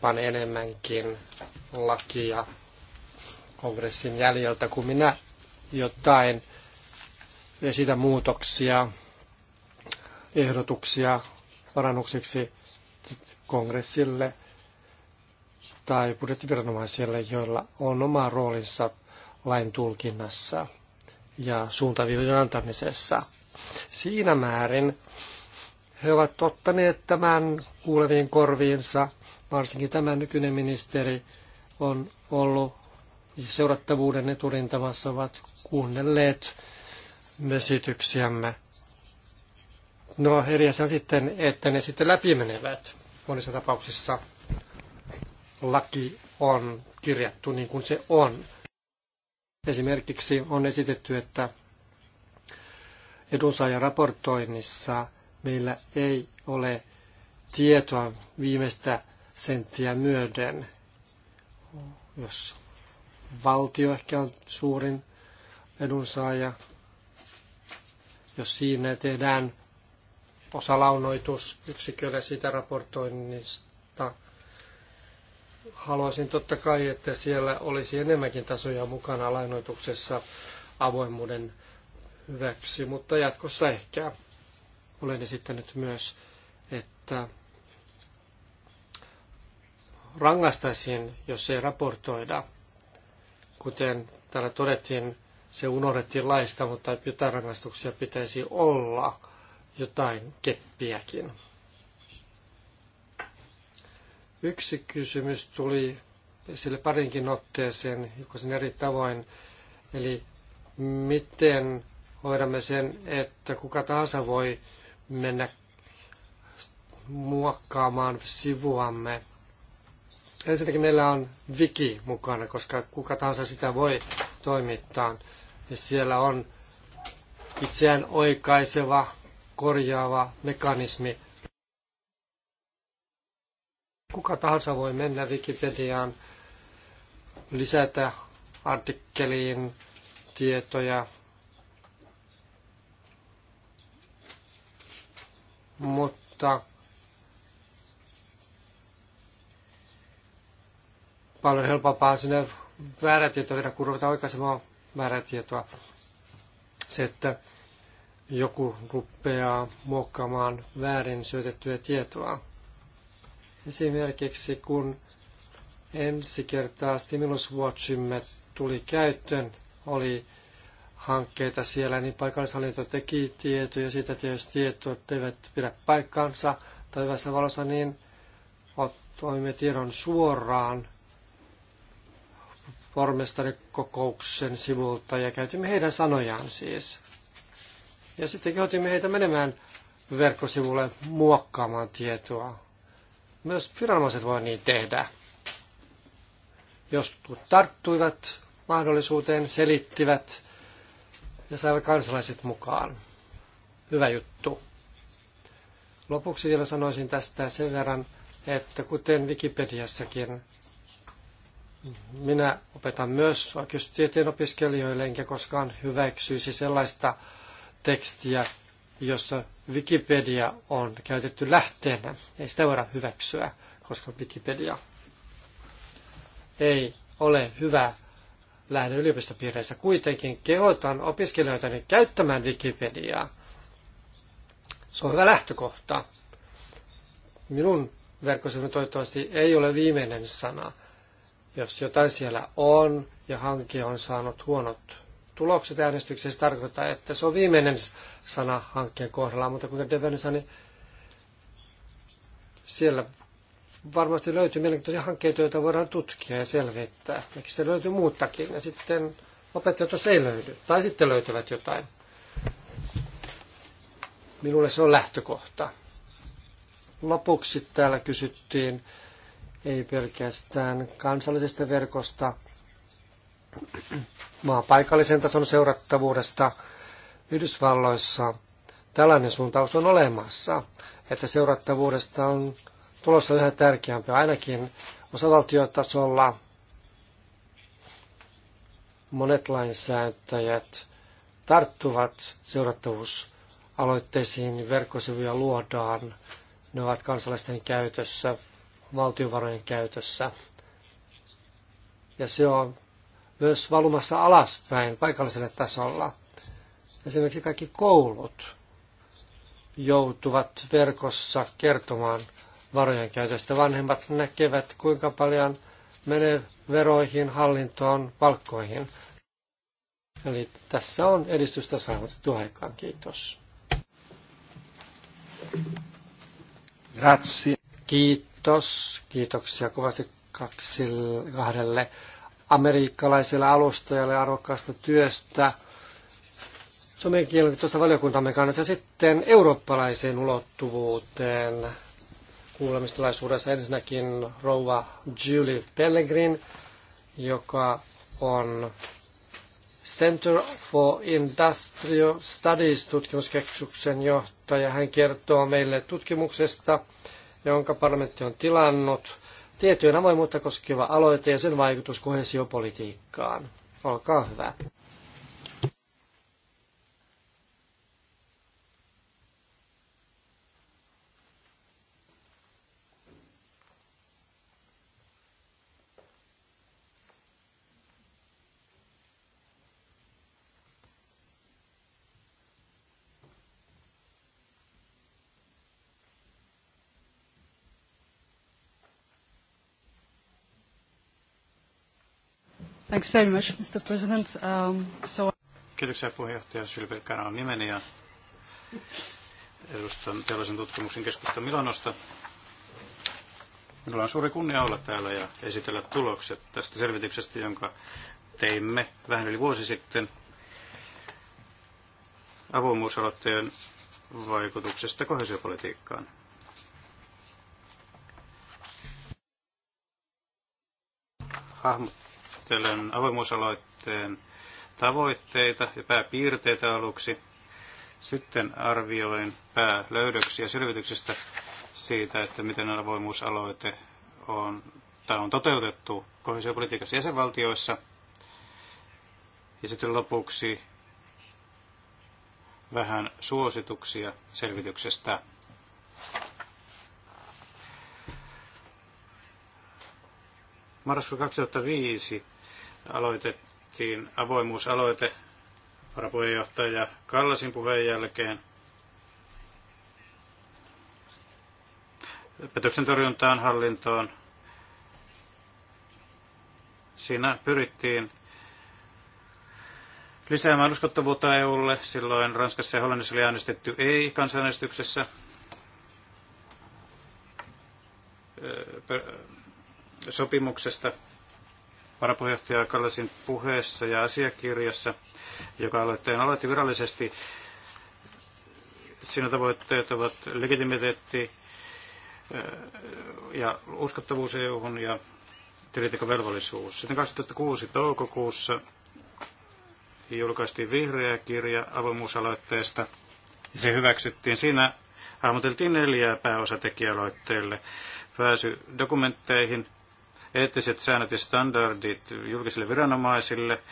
pani enemmänkin lakia kongressin jäljeltä kuin minä jotain esitä muutoksia, ehdotuksia parannukseksi kongressille tai budjettiviranomaisille, joilla on oma roolinsa lain tulkinnassa ja suuntaviivojen antamisessa. Siinä määrin he ovat ottaneet tämän kuuleviin korviinsa, varsinkin tämä nykyinen ministeri on ollut seurattavuuden eturintamassa, ovat kuunnelleet esityksiämme. No eri asia on sitten, että ne sitten läpimenevät. Monissa tapauksissa laki on kirjattu niin kuin se on. Esimerkiksi on esitetty, että edunsaajan raportoinnissa meillä ei ole tietoa viimeistä senttiä myöden. Jos valtio ehkä on suurin edunsaaja, jos siinä tehdään osalaunoitus yksikölle sitä raportoinnista. Haluaisin totta kai, että siellä olisi enemmänkin tasoja mukana lainoituksessa avoimuuden hyväksi, mutta jatkossa ehkä olen esittänyt myös, että rangaistaisiin, jos ei raportoida. Kuten täällä todettiin, se unohdettiin laista, mutta jotain rangaistuksia pitäisi olla, jotain keppiäkin. Yksi kysymys tuli sille parinkin otteeseen, joka sen eri tavoin, eli miten hoidamme sen, että kuka tahansa voi mennä muokkaamaan sivuamme. Ensinnäkin meillä on wiki mukana, koska kuka tahansa sitä voi toimittaa ja siellä on itseään oikaiseva, korjaava mekanismi. Kuka tahansa voi mennä Wikipediaan, lisätä artikkeliin tietoja, mutta paljon helpompaa sinne väärätietoja kun ruvetaan oikaisemaan määrätietoa. Se, että joku rupeaa muokkaamaan väärin syötettyä tietoa. Esimerkiksi kun ensi kertaa Stimulus Watchimme tuli käyttöön, oli hankkeita siellä, niin paikallishallinto teki tietoja siitä, että jos tietot eivät pidä paikkaansa tai hyvässä valossa, niin toimme tiedon suoraan pormestarikokouksen sivulta ja käytimme heidän sanojaan siis. Ja sitten kehotimme heitä menemään verkkosivulle muokkaamaan tietoa. Myös viranomaiset voivat niin tehdä. jos tarttuivat mahdollisuuteen, selittivät ja saivat kansalaiset mukaan. Hyvä juttu. Lopuksi vielä sanoisin tästä sen verran, että kuten Wikipediassakin minä opetan myös oikeustieteen opiskelijoille, enkä koskaan hyväksyisi sellaista tekstiä, jossa Wikipedia on käytetty lähteenä. Ei sitä voida hyväksyä, koska Wikipedia ei ole hyvä lähde yliopistopiireissä. Kuitenkin kehotan opiskelijoita käyttämään Wikipediaa. Se on hyvä lähtökohta. Minun verkkosivuni toivottavasti ei ole viimeinen sana. Jos jotain siellä on ja hanke on saanut huonot tulokset äänestyksessä, tarkoittaa, että se on viimeinen sana hankkeen kohdalla. Mutta kuten Deveni sanoi, siellä varmasti löytyy mielenkiintoisia hankkeita, joita voidaan tutkia ja selvittää. Ehkä se löytyy muutakin ja sitten opettajat, jos ei löydy, tai sitten löytyvät jotain. Minulle se on lähtökohta. Lopuksi täällä kysyttiin ei pelkästään kansallisesta verkosta, vaan paikallisen tason seurattavuudesta Yhdysvalloissa. Tällainen suuntaus on olemassa, että seurattavuudesta on tulossa yhä tärkeämpi ainakin osavaltiotasolla. Monet lainsäätäjät tarttuvat seurattavuusaloitteisiin, verkkosivuja luodaan, ne ovat kansalaisten käytössä valtiovarojen käytössä. Ja se on myös valumassa alaspäin paikalliselle tasolla. Esimerkiksi kaikki koulut joutuvat verkossa kertomaan varojen käytöstä. Vanhemmat näkevät, kuinka paljon menee veroihin, hallintoon, palkkoihin. Eli tässä on edistystä saavutettu aikaan. Kiitos. Grazie. Kiitos. Kiitos, kiitoksia kovasti kahdelle amerikkalaiselle alustajalle arvokkaasta työstä. Suomen kielen tuossa valiokuntamme kannassa sitten eurooppalaiseen ulottuvuuteen kuulemistilaisuudessa ensinnäkin rouva Julie Pellegrin, joka on Center for Industrial Studies tutkimuskeskuksen johtaja. Hän kertoo meille tutkimuksesta, jonka parlamentti on tilannut. Tietojen avoimuutta koskeva aloite ja sen vaikutus kohesiopolitiikkaan. Olkaa hyvä. Thanks very much, Mr. President. Um, so... Kiitoksia puheenjohtaja Sylvi on nimeni ja edustan teollisen tutkimuksen keskusta Milanosta. Minulla on suuri kunnia olla täällä ja esitellä tulokset tästä selvityksestä, jonka teimme vähän yli vuosi sitten avoimuusaloitteen vaikutuksesta kohesiopolitiikkaan. Hahmot käsittelen avoimuusaloitteen tavoitteita ja pääpiirteitä aluksi. Sitten arvioin päälöydöksiä selvityksestä siitä, että miten avoimuusaloite on, tai on toteutettu kohesiopolitiikassa jäsenvaltioissa. Ja sitten lopuksi vähän suosituksia selvityksestä. Marraskuun 2005 aloitettiin avoimuusaloite varapuheenjohtaja Kallasin puheen jälkeen. Petoksen torjuntaan hallintoon. Siinä pyrittiin lisäämään uskottavuutta EUlle. Silloin Ranskassa ja Hollannissa oli äänestetty ei kansanäänestyksessä. sopimuksesta varapuheenjohtaja Kallasin puheessa ja asiakirjassa, joka aloitteen aloitti virallisesti. Siinä tavoitteet ovat legitimiteetti äh, ja uskottavuus EU-hun ja tilitekovelvollisuus. Sitten 2006 toukokuussa julkaistiin vihreä kirja avoimuusaloitteesta. Se hyväksyttiin. Siinä hahmoteltiin neljää pääosatekijäaloitteelle. Pääsy dokumentteihin – eettiset säännöt ja standardit julkisille viranomaisille,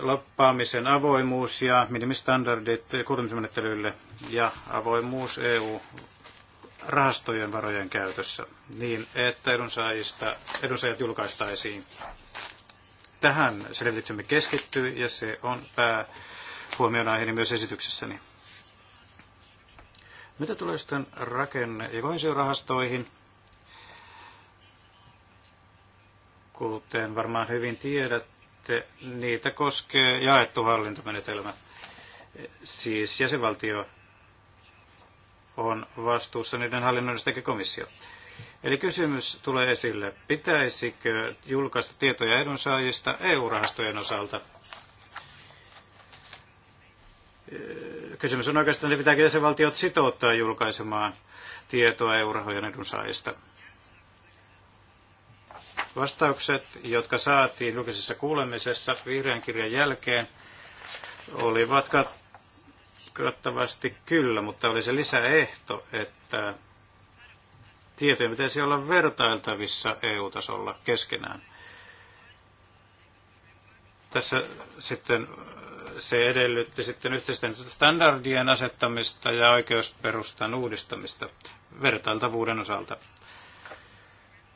loppaamisen avoimuus ja minimistandardit kuulemismenettelyille ja avoimuus EU-rahastojen varojen käytössä niin, että edunsaajista, edunsaajat julkaistaisiin. Tähän selvityksemme keskittyy ja se on pää aiheeni myös esityksessäni. Mitä tulee sitten rakenne- ja kohesiorahastoihin, kuten varmaan hyvin tiedätte, niitä koskee jaettu hallintomenetelmä. Siis jäsenvaltio on vastuussa niiden hallinnoinnista eikä komissio. Eli kysymys tulee esille, pitäisikö julkaista tietoja edunsaajista EU-rahastojen osalta? Kysymys on oikeastaan, että pitääkö jäsenvaltiot sitouttaa julkaisemaan tietoa EU-rahojen edunsaajista. Vastaukset, jotka saatiin julkisessa kuulemisessa vihreän kirjan jälkeen, olivat kattavasti kyllä, mutta oli se lisäehto, että tietojen pitäisi olla vertailtavissa EU-tasolla keskenään. Tässä sitten se edellytti sitten yhteisten standardien asettamista ja oikeusperustan uudistamista vertailtavuuden osalta.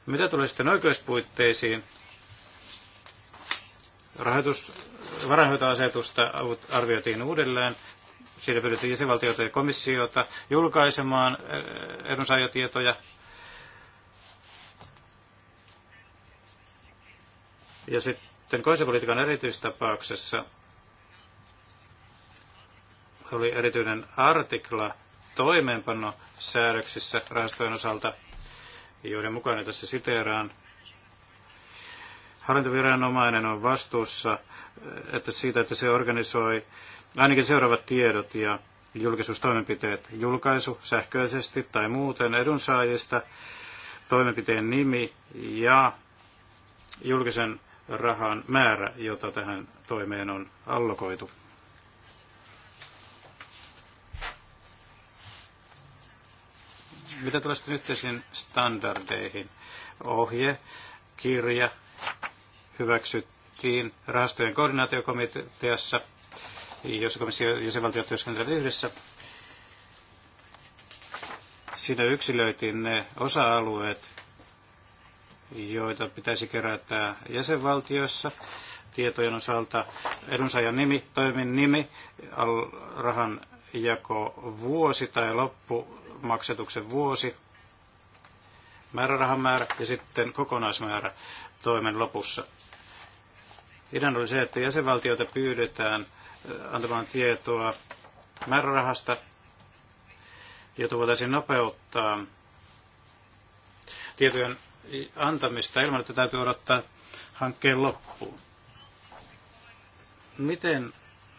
Mitä tulee sitten oikeuspuitteisiin, rahoitus, varainhoitoasetusta arvioitiin uudelleen. Siinä pyydettiin jäsenvaltioita ja komissiota julkaisemaan eh, edunsaajatietoja. Ja sitten koisapolitiikan erityistapauksessa oli erityinen artikla toimeenpanosäädöksissä rahastojen osalta – joiden mukana tässä siteeraan. Hallintoviranomainen on vastuussa eh, että siitä, että se organisoi ainakin seuraavat tiedot ja julkisuustoimenpiteet, julkaisu sähköisesti tai muuten edunsaajista, toimenpiteen nimi ja julkisen rahan määrä, jota tähän toimeen on allokoitu. Mitä tulee sitten yhteisiin standardeihin? Ohje, kirja hyväksyttiin rahastojen koordinaatiokomiteassa, jossa komissio ja jäsenvaltiot työskentelevät yhdessä. Siinä yksilöitiin ne osa-alueet, joita pitäisi kerätä jäsenvaltioissa tietojen osalta edunsaajan nimi, toimin nimi, rahan jako vuosi tai loppu maksetuksen vuosi, määrärahan määrä ja sitten kokonaismäärä toimen lopussa. Idän oli se, että jäsenvaltioita pyydetään äh, antamaan tietoa määrärahasta, jota voitaisiin nopeuttaa tietojen antamista ilman, että täytyy odottaa hankkeen loppuun. Miten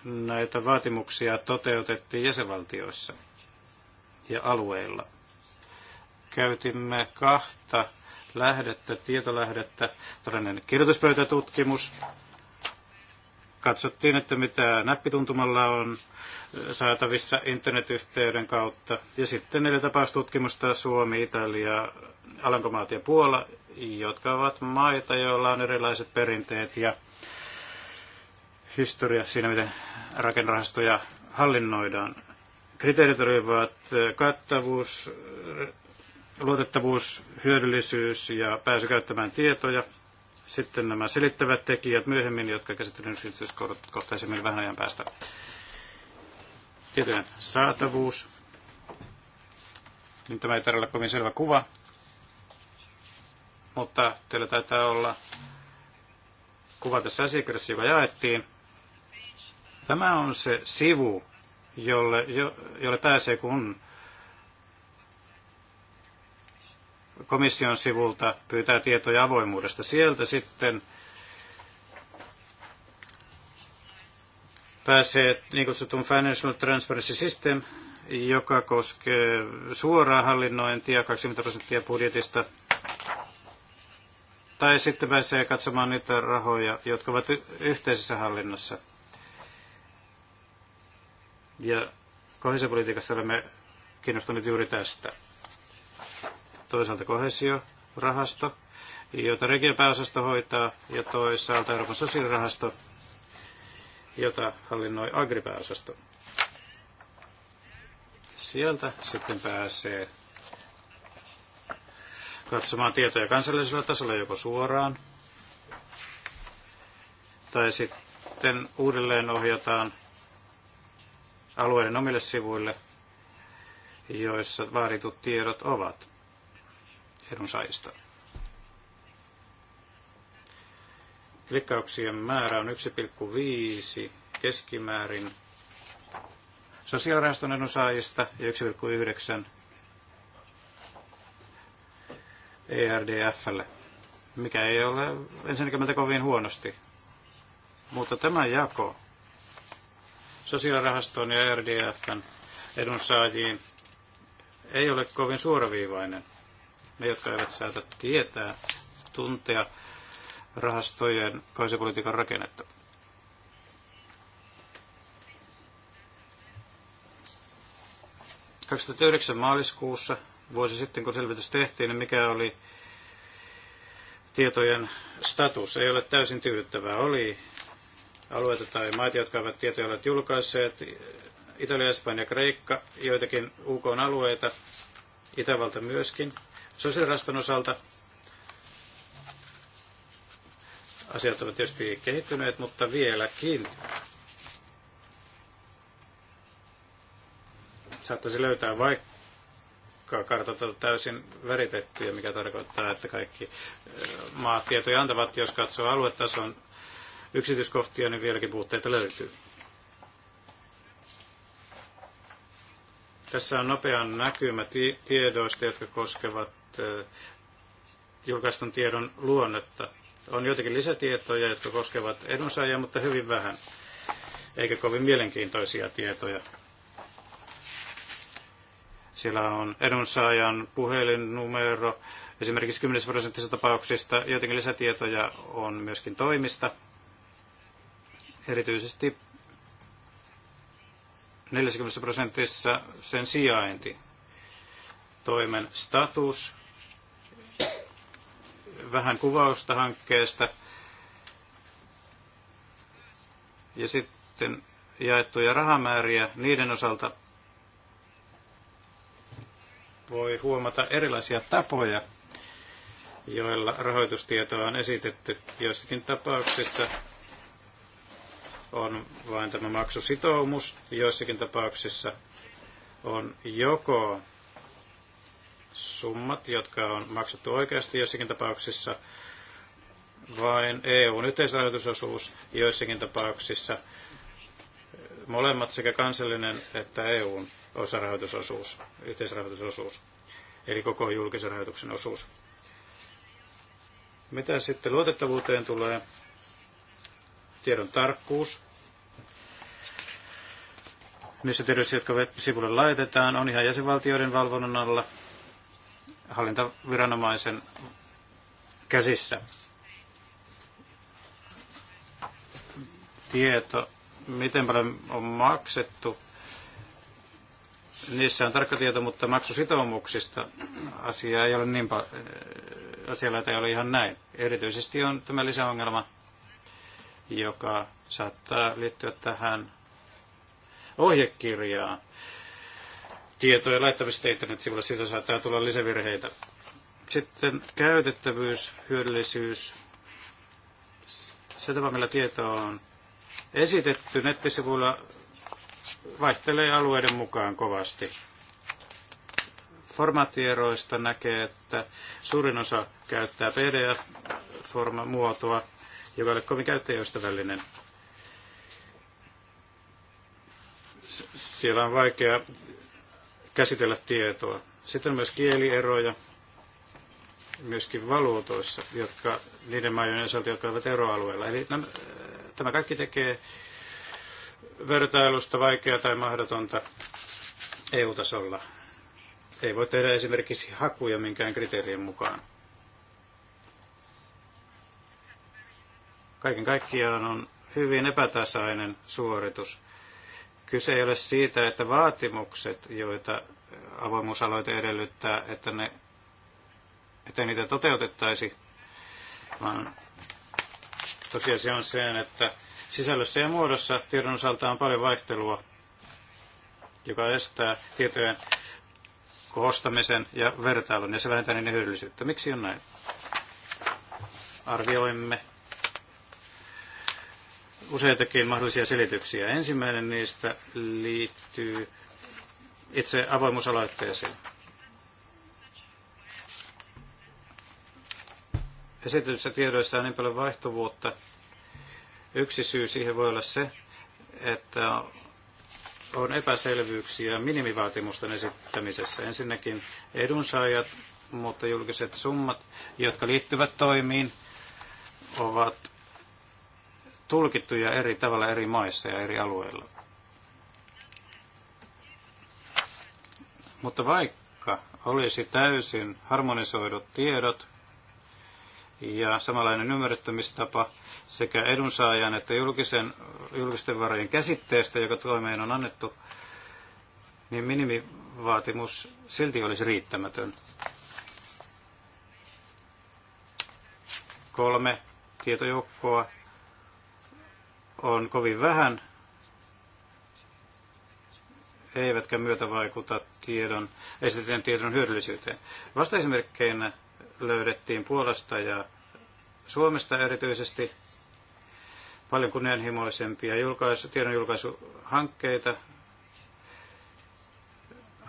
näitä vaatimuksia toteutettiin jäsenvaltioissa? ja alueilla. Käytimme kahta lähdettä, tietolähdettä, tällainen kirjoituspöytätutkimus. Katsottiin, että mitä näppituntumalla on saatavissa internetyhteyden kautta. Ja sitten neljä tapaustutkimusta Suomi, Italia, Alankomaat ja Puola, jotka ovat maita, joilla on erilaiset perinteet ja historia siinä, miten rakenrahastoja hallinnoidaan. Kriteerit olivat kattavuus, luotettavuus, hyödyllisyys ja pääsy käyttämään tietoja. Sitten nämä selittävät tekijät myöhemmin, jotka käsittelen yksityiskohtaisemmin vähän ajan päästä. Tietojen saatavuus. Nyt tämä ei tarvitse kovin selvä kuva, mutta teillä taitaa olla kuva tässä asiakirjassa, joka jaettiin. Tämä on se sivu, jolle, jo, jolle pääsee, kun komission sivulta pyytää tietoja avoimuudesta. Sieltä sitten pääsee niin kutsutun Financial Transparency System, joka koskee suoraa hallinnointia 20 prosenttia budjetista. Tai sitten pääsee katsomaan niitä rahoja, jotka ovat yhteisessä hallinnassa ja kohesiopolitiikassa olemme kiinnostuneet juuri tästä. Toisaalta kohesio, jota regiopääosasto hoitaa, ja toisaalta Euroopan sosiaalirahasto, jota hallinnoi agripääosasto. Sieltä sitten pääsee katsomaan tietoja kansallisella tasolla joko suoraan tai sitten uudelleen ohjataan alueiden omille sivuille, joissa vaaditut tiedot ovat edunsaajista. Klikkauksien määrä on 1,5 keskimäärin sosiaalirahaston edunsaajista ja 1,9 ERDFlle, mikä ei ole ensinnäkin kovin huonosti. Mutta tämä jako sosiaalirahastoon ja RDFn edunsaajiin ei ole kovin suoraviivainen. Ne, jotka eivät saata tietää, tuntea rahastojen kansapolitiikan rakennetta. ...2009 maaliskuussa, vuosi sitten kun selvitys tehtiin, niin mikä oli tietojen status? Ei ole täysin tyydyttävää. Oli alueita tai maita, jotka ovat tietoja olleet julkaisseet. Italia, Espanja, Kreikka, joitakin UK-alueita, Itävalta myöskin. Sosiaaliraston osalta asiat ovat tietysti kehittyneet, mutta vieläkin saattaisi löytää vaikka kartat ovat täysin väritettyjä, mikä tarkoittaa, että kaikki maat tietoja antavat, jos katsoo aluetason yksityiskohtia, niin vieläkin puutteita löytyy. Tässä on nopea näkymä tiedoista, jotka koskevat eh, julkaistun tiedon luonnetta. On joitakin lisätietoja, jotka koskevat edunsaajia, mutta hyvin vähän, eikä kovin mielenkiintoisia tietoja. Siellä on edunsaajan puhelinnumero. Esimerkiksi 10 prosenttisista tapauksista joitakin lisätietoja on myöskin toimista, Erityisesti 40 prosentissa sen sijainti, toimen status, vähän kuvausta hankkeesta ja sitten jaettuja rahamääriä niiden osalta voi huomata erilaisia tapoja, joilla rahoitustietoa on esitetty. Joissakin tapauksissa on vain tämä maksusitoumus. Joissakin tapauksissa on joko summat, jotka on maksettu oikeasti joissakin tapauksissa, vain EUn yhteisrahoitusosuus joissakin tapauksissa, molemmat sekä kansallinen että EUn osarahoitusosuus, yhteisrahoitusosuus, eli koko julkisen rahoituksen osuus. Mitä sitten luotettavuuteen tulee, tiedon tarkkuus, niissä tiedoissa, jotka sivulle laitetaan, on ihan jäsenvaltioiden valvonnan alla hallintaviranomaisen käsissä. Tieto, miten paljon on maksettu, niissä on tarkka tieto, mutta maksusitoumuksista asia ei ole niin pa- asialla ei ole ihan näin. Erityisesti on tämä lisäongelma joka saattaa liittyä tähän ohjekirjaan. Tietojen laittamista internetsivuille, siitä saattaa tulla lisävirheitä. Sitten käytettävyys, hyödyllisyys, se tapa, millä tietoa on esitetty nettisivuilla, vaihtelee alueiden mukaan kovasti. Formaattieroista näkee, että suurin osa käyttää PDF-muotoa, joka ei ole kovin käyttäjäystävällinen. Siellä on vaikea käsitellä tietoa. Sitten on myös kielieroja, myöskin valuutoissa, jotka niiden maiden osalta, jotka ovat euroalueella. Eli nämä, tämä kaikki tekee vertailusta vaikeaa tai mahdotonta EU-tasolla. Ei voi tehdä esimerkiksi hakuja minkään kriteerien mukaan. kaiken kaikkiaan on hyvin epätasainen suoritus. Kyse ei ole siitä, että vaatimukset, joita avoimuusaloite edellyttää, että, ne, että niitä toteutettaisi, vaan tosiasia on se, että sisällössä ja muodossa tiedon osalta on paljon vaihtelua, joka estää tietojen koostamisen ja vertailun, ja se vähentää niiden hyödyllisyyttä. Miksi on näin? Arvioimme useitakin mahdollisia selityksiä. Ensimmäinen niistä liittyy itse avoimuusaloitteeseen. Esityksessä tiedoissa on niin paljon vaihtuvuutta. Yksi syy siihen voi olla se, että on epäselvyyksiä minimivaatimusten esittämisessä. Ensinnäkin edunsaajat, mutta julkiset summat, jotka liittyvät toimiin, ovat tulkittuja eri tavalla eri maissa ja eri alueilla. Mutta vaikka olisi täysin harmonisoidut tiedot ja samanlainen ymmärrettämistapa sekä edunsaajan että julkisen, julkisten varojen käsitteestä, joka toimeen on annettu, niin minimivaatimus silti olisi riittämätön. Kolme tietojoukkoa on kovin vähän, eivätkä vaikuta tiedon, esitetyn tiedon hyödyllisyyteen. Vastaesimerkkeinä löydettiin Puolasta ja Suomesta erityisesti paljon kunnianhimoisempia julkaisu, tiedon julkaisuhankkeita.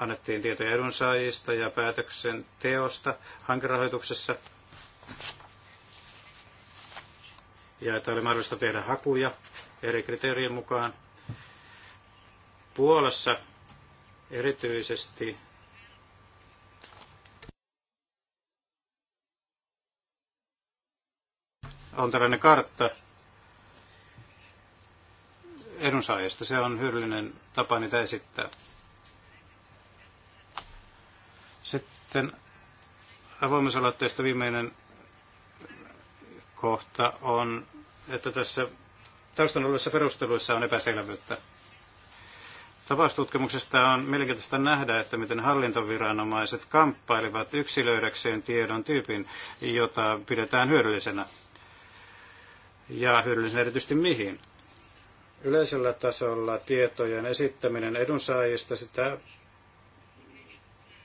Annettiin tietoja edunsaajista ja päätöksenteosta hankerahoituksessa ja että oli mahdollista tehdä hakuja eri kriteerien mukaan. Puolassa erityisesti on tällainen kartta edunsaajista. Se on hyödyllinen tapa niitä esittää. Sitten avoimuusaloitteesta viimeinen kohta on, että tässä taustan olevissa perusteluissa on epäselvyyttä. Tapaustutkimuksesta on mielenkiintoista nähdä, että miten hallintoviranomaiset kamppailivat yksilöidäkseen tiedon tyypin, jota pidetään hyödyllisenä. Ja hyödyllisenä erityisesti mihin? Yleisellä tasolla tietojen esittäminen edunsaajista, sitä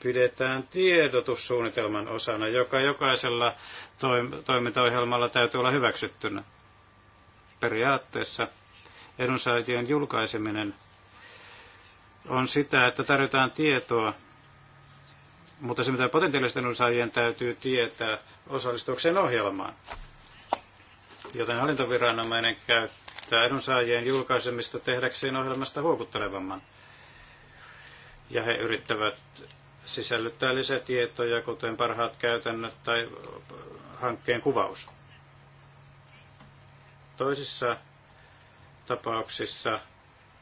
pidetään tiedotussuunnitelman osana, joka jokaisella toimintaohjelmalla täytyy olla hyväksyttynä. Periaatteessa edunsaajien julkaiseminen on sitä, että tarjotaan tietoa, mutta se mitä potentiaalisten edunsaajien täytyy tietää osallistukseen ohjelmaan. Joten hallintoviranomainen käyttää edunsaajien julkaisemista tehdäkseen ohjelmasta huokuttelevamman. Ja he yrittävät sisällyttää lisätietoja, kuten parhaat käytännöt tai hankkeen kuvaus. Toisissa tapauksissa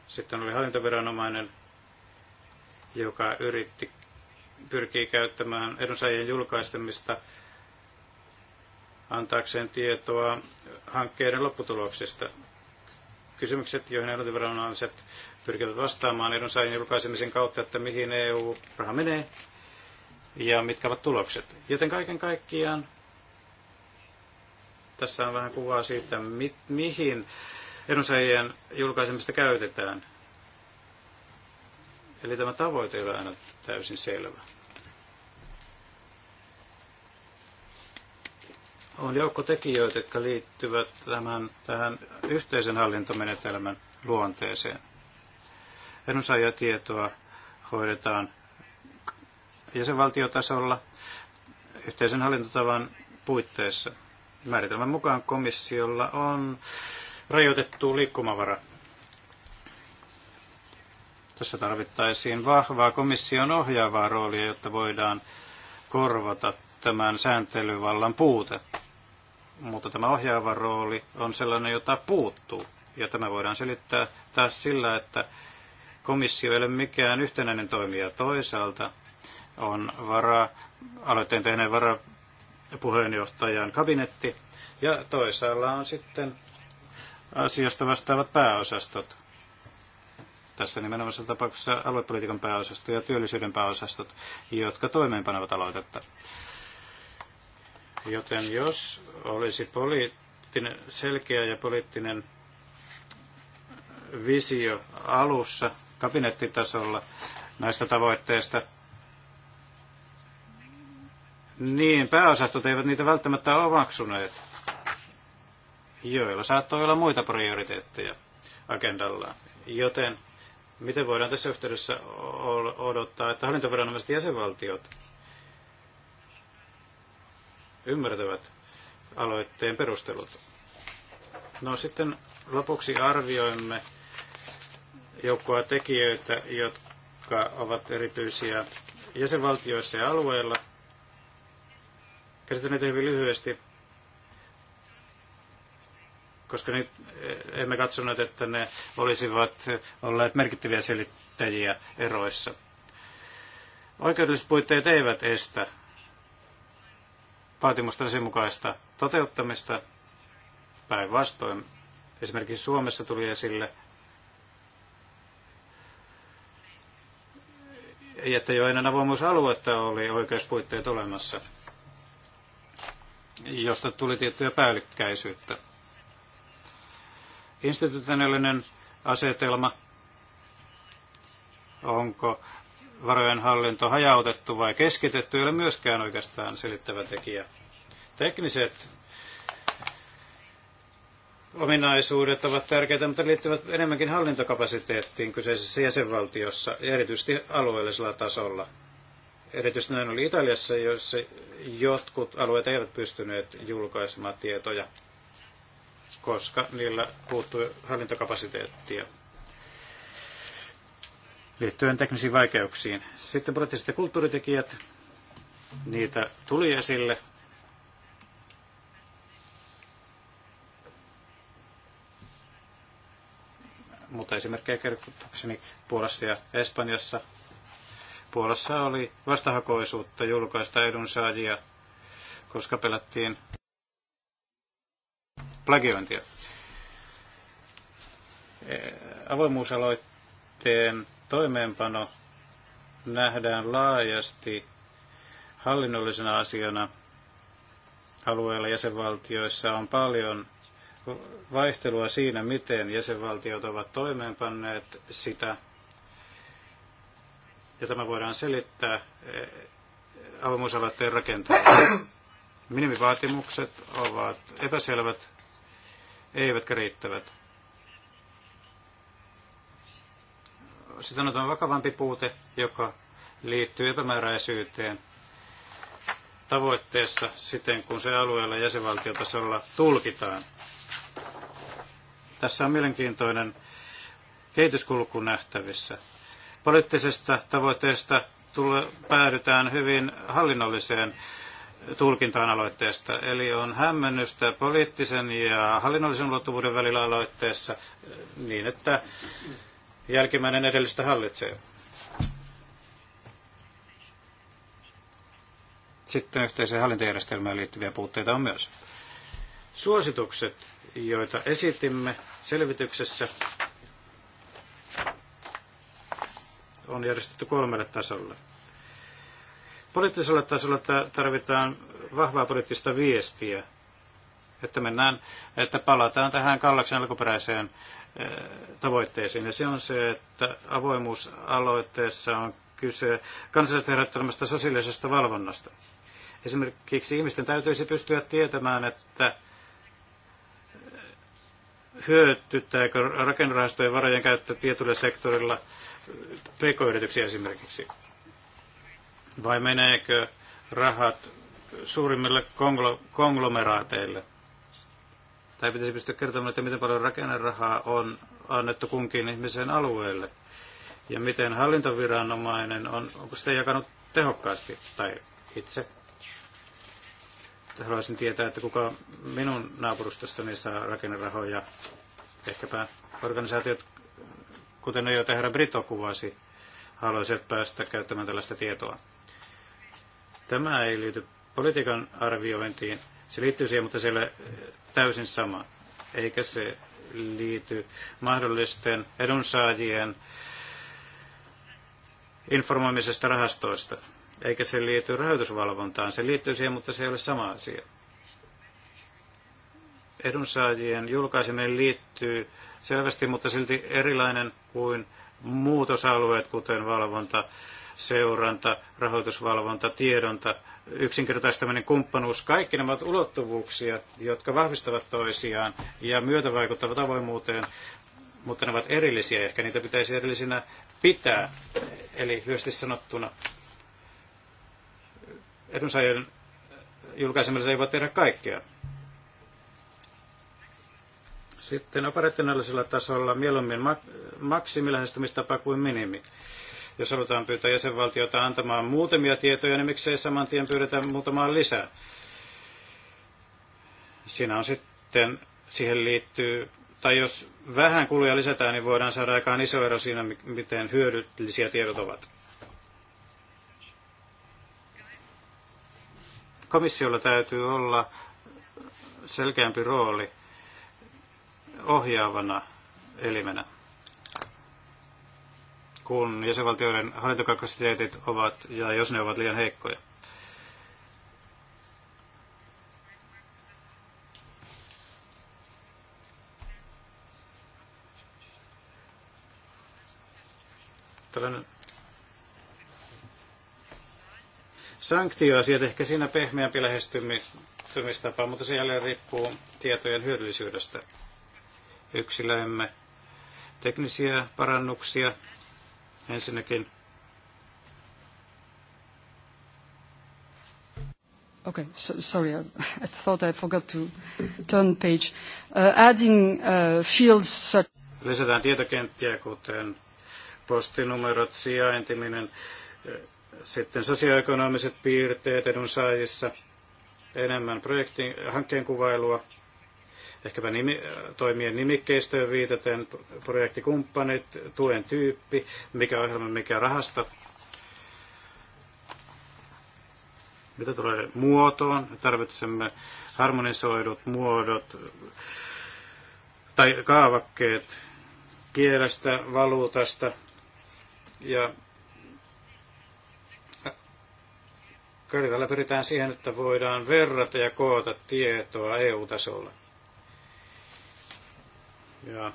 sitten oli hallintoviranomainen, joka yritti pyrkii käyttämään edunsaajien julkaistamista antaakseen tietoa hankkeiden lopputuloksista. Kysymykset, joihin edunsaajien pyrkivät vastaamaan edunsaajien julkaisemisen kautta, että mihin EU-raha menee ja mitkä ovat tulokset. Joten kaiken kaikkiaan tässä on vähän kuvaa siitä, mi- mihin edunsaajien julkaisemista käytetään. Eli tämä tavoite ei ole aina täysin selvä. On joukko tekijöitä, jotka liittyvät tämän, tähän yhteisen hallintomenetelmän luonteeseen edunsaajatietoa hoidetaan jäsenvaltiotasolla yhteisen hallintotavan puitteissa. Määritelmän mukaan komissiolla on rajoitettu liikkumavara. Tässä tarvittaisiin vahvaa komission ohjaavaa roolia, jotta voidaan korvata tämän sääntelyvallan puute. Mutta tämä ohjaava rooli on sellainen, jota puuttuu. Ja tämä voidaan selittää taas sillä, että komissio ei ole mikään yhtenäinen toimija. Toisaalta on vara, aloitteen tehneen varapuheenjohtajan kabinetti ja toisaalla on sitten asiasta vastaavat pääosastot. Tässä nimenomaisessa tapauksessa aluepolitiikan pääosasto ja työllisyyden pääosastot, jotka toimeenpanevat aloitetta. Joten jos olisi poliittinen, selkeä ja poliittinen visio alussa kabinettitasolla näistä tavoitteista, niin pääosastot eivät niitä välttämättä omaksuneet, joilla saattoi olla muita prioriteetteja agendalla. Joten miten voidaan tässä yhteydessä odottaa, että hallintoviranomaiset jäsenvaltiot ymmärtävät aloitteen perustelut? No sitten lopuksi arvioimme joukkoa tekijöitä, jotka ovat erityisiä jäsenvaltioissa ja alueilla. Käsitän niitä hyvin lyhyesti, koska nyt eh, emme katsoneet, että ne olisivat olleet merkittäviä selittäjiä eroissa. Oikeudelliset puitteet eivät estä vaatimusten asianmukaista toteuttamista. Päinvastoin esimerkiksi Suomessa tuli esille että jo ennen avoimuusaluetta oli oikeuspuitteet olemassa, josta tuli tiettyä päällekkäisyyttä. Institutionaalinen asetelma, onko varojen hallinto hajautettu vai keskitetty, ei ole myöskään oikeastaan selittävä tekijä. Tekniset ominaisuudet ovat tärkeitä, mutta liittyvät enemmänkin hallintokapasiteettiin kyseisessä jäsenvaltiossa, ja erityisesti alueellisella tasolla. Erityisesti näin oli Italiassa, jossa jotkut alueet eivät pystyneet julkaisemaan tietoja, koska niillä puuttui hallintokapasiteettia liittyen teknisiin vaikeuksiin. Sitten poliittiset ja kulttuuritekijät, niitä tuli esille – mutta esimerkkejä kertokseni Puolassa ja Espanjassa. Puolassa oli vastahakoisuutta julkaista edunsaajia, koska pelättiin plagiointia. E, avoimuusaloitteen toimeenpano nähdään laajasti hallinnollisena asiana. Alueella jäsenvaltioissa on paljon vaihtelua siinä, miten jäsenvaltiot ovat toimeenpanneet sitä. Ja tämä voidaan selittää eh, avoimuusaloitteen rakentamalla. Minimivaatimukset ovat epäselvät, eivätkä riittävät. Sitten on vakavampi puute, joka liittyy epämääräisyyteen tavoitteessa siten, kun se alueella jäsenvaltiotasolla tulkitaan. Tässä on mielenkiintoinen kehityskulku nähtävissä. Poliittisesta tavoitteesta tule, päädytään hyvin hallinnolliseen tulkintaan aloitteesta. Eli on hämmennystä poliittisen ja hallinnollisen ulottuvuuden välillä aloitteessa niin, että jälkimmäinen edellistä hallitsee. Sitten yhteiseen hallintojärjestelmään liittyviä puutteita on myös. Suositukset, joita esitimme, selvityksessä on järjestetty kolmelle tasolle. Poliittisella tasolla tarvitaan vahvaa poliittista viestiä, että, mennään, että palataan tähän Kallaksen alkuperäiseen eh, tavoitteeseen. Ja se on se, että avoimuusaloitteessa on kyse kansallisesti sosiaalisesta valvonnasta. Esimerkiksi ihmisten täytyisi pystyä tietämään, että hyötyttääkö rakennerahastojen varojen käyttö tietyllä sektorilla pk-yrityksiä esimerkiksi? Vai meneekö rahat suurimmille konglo- konglomeraateille? Tai pitäisi pystyä kertomaan, että miten paljon rakennerahaa on annettu kunkin ihmisen alueelle? Ja miten hallintoviranomainen on, onko sitä jakanut tehokkaasti tai itse haluaisin tietää, että kuka minun naapurustossani saa rakennerahoja. Ehkäpä organisaatiot, kuten ne, joita herra Brito kuvasi, haluaisivat päästä käyttämään tällaista tietoa. Tämä ei liity politiikan arviointiin. Se liittyy siihen, mutta siellä täysin sama. Eikä se liity mahdollisten edunsaajien informoimisesta rahastoista eikä se liity rahoitusvalvontaan. Se liittyy siihen, mutta se ei ole sama asia. Edunsaajien julkaiseminen liittyy selvästi, mutta silti erilainen kuin muutosalueet kuten valvonta, seuranta, rahoitusvalvonta, tiedonta, yksinkertaistaminen, kumppanuus, kaikki nämä ovat ulottuvuuksia, jotka vahvistavat toisiaan ja myötävaikuttavat avoimuuteen, mutta ne ovat erillisiä, ehkä niitä pitäisi erillisinä pitää. Eli lyhyesti sanottuna edunsaajien se ei voi tehdä kaikkea. Sitten operationaalisella tasolla mieluummin maksimilähestymistapa kuin minimi. Jos halutaan pyytää jäsenvaltiota antamaan muutamia tietoja, niin miksei saman tien pyydetä muutamaa lisää. Siinä on sitten, siihen liittyy, tai jos vähän kuluja lisätään, niin voidaan saada aikaan iso ero siinä, miten hyödyllisiä tiedot ovat. Komissiolla täytyy olla selkeämpi rooli ohjaavana elimenä, kun jäsenvaltioiden hallintokapasiteetit ovat, ja jos ne ovat liian heikkoja. Tällainen Sanktioasiat ehkä siinä pehmeämpi lähestymistapa, mutta se jälleen riippuu tietojen hyödyllisyydestä. Yksilöimme teknisiä parannuksia ensinnäkin. Okay, so, sorry, I, [LAUGHS] I thought I forgot to turn page. Uh, adding uh, fields such... Lisätään tietokenttiä, kuten postinumerot, sijaintiminen, sitten sosioekonomiset piirteet edunsaajissa, enemmän projektin, hankkeen kuvailua, ehkäpä nimi, toimien nimikkeistöön viitaten, projektikumppanit, tuen tyyppi, mikä ohjelma, mikä rahasto. Mitä tulee muotoon, tarvitsemme harmonisoidut muodot tai kaavakkeet kielestä, valuutasta ja Karitalla pyritään siihen, että voidaan verrata ja koota tietoa EU-tasolla. Ja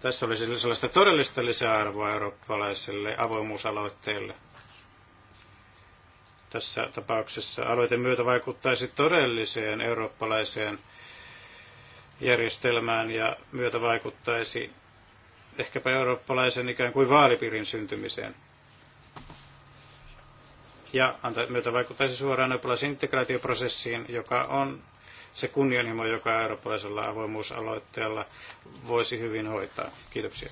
tästä olisi sellaista todellista lisäarvoa eurooppalaiselle avoimuusaloitteelle. Tässä tapauksessa aloite myötä vaikuttaisi todelliseen eurooppalaiseen järjestelmään ja myötä vaikuttaisi ehkäpä eurooppalaisen ikään kuin vaalipiirin syntymiseen – ja myötä vaikuttaisi suoraan eurooppalaisen integraatioprosessiin, joka on se kunnianhimo, joka eurooppalaisella avoimuusaloitteella voisi hyvin hoitaa. Kiitoksia.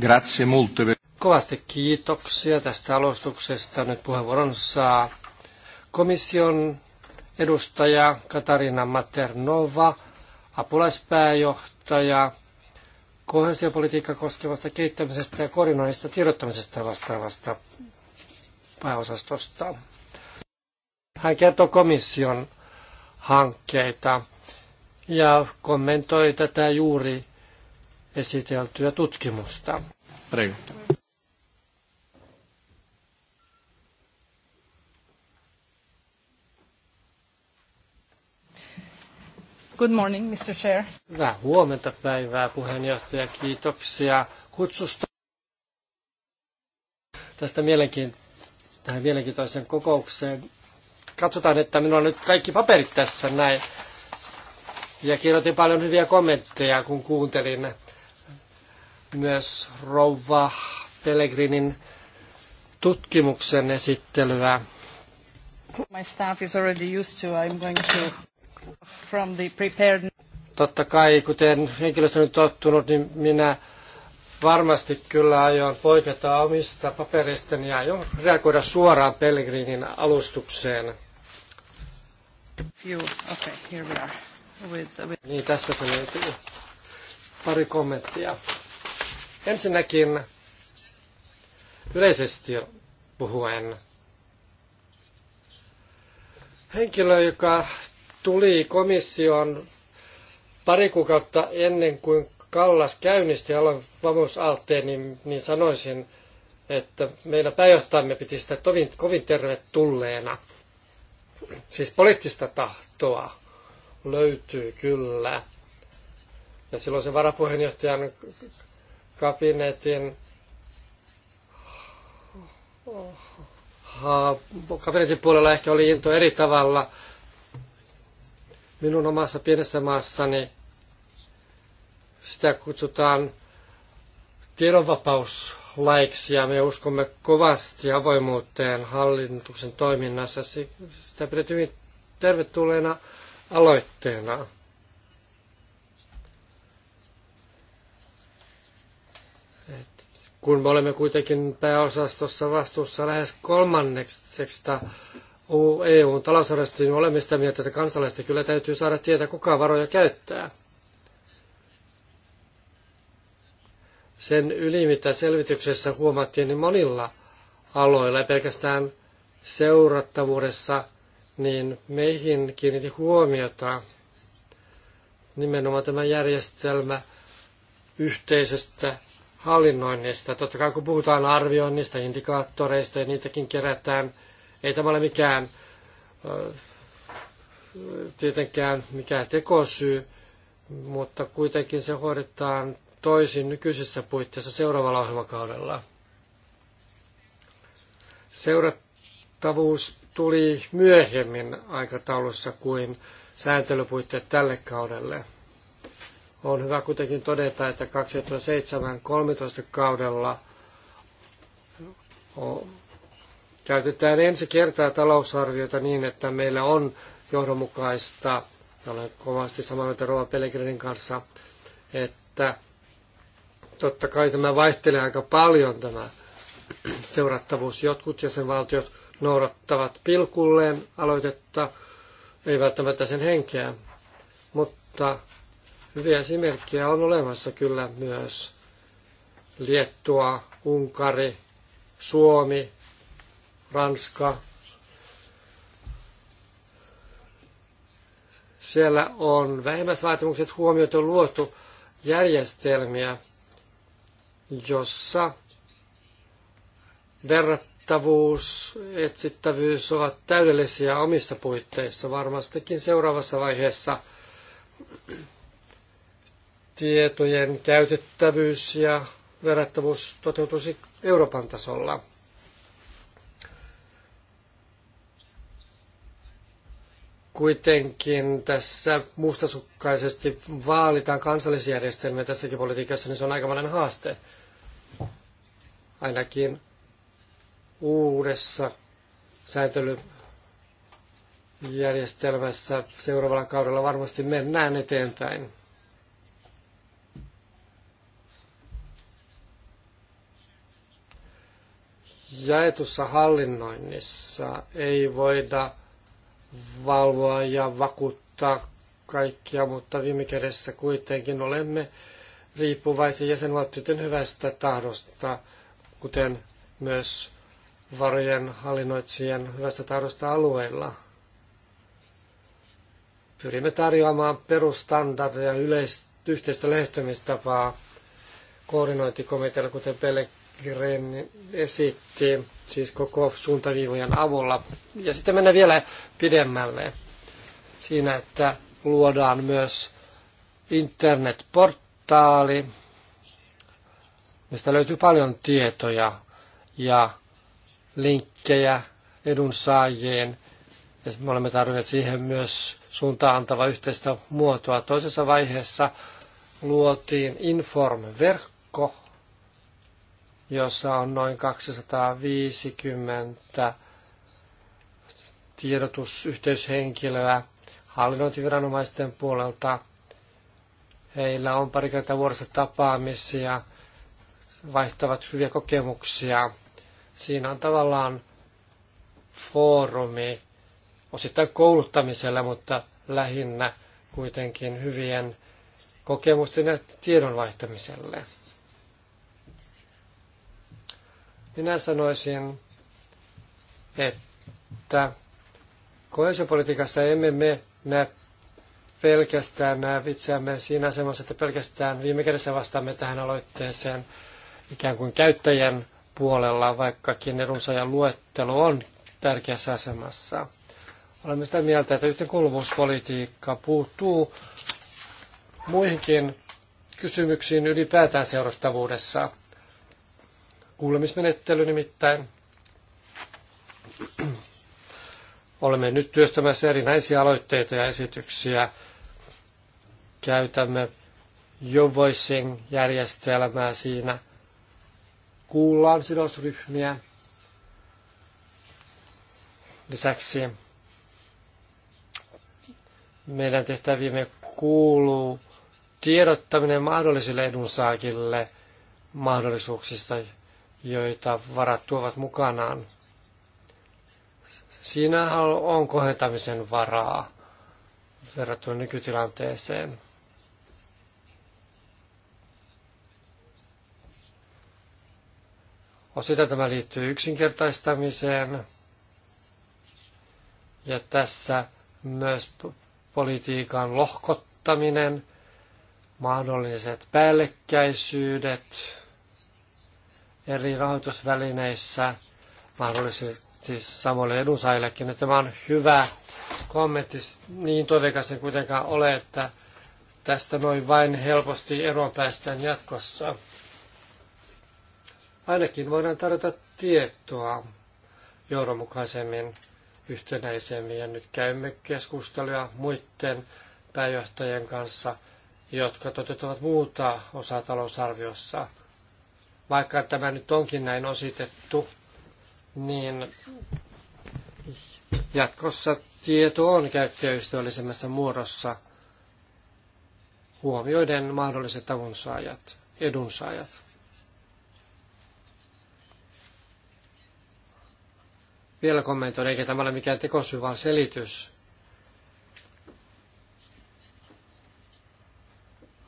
Grazie molto. Kovasti kiitoksia tästä alustuksesta. Nyt puheenvuoron saa komission edustaja Katarina Maternova apulaispääjohtaja kohesiopolitiikka koskevasta kehittämisestä ja koordinoinnista tiedottamisesta vastaavasta pääosastosta. Hän kertoo komission hankkeita ja kommentoi tätä juuri esiteltyä tutkimusta. Prego. Good morning, Mr. Chair. Hyvää huomenta päivää puheenjohtaja. Kiitoksia kutsusta tästä mielenkiin, tähän mielenkiintoiseen kokoukseen. Katsotaan, että minulla on nyt kaikki paperit tässä näin. Ja kirjoitin paljon hyviä kommentteja, kun kuuntelin myös rouva Pellegrinin tutkimuksen esittelyä. My staff is already used to, I'm going to From the prepared... Totta kai, kuten henkilöstö on tottunut, niin minä varmasti kyllä aion poiketa omista paperistani ja aion reagoida suoraan Pellegrinin alustukseen. okay, here we are. With, with... Niin, tästä se löytyy. Pari kommenttia. Ensinnäkin yleisesti puhuen henkilö, joka tuli komission pari kuukautta ennen kuin Kallas käynnisti alan vamuusalteen, niin, niin sanoisin, että meidän pääjohtajamme piti sitä tovin, kovin tervetulleena. Siis poliittista tahtoa löytyy kyllä. Ja silloin se varapuheenjohtajan kabinetin, kabinetin puolella ehkä oli into eri tavalla – Minun omassa pienessä maassani sitä kutsutaan tiedonvapauslaiksi ja me uskomme kovasti avoimuuteen hallituksen toiminnassa. Sitä pidetään hyvin tervetulleena aloitteena. Et kun me olemme kuitenkin pääosastossa vastuussa lähes kolmanneksesta EUn talousarvosta, niin olemme sitä mieltä, että kansalaisten kyllä täytyy saada tietää, kuka varoja käyttää. Sen yli, mitä selvityksessä huomattiin, niin monilla aloilla, ei pelkästään seurattavuudessa, niin meihin kiinnitti huomiota nimenomaan tämä järjestelmä yhteisestä hallinnoinnista. Totta kai kun puhutaan arvioinnista, indikaattoreista ja niitäkin kerätään – ei tämä ole mikään tietenkään mikään tekosyy, mutta kuitenkin se hoidetaan toisin nykyisessä puitteissa seuraavalla ohjelmakaudella. Seurattavuus tuli myöhemmin aikataulussa kuin sääntelypuitteet tälle kaudelle. On hyvä kuitenkin todeta, että 2007-2013 kaudella käytetään ensi kertaa talousarviota niin, että meillä on johdonmukaista, ja olen kovasti samaa mieltä Rova Pellegrinin kanssa, että totta kai tämä vaihtelee aika paljon tämä seurattavuus. Jotkut jäsenvaltiot noudattavat pilkulleen aloitetta, ei välttämättä sen henkeä, mutta hyviä esimerkkejä on olemassa kyllä myös. Liettua, Unkari, Suomi, Ranska. Siellä on vähimmäisvaatimukset huomioitu luotu järjestelmiä, jossa verrattavuus, etsittävyys ovat täydellisiä omissa puitteissa varmastikin seuraavassa vaiheessa tietojen käytettävyys ja verrattavuus toteutuisi Euroopan tasolla. kuitenkin tässä mustasukkaisesti vaalitaan kansallisjärjestelmiä tässäkin politiikassa, niin se on aikamoinen haaste. Ainakin uudessa sääntelyjärjestelmässä seuraavalla kaudella varmasti mennään eteenpäin. Jaetussa hallinnoinnissa ei voida valvoa ja vakuuttaa kaikkia, mutta viime kädessä kuitenkin olemme riippuvaisia jäsenvaltioiden hyvästä tahdosta, kuten myös varojen hallinnoitsijan hyvästä tahdosta alueilla. Pyrimme tarjoamaan perustandardeja yleistä yhteistä lähestymistapaa koordinointikomitealle, kuten Pelle Viren esitti, siis koko suuntaviivojen avulla. Ja sitten mennään vielä pidemmälle siinä, että luodaan myös internetportaali, mistä löytyy paljon tietoja ja linkkejä edunsaajien. Ja me olemme tarvinneet siihen myös suuntaan antava yhteistä muotoa. Toisessa vaiheessa luotiin Inform-verkko, jossa on noin 250 tiedotusyhteyshenkilöä hallinnointiviranomaisten puolelta. Heillä on pari kertaa vuorossa tapaamisia, vaihtavat hyviä kokemuksia. Siinä on tavallaan foorumi osittain kouluttamiselle, mutta lähinnä kuitenkin hyvien kokemusten ja tiedon vaihtamiselle. Minä sanoisin, että koesiopolitiikassa emme me näe pelkästään näe itseämme siinä asemassa, että pelkästään viime kädessä vastaamme tähän aloitteeseen ikään kuin käyttäjän puolella, vaikkakin edunsaajan luettelo on tärkeässä asemassa. Olemme sitä mieltä, että yhteenkuuluvuuspolitiikka puuttuu muihinkin kysymyksiin ylipäätään seurattavuudessa kuulemismenettely nimittäin. Olemme nyt työstämässä erinäisiä aloitteita ja esityksiä. Käytämme jo järjestelmää siinä. Kuullaan sidosryhmiä. Lisäksi meidän tehtäviimme kuuluu tiedottaminen mahdollisille edunsaakille mahdollisuuksista, joita varat tuovat mukanaan. Siinä on kohentamisen varaa verrattuna nykytilanteeseen. Osittain tämä liittyy yksinkertaistamiseen ja tässä myös politiikan lohkottaminen, mahdolliset päällekkäisyydet, eri rahoitusvälineissä mahdollisesti samoille edunsaajillekin. Tämä on hyvä kommentti. Niin toiveikas en kuitenkaan ole, että tästä noin vain helposti eroon päästään jatkossa. Ainakin voidaan tarjota tietoa johdonmukaisemmin, yhtenäisemmin. Ja nyt käymme keskustelua muiden pääjohtajien kanssa, jotka toteuttavat muuta osaa talousarviossa – vaikka tämä nyt onkin näin ositettu, niin jatkossa tieto on käyttäjäystävällisemmässä muodossa huomioiden mahdolliset avunsaajat, edunsaajat. Vielä kommentoin, eikä tämä ole mikään tekosyy, vaan selitys.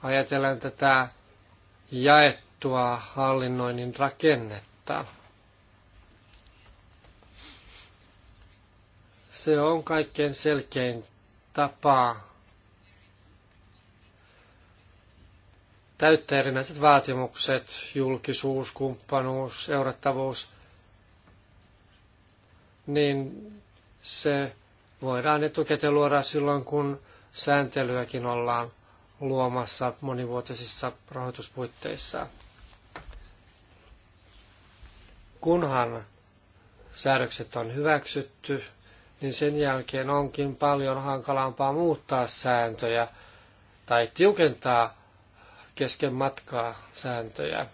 Ajatellaan tätä jaettua muutettua hallinnoinnin rakennetta. Se on kaikkein selkein tapa täyttää erinäiset vaatimukset, julkisuus, kumppanuus, seurattavuus, niin se voidaan etukäteen luoda silloin, kun sääntelyäkin ollaan luomassa monivuotisissa rahoituspuitteissa kunhan säädökset on hyväksytty, niin sen jälkeen onkin paljon hankalampaa muuttaa sääntöjä tai tiukentaa kesken matkaa sääntöjä.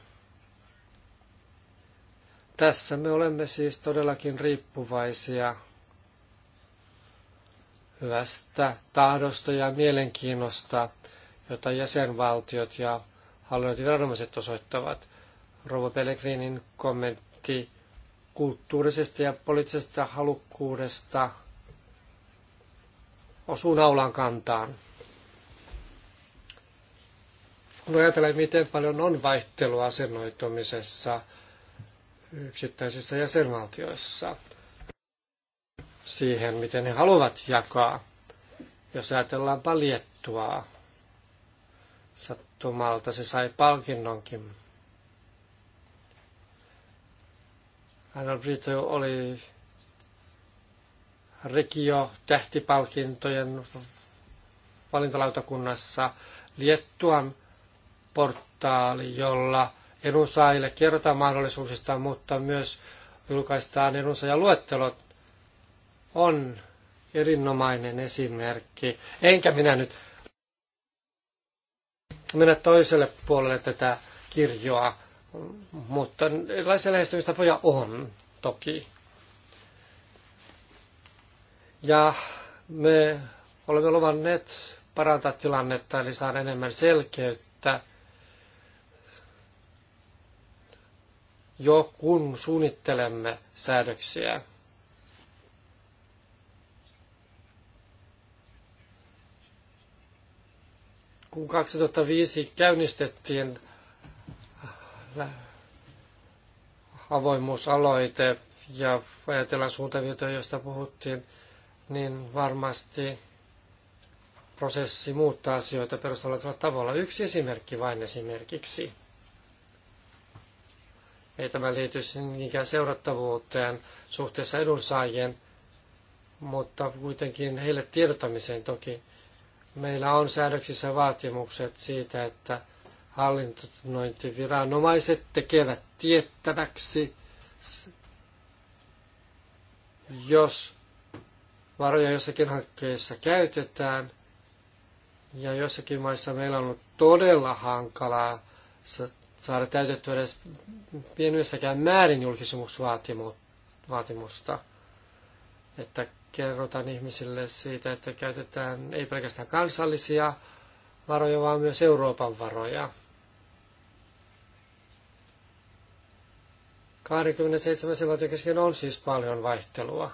Tässä me olemme siis todellakin riippuvaisia hyvästä tahdosta ja mielenkiinnosta, jota jäsenvaltiot ja hallinnointiviranomaiset osoittavat. Rova Pellegrinin kommentti irti kulttuurisesta ja poliittisesta halukkuudesta osuu naulan kantaan. Kun ajatellaan, miten paljon on vaihtelua asennoitumisessa yksittäisissä jäsenvaltioissa siihen, miten he haluavat jakaa. Jos ajatellaan paljettua, sattumalta se sai palkinnonkin on Brito oli rikio tähtipalkintojen valintalautakunnassa Liettuan portaali, jolla edunsaajille kerrotaan mahdollisuuksista, mutta myös julkaistaan edunsaajaluettelot, on erinomainen esimerkki. Enkä minä nyt mennä toiselle puolelle tätä kirjoa mutta erilaisia lähestymistapoja on toki. Ja me olemme luvanneet parantaa tilannetta, eli saada enemmän selkeyttä jo kun suunnittelemme säädöksiä. Kun 2005 käynnistettiin avoimuusaloite ja ajatellaan suuntavietoja, joista puhuttiin, niin varmasti prosessi muuttaa asioita perustavalla tavalla. Yksi esimerkki vain esimerkiksi. Ei tämä liity niinkään seurattavuuteen suhteessa edunsaajien, mutta kuitenkin heille tiedottamiseen toki. Meillä on säädöksissä vaatimukset siitä, että hallintoviranomaiset tekevät tiettäväksi, jos varoja jossakin hankkeessa käytetään. Ja jossakin maissa meillä on ollut todella hankalaa saada täytettyä edes pienemmässäkään määrin julkisuusvaatimusta. Että kerrotaan ihmisille siitä, että käytetään ei pelkästään kansallisia varoja, vaan myös Euroopan varoja. 27 valtion kesken on siis paljon vaihtelua.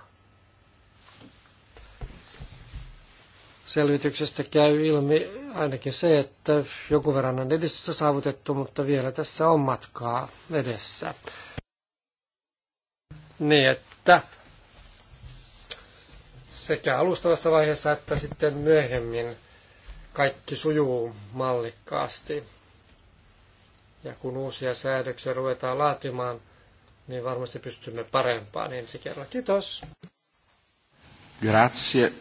Selvityksestä käy ilmi ainakin se, että joku verran on edistystä saavutettu, mutta vielä tässä on matkaa edessä. Niin, että sekä alustavassa vaiheessa että sitten myöhemmin kaikki sujuu mallikkaasti. Ja kun uusia säädöksiä ruvetaan laatimaan, niin varmasti pystymme parempaan ensi kerralla. Kiitos. Grazie.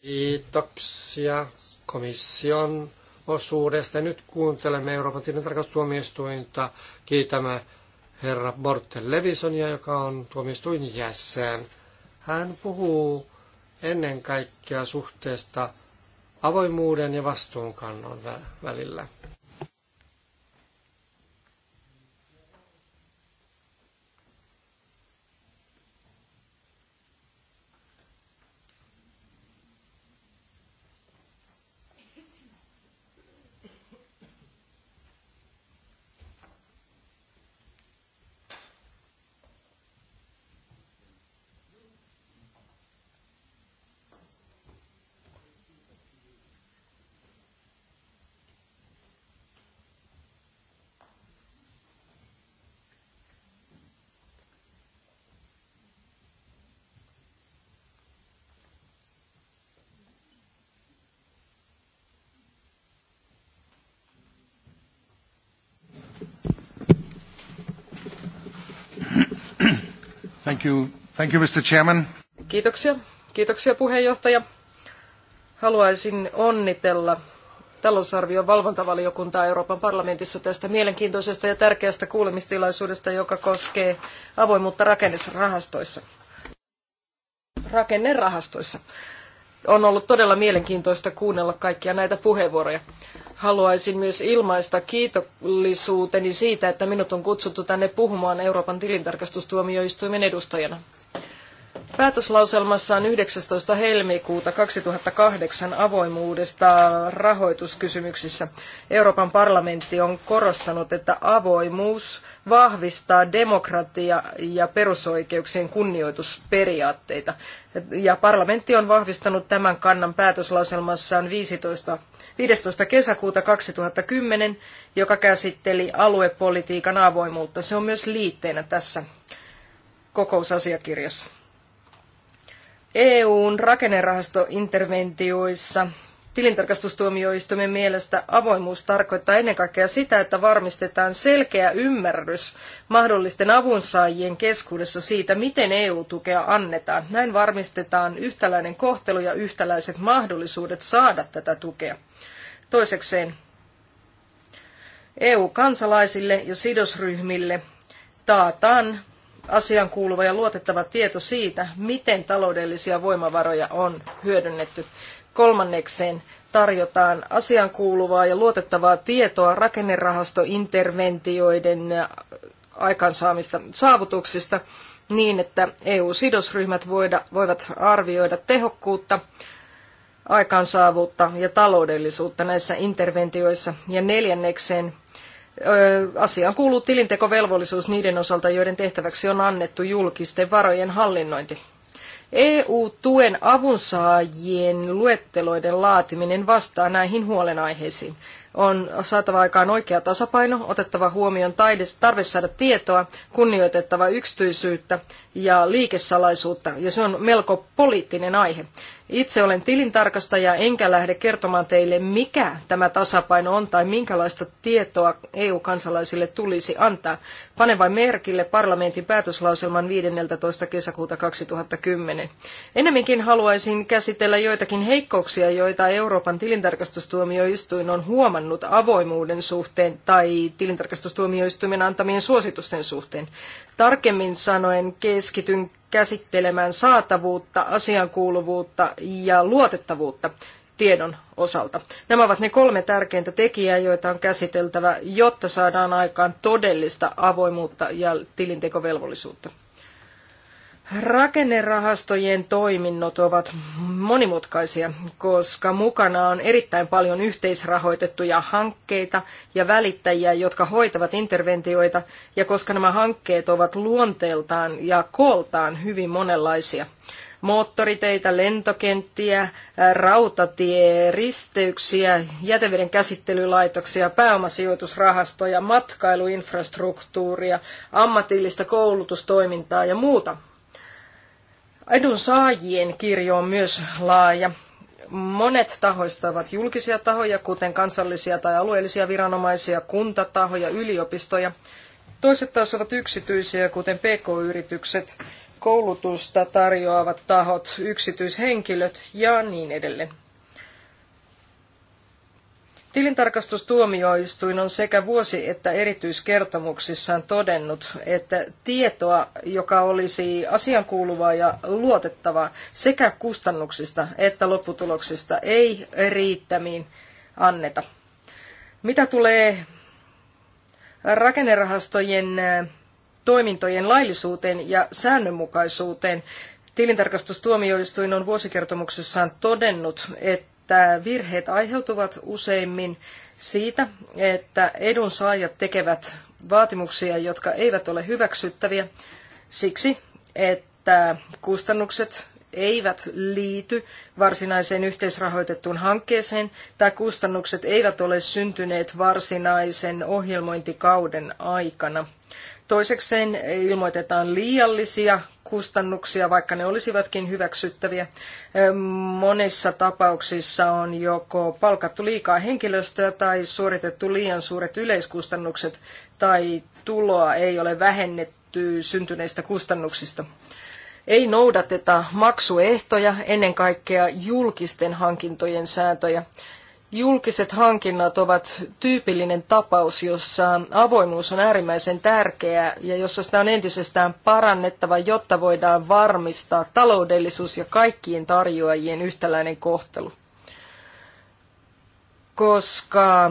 Kiitoksia komission osuudesta. Nyt kuuntelemme Euroopan tilintarkastustuomioistuinta. Kiitämme herra Morten Levisonia, joka on tuomioistuin jäsen. Hän puhuu ennen kaikkea suhteesta avoimuuden ja vastuunkannon välillä. Thank you. Thank you, Mr. Chairman. Kiitoksia. Kiitoksia puheenjohtaja. Haluaisin onnitella talousarvion valvontavaliokuntaa Euroopan parlamentissa tästä mielenkiintoisesta ja tärkeästä kuulemistilaisuudesta, joka koskee avoimuutta rakennerahastoissa. Rakennerahastoissa. On ollut todella mielenkiintoista kuunnella kaikkia näitä puheenvuoroja. Haluaisin myös ilmaista kiitollisuuteni siitä, että minut on kutsuttu tänne puhumaan Euroopan tilintarkastustuomioistuimen edustajana. Päätöslauselmassaan 19. helmikuuta 2008 avoimuudesta rahoituskysymyksissä Euroopan parlamentti on korostanut, että avoimuus vahvistaa demokratia- ja perusoikeuksien kunnioitusperiaatteita. Ja parlamentti on vahvistanut tämän kannan päätöslauselmassaan 15 15. kesäkuuta 2010, joka käsitteli aluepolitiikan avoimuutta. Se on myös liitteenä tässä kokousasiakirjassa. EUn rakennerahastointerventioissa tilintarkastustuomioistuimen mielestä avoimuus tarkoittaa ennen kaikkea sitä, että varmistetaan selkeä ymmärrys mahdollisten avunsaajien keskuudessa siitä, miten EU-tukea annetaan. Näin varmistetaan yhtäläinen kohtelu ja yhtäläiset mahdollisuudet saada tätä tukea. Toisekseen EU-kansalaisille ja sidosryhmille taataan asian kuuluva ja luotettava tieto siitä, miten taloudellisia voimavaroja on hyödynnetty. Kolmannekseen tarjotaan asian kuuluvaa ja luotettavaa tietoa rakennerahastointerventioiden aikansaamista saavutuksista niin, että EU-sidosryhmät voivat arvioida tehokkuutta, aikaansaavuutta ja taloudellisuutta näissä interventioissa. Ja neljännekseen Asiaan kuuluu tilintekovelvollisuus niiden osalta, joiden tehtäväksi on annettu julkisten varojen hallinnointi. EU-tuen avunsaajien luetteloiden laatiminen vastaa näihin huolenaiheisiin. On saatava aikaan oikea tasapaino, otettava huomioon tarve saada tietoa, kunnioitettava yksityisyyttä ja liikesalaisuutta, ja se on melko poliittinen aihe. Itse olen tilintarkastaja enkä lähde kertomaan teille, mikä tämä tasapaino on tai minkälaista tietoa EU-kansalaisille tulisi antaa. Pane vain merkille parlamentin päätöslauselman 15. kesäkuuta 2010. Ennemminkin haluaisin käsitellä joitakin heikkouksia, joita Euroopan tilintarkastustuomioistuin on huomannut avoimuuden suhteen tai tilintarkastustuomioistuimen antamien suositusten suhteen. Tarkemmin sanoen keskityn käsittelemään saatavuutta, asiankuuluvuutta ja luotettavuutta, tiedon osalta. Nämä ovat ne kolme tärkeintä tekijää, joita on käsiteltävä, jotta saadaan aikaan todellista avoimuutta ja tilintekovelvollisuutta. Rakennerahastojen toiminnot ovat monimutkaisia, koska mukana on erittäin paljon yhteisrahoitettuja hankkeita ja välittäjiä, jotka hoitavat interventioita, ja koska nämä hankkeet ovat luonteeltaan ja kooltaan hyvin monenlaisia moottoriteitä, lentokenttiä, rautatieristeyksiä, jäteveden käsittelylaitoksia, pääomasijoitusrahastoja, matkailuinfrastruktuuria, ammatillista koulutustoimintaa ja muuta. Edun saajien kirjo on myös laaja. Monet tahoista ovat julkisia tahoja, kuten kansallisia tai alueellisia viranomaisia, kuntatahoja, yliopistoja. Toiset taas ovat yksityisiä, kuten pk-yritykset, koulutusta tarjoavat tahot, yksityishenkilöt ja niin edelleen. Tilintarkastustuomioistuin on sekä vuosi- että erityiskertomuksissaan todennut, että tietoa, joka olisi asiankuuluvaa ja luotettavaa sekä kustannuksista että lopputuloksista, ei riittämiin anneta. Mitä tulee rakennerahastojen toimintojen laillisuuteen ja säännönmukaisuuteen. Tilintarkastustuomioistuin on vuosikertomuksessaan todennut, että virheet aiheutuvat useimmin siitä, että edunsaajat tekevät vaatimuksia, jotka eivät ole hyväksyttäviä siksi, että kustannukset eivät liity varsinaiseen yhteisrahoitettuun hankkeeseen tai kustannukset eivät ole syntyneet varsinaisen ohjelmointikauden aikana. Toisekseen ilmoitetaan liiallisia kustannuksia, vaikka ne olisivatkin hyväksyttäviä. Monissa tapauksissa on joko palkattu liikaa henkilöstöä tai suoritettu liian suuret yleiskustannukset tai tuloa ei ole vähennetty syntyneistä kustannuksista. Ei noudateta maksuehtoja, ennen kaikkea julkisten hankintojen sääntöjä. Julkiset hankinnat ovat tyypillinen tapaus, jossa avoimuus on äärimmäisen tärkeää ja jossa sitä on entisestään parannettava, jotta voidaan varmistaa taloudellisuus ja kaikkien tarjoajien yhtäläinen kohtelu. Koska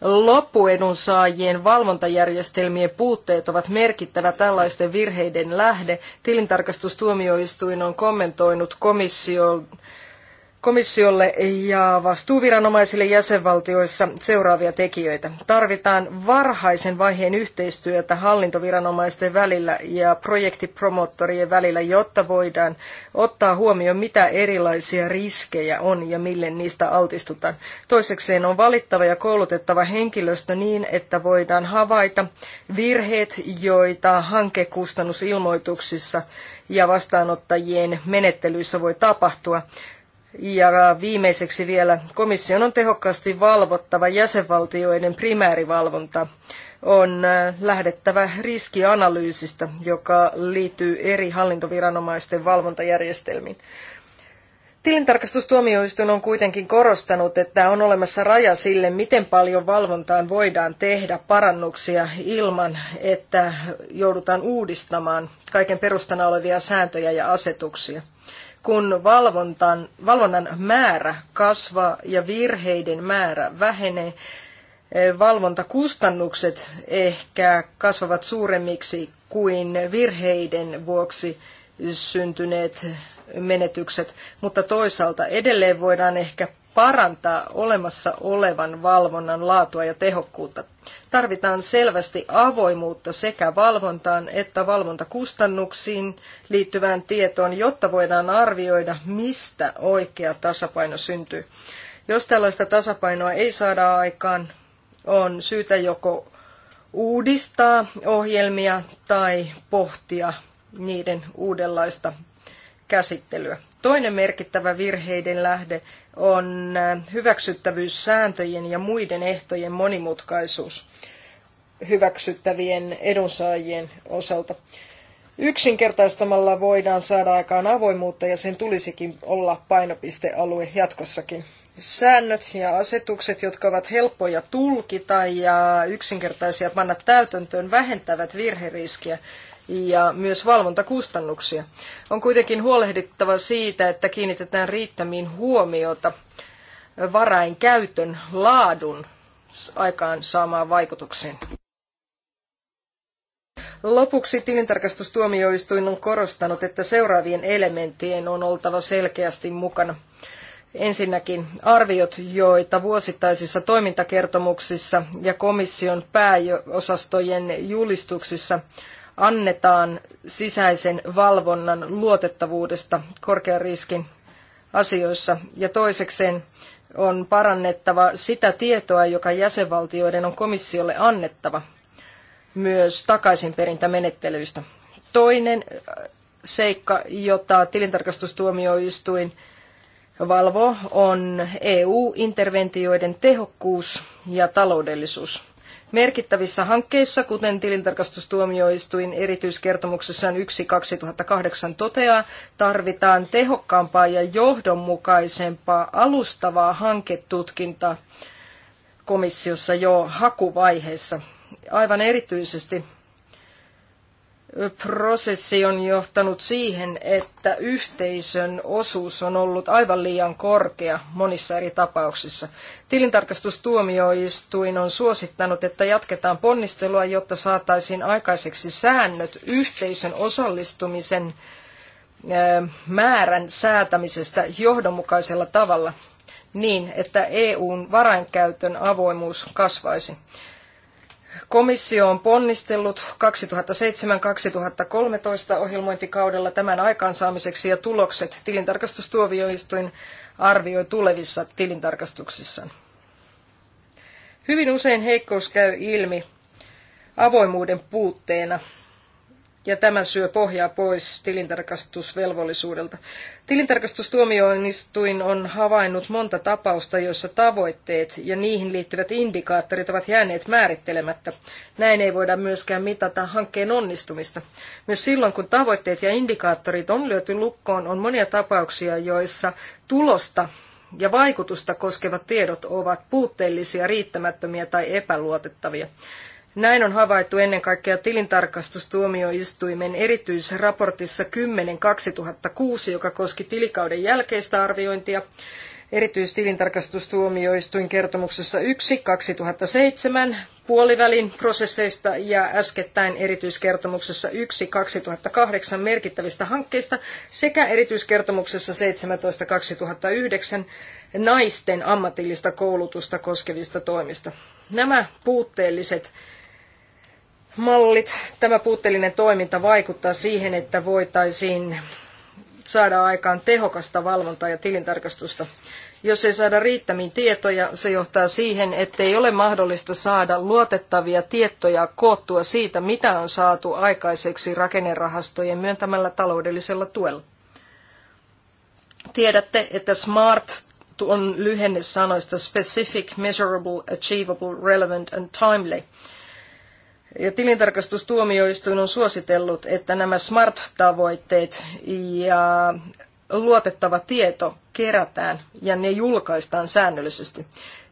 Loppuedunsaajien valvontajärjestelmien puutteet ovat merkittävä tällaisten virheiden lähde. Tilintarkastustuomioistuin on kommentoinut komission komissiolle ja vastuuviranomaisille jäsenvaltioissa seuraavia tekijöitä. Tarvitaan varhaisen vaiheen yhteistyötä hallintoviranomaisten välillä ja projektipromottorien välillä, jotta voidaan ottaa huomioon, mitä erilaisia riskejä on ja mille niistä altistutaan. Toisekseen on valittava ja koulutettava henkilöstö niin, että voidaan havaita virheet, joita hankekustannusilmoituksissa ja vastaanottajien menettelyissä voi tapahtua. Ja viimeiseksi vielä, komission on tehokkaasti valvottava jäsenvaltioiden primäärivalvonta. On äh, lähdettävä riskianalyysistä, joka liittyy eri hallintoviranomaisten valvontajärjestelmiin. Tilintarkastustuomioistuin on kuitenkin korostanut, että on olemassa raja sille, miten paljon valvontaan voidaan tehdä parannuksia ilman, että joudutaan uudistamaan kaiken perustana olevia sääntöjä ja asetuksia kun valvontan, valvonnan määrä kasvaa ja virheiden määrä vähenee, eh, valvontakustannukset ehkä kasvavat suuremmiksi kuin virheiden vuoksi syntyneet menetykset, mutta toisaalta edelleen voidaan ehkä parantaa olemassa olevan valvonnan laatua ja tehokkuutta. Tarvitaan selvästi avoimuutta sekä valvontaan että valvontakustannuksiin liittyvään tietoon, jotta voidaan arvioida, mistä oikea tasapaino syntyy. Jos tällaista tasapainoa ei saada aikaan, on syytä joko uudistaa ohjelmia tai pohtia niiden uudenlaista käsittelyä. Toinen merkittävä virheiden lähde on hyväksyttävyyssääntöjen ja muiden ehtojen monimutkaisuus hyväksyttävien edunsaajien osalta. Yksinkertaistamalla voidaan saada aikaan avoimuutta ja sen tulisikin olla painopistealue jatkossakin. Säännöt ja asetukset, jotka ovat helppoja tulkita ja yksinkertaisia panna täytäntöön, vähentävät virheriskiä ja myös valvontakustannuksia. On kuitenkin huolehdittava siitä, että kiinnitetään riittämiin huomiota varainkäytön laadun aikaan saamaan vaikutuksiin. Lopuksi tilintarkastustuomioistuin on korostanut, että seuraavien elementtien on oltava selkeästi mukana. Ensinnäkin arviot, joita vuosittaisissa toimintakertomuksissa ja komission pääosastojen julistuksissa annetaan sisäisen valvonnan luotettavuudesta korkean riskin asioissa. Ja toisekseen on parannettava sitä tietoa, joka jäsenvaltioiden on komissiolle annettava myös takaisinperintämenettelyistä. Toinen äh, seikka, jota tilintarkastustuomioistuin valvo, on EU-interventioiden tehokkuus ja taloudellisuus merkittävissä hankkeissa, kuten tilintarkastustuomioistuin erityiskertomuksessaan 1 2008 toteaa, tarvitaan tehokkaampaa ja johdonmukaisempaa alustavaa hanketutkintaa komissiossa jo hakuvaiheessa. Aivan erityisesti prosessi on johtanut siihen, että yhteisön osuus on ollut aivan liian korkea monissa eri tapauksissa. Tilintarkastustuomioistuin on suosittanut, että jatketaan ponnistelua, jotta saataisiin aikaiseksi säännöt yhteisön osallistumisen määrän säätämisestä johdonmukaisella tavalla niin, että EUn varainkäytön avoimuus kasvaisi. Komissio on ponnistellut 2007-2013 ohjelmointikaudella tämän aikaansaamiseksi ja tulokset tilintarkastustuomioistuin arvioi tulevissa tilintarkastuksissa. Hyvin usein heikkous käy ilmi avoimuuden puutteena ja tämä syö pohjaa pois tilintarkastusvelvollisuudelta. Tilintarkastustuomioistuin on havainnut monta tapausta, joissa tavoitteet ja niihin liittyvät indikaattorit ovat jääneet määrittelemättä. Näin ei voida myöskään mitata hankkeen onnistumista. Myös silloin, kun tavoitteet ja indikaattorit on lyöty lukkoon, on monia tapauksia, joissa tulosta ja vaikutusta koskevat tiedot ovat puutteellisia, riittämättömiä tai epäluotettavia. Näin on havaittu ennen kaikkea tilintarkastustuomioistuimen erityisraportissa 10.2006, joka koski tilikauden jälkeistä arviointia. Erityistilintarkastustuomioistuin kertomuksessa 1 puolivälin prosesseista ja äskettäin erityiskertomuksessa 1 merkittävistä hankkeista sekä erityiskertomuksessa 17 naisten ammatillista koulutusta koskevista toimista. Nämä puutteelliset mallit, tämä puutteellinen toiminta vaikuttaa siihen, että voitaisiin saada aikaan tehokasta valvontaa ja tilintarkastusta. Jos ei saada riittämiin tietoja, se johtaa siihen, ettei ole mahdollista saada luotettavia tietoja koottua siitä, mitä on saatu aikaiseksi rakennerahastojen myöntämällä taloudellisella tuella. Tiedätte, että SMART on lyhenne sanoista Specific, Measurable, Achievable, Relevant and Timely – ja tilintarkastustuomioistuin on suositellut, että nämä SMART-tavoitteet ja luotettava tieto kerätään ja ne julkaistaan säännöllisesti.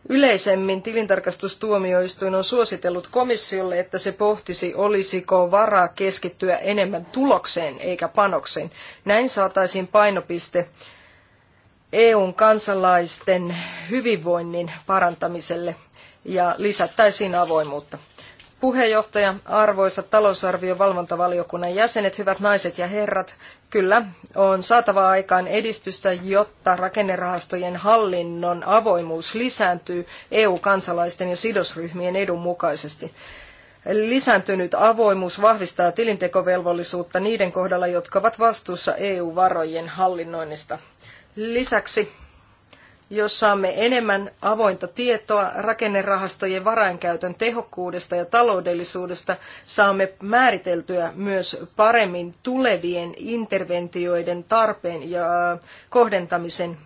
Yleisemmin tilintarkastustuomioistuin on suositellut komissiolle, että se pohtisi, olisiko varaa keskittyä enemmän tulokseen eikä panokseen. Näin saataisiin painopiste EUn kansalaisten hyvinvoinnin parantamiselle ja lisättäisiin avoimuutta puheenjohtaja, arvoisa talousarvion valvontavaliokunnan jäsenet, hyvät naiset ja herrat, kyllä on saatava aikaan edistystä, jotta rakennerahastojen hallinnon avoimuus lisääntyy EU-kansalaisten ja sidosryhmien edun mukaisesti. Lisääntynyt avoimuus vahvistaa tilintekovelvollisuutta niiden kohdalla, jotka ovat vastuussa EU-varojen hallinnoinnista. Lisäksi jos saamme enemmän avointa tietoa rakennerahastojen varainkäytön tehokkuudesta ja taloudellisuudesta, saamme määriteltyä myös paremmin tulevien interventioiden tarpeen ja kohdentamisen.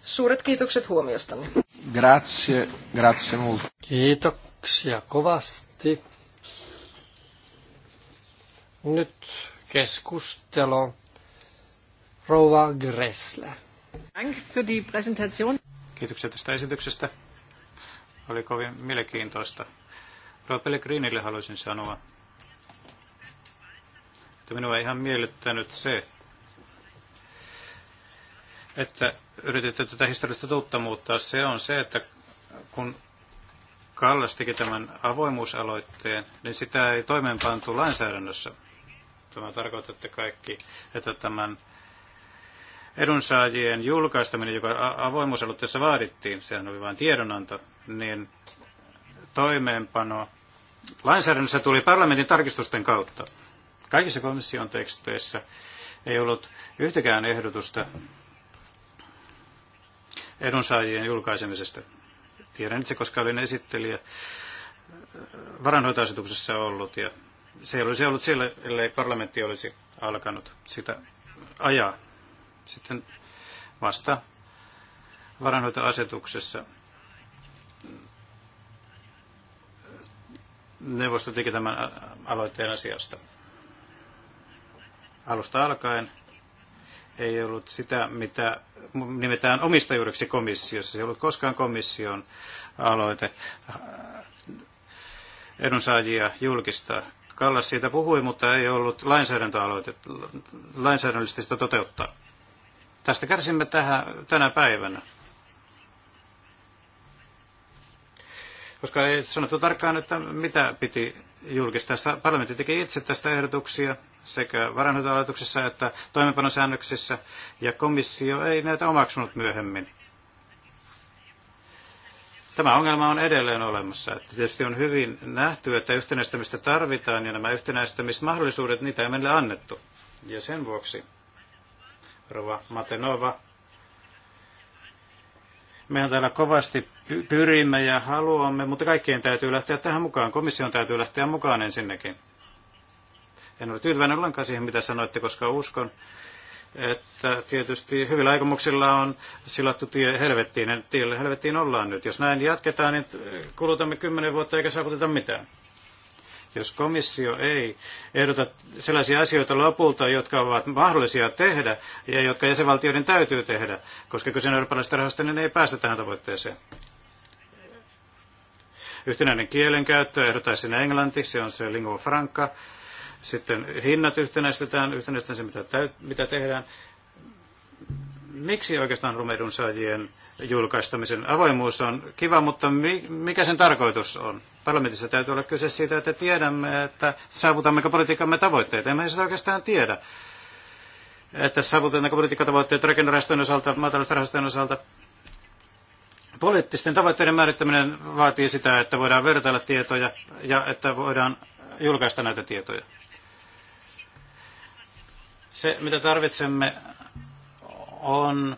Suuret kiitokset huomiostanne. Grazie, grazie molto. Kiitoksia kovasti. Nyt keskustelu. Rouva Gressler. Kiitoksia tästä esityksestä. Oli kovin mielenkiintoista. Roa Pellegrinille haluaisin sanoa, että minua ei ihan miellyttänyt se, että yritetty tätä historiallista tuutta muuttaa. Se on se, että kun Kallas teki tämän avoimuusaloitteen, niin sitä ei toimeenpantu lainsäädännössä. Tämä tarkoittaa, että kaikki, että tämän edunsaajien julkaistaminen, joka avoimuusaloitteessa vaadittiin, sehän oli vain tiedonanto, niin toimeenpano lainsäädännössä tuli parlamentin tarkistusten kautta. Kaikissa komission teksteissä ei ollut yhtäkään ehdotusta edunsaajien julkaisemisesta. Tiedän itse, koska olin esittelijä äh, varanhoitoasetuksessa ollut ja se ei olisi ollut siellä, ellei parlamentti olisi alkanut sitä ajaa. Sitten vasta varanhoitoasetuksessa neuvosto teki tämän aloitteen asiasta. Alusta alkaen ei ollut sitä, mitä nimetään omistajuudeksi komissiossa. Se ei ollut koskaan komission aloite edunsaajia julkista. Kallas siitä puhui, mutta ei ollut lainsäädäntöaloite, lainsäädännöllisesti sitä toteuttaa. Tästä kärsimme tähän, tänä päivänä. Koska ei sanottu tarkkaan, että mitä piti julkistaa. Parlamentti teki itse tästä ehdotuksia sekä varainhoitoasetuksessa että toimeenpanosäännöksissä, ja komissio ei näitä omaksunut myöhemmin. Tämä ongelma on edelleen olemassa. Että tietysti on hyvin nähty, että yhtenäistämistä tarvitaan ja nämä yhtenäistämismahdollisuudet, niitä ei meille annettu. Ja sen vuoksi Rova Matenova. Mehän täällä kovasti pyrimme ja haluamme, mutta kaikkien täytyy lähteä tähän mukaan. Komission täytyy lähteä mukaan ensinnäkin. En ole tyytyväinen ollenkaan siihen, mitä sanoitte, koska uskon, että tietysti hyvillä aikomuksilla on silattu tie helvettiin, tielle helvettiin ollaan nyt. Jos näin jatketaan, niin kulutamme kymmenen vuotta eikä saavuteta mitään. Jos komissio ei ehdota sellaisia asioita lopulta, jotka ovat mahdollisia tehdä ja jotka jäsenvaltioiden täytyy tehdä, koska kyse eurooppalaisesta rahasta, niin ei päästä tähän tavoitteeseen. Yhtenäinen kielenkäyttö, ehdotaisin englanti, se on se lingua franca. Sitten hinnat yhtenäistetään, yhtenäistetään se, mitä, mitä tehdään. Miksi oikeastaan rumedunsaajien saajien julkaistamisen. Avoimuus on kiva, mutta mikä sen tarkoitus on? Parlamentissa täytyy olla kyse siitä, että tiedämme, että saavutammeko politiikamme tavoitteet. Emme sitä oikeastaan tiedä, että saavutammeko politiikkatavoitteet rakennerahastojen osalta, maatalousrahastojen osalta. Poliittisten tavoitteiden määrittäminen vaatii sitä, että voidaan vertailla tietoja ja että voidaan julkaista näitä tietoja. Se, mitä tarvitsemme, on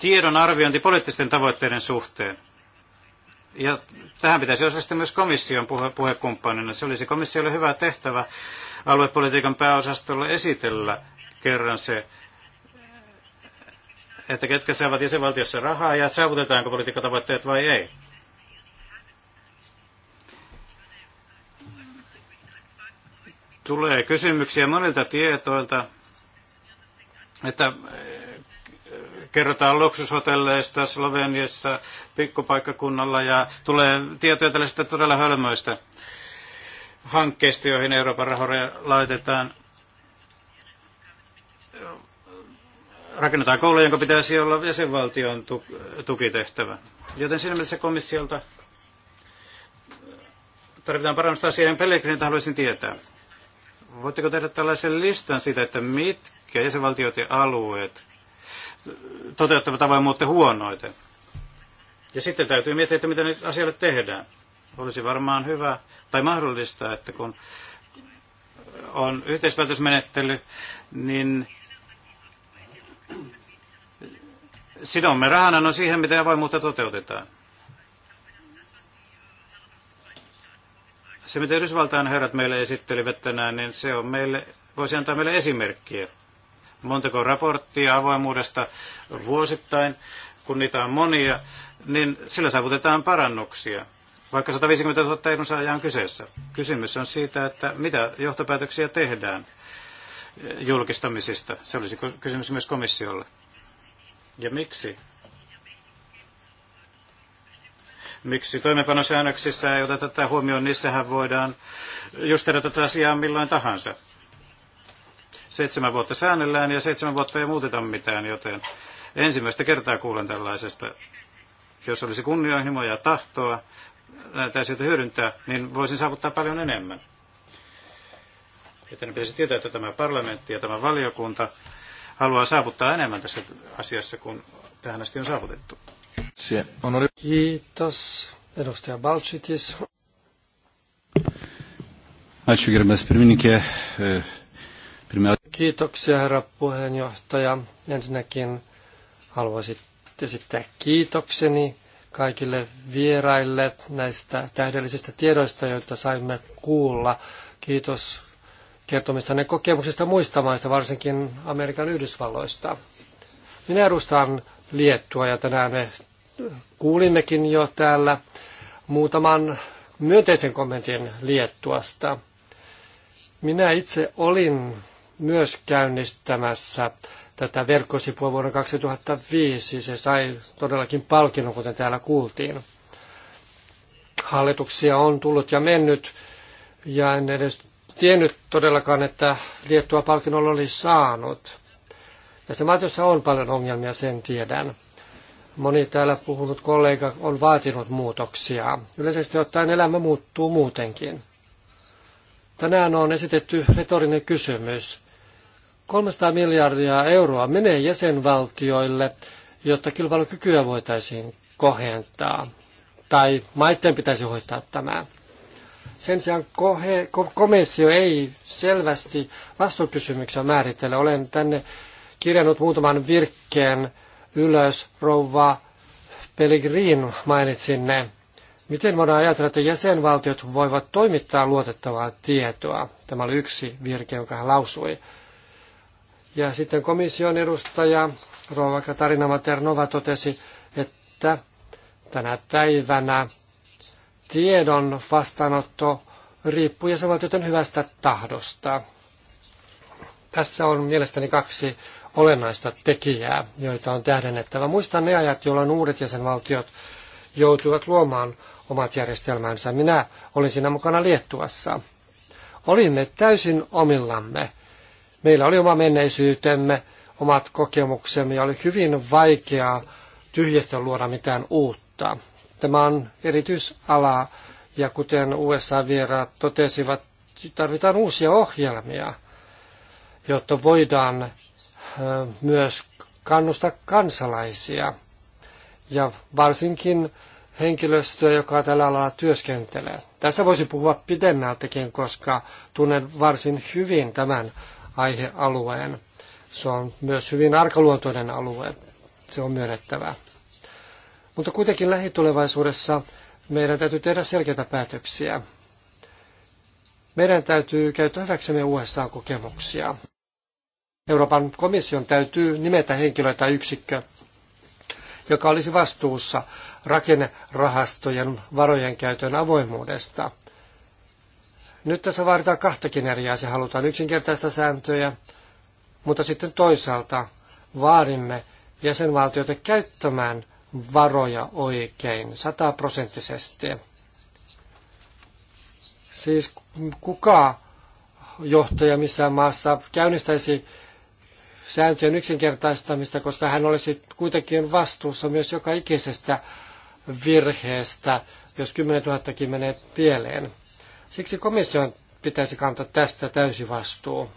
tiedon arviointi poliittisten tavoitteiden suhteen. Ja tähän pitäisi osallistua myös komission puhe- puhekumppanina. Se olisi komissiolle hyvä tehtävä aluepolitiikan pääosastolle esitellä kerran se, että ketkä saavat jäsenvaltiossa rahaa ja saavutetaanko politiikkatavoitteet vai ei. Tulee kysymyksiä monilta tietoilta, että kerrotaan luksushotelleista Sloveniassa pikkupaikkakunnalla ja tulee tietoja tällaisista todella hölmöistä hankkeista, joihin Euroopan rahoja laitetaan. Rakennetaan kouluja, jonka pitäisi olla jäsenvaltion tukitehtävä. Joten siinä mielessä komissiolta tarvitaan parannusta siihen pellekin, haluaisin tietää. Voitteko tehdä tällaisen listan siitä, että mitkä jäsenvaltiot ja alueet toteuttava muuten huonoiten. Ja sitten täytyy miettiä, että mitä nyt asialle tehdään. Olisi varmaan hyvä tai mahdollista, että kun on yhteispäätösmenettely, niin sidomme rahana no siihen, miten avoimuutta toteutetaan. Se, mitä Yhdysvaltain herrat meille esittelivät tänään, niin se on meille, voisi antaa meille esimerkkiä montako raporttia avoimuudesta vuosittain, kun niitä on monia, niin sillä saavutetaan parannuksia. Vaikka 150 000 edunsaajaa on kyseessä. Kysymys on siitä, että mitä johtopäätöksiä tehdään julkistamisista. Se olisi kysymys myös komissiolle. Ja miksi? Miksi toimeenpanosäännöksissä ei oteta tätä huomioon? Niissähän voidaan justeerata tätä asiaa milloin tahansa. Seitsemän vuotta säännellään ja seitsemän vuotta ei muuteta mitään, joten ensimmäistä kertaa kuulen tällaisesta. Jos olisi kunnianhimoa ja tahtoa näitä asioita hyödyntää, niin voisin saavuttaa paljon enemmän. Joten pitäisi tietää, että tämä parlamentti ja tämä valiokunta haluaa saavuttaa enemmän tässä asiassa kuin tähän asti on saavutettu. Kiitos. Edustaja Balčitis. Ačiū, gerbės pirmininkė. Kiitoksia herra puheenjohtaja. Ensinnäkin haluaisin esittää kiitokseni kaikille vieraille näistä tähdellisistä tiedoista, joita saimme kuulla. Kiitos ne kokemuksista muista maista, varsinkin Amerikan Yhdysvalloista. Minä edustan Liettua ja tänään me kuulimmekin jo täällä muutaman myönteisen kommentin Liettuasta. Minä itse olin myös käynnistämässä tätä verkkosipua vuonna 2005. Se sai todellakin palkinnon, kuten täällä kuultiin. Hallituksia on tullut ja mennyt, ja en edes tiennyt todellakaan, että Liettua palkinnolla oli saanut. Ja se maatiossa on paljon ongelmia, sen tiedän. Moni täällä puhunut kollega on vaatinut muutoksia. Yleisesti ottaen elämä muuttuu muutenkin. Tänään on esitetty retorinen kysymys. 300 miljardia euroa menee jäsenvaltioille, jotta kilpailukykyä voitaisiin kohentaa. Tai maiden pitäisi hoitaa tämä. Sen sijaan komissio ei selvästi vastuukysymyksiä määrittele. Olen tänne kirjannut muutaman virkkeen ylös. Rouva Pellegrin mainitsin ne. Miten voidaan ajatella, että jäsenvaltiot voivat toimittaa luotettavaa tietoa? Tämä oli yksi virke, jonka hän lausui. Ja sitten komission edustaja Rova Katarina Maternova totesi, että tänä päivänä tiedon vastaanotto riippuu jäsenvaltioiden hyvästä tahdosta. Tässä on mielestäni kaksi olennaista tekijää, joita on tähdennettävä. Muistan ne ajat, jolloin uudet jäsenvaltiot joutuivat luomaan omat järjestelmänsä. Minä olin siinä mukana Liettuassa. Olimme täysin omillamme Meillä oli oma menneisyytemme, omat kokemuksemme ja oli hyvin vaikeaa tyhjästä luoda mitään uutta. Tämä on erityisala ja kuten USA-vieraat totesivat, tarvitaan uusia ohjelmia, jotta voidaan myös kannustaa kansalaisia ja varsinkin henkilöstöä, joka tällä alalla työskentelee. Tässä voisi puhua pidemmältäkin, koska tunnen varsin hyvin tämän aihealueen. Se on myös hyvin arkaluontoinen alue, se on myönnettävää. Mutta kuitenkin lähitulevaisuudessa meidän täytyy tehdä selkeitä päätöksiä. Meidän täytyy käyttää hyväksemme USA-kokemuksia. Euroopan komission täytyy nimetä henkilö tai yksikkö, joka olisi vastuussa rakennerahastojen varojen käytön avoimuudesta – nyt tässä vaaditaan kahtakin eri asiaa. Halutaan yksinkertaista sääntöjä, mutta sitten toisaalta vaadimme jäsenvaltioita käyttämään varoja oikein, sataprosenttisesti. Siis kuka johtaja missään maassa käynnistäisi sääntöjen yksinkertaistamista, koska hän olisi kuitenkin vastuussa myös joka ikisestä virheestä, jos 10 000 menee pieleen. Siksi komission pitäisi kantaa tästä täysi vastuu.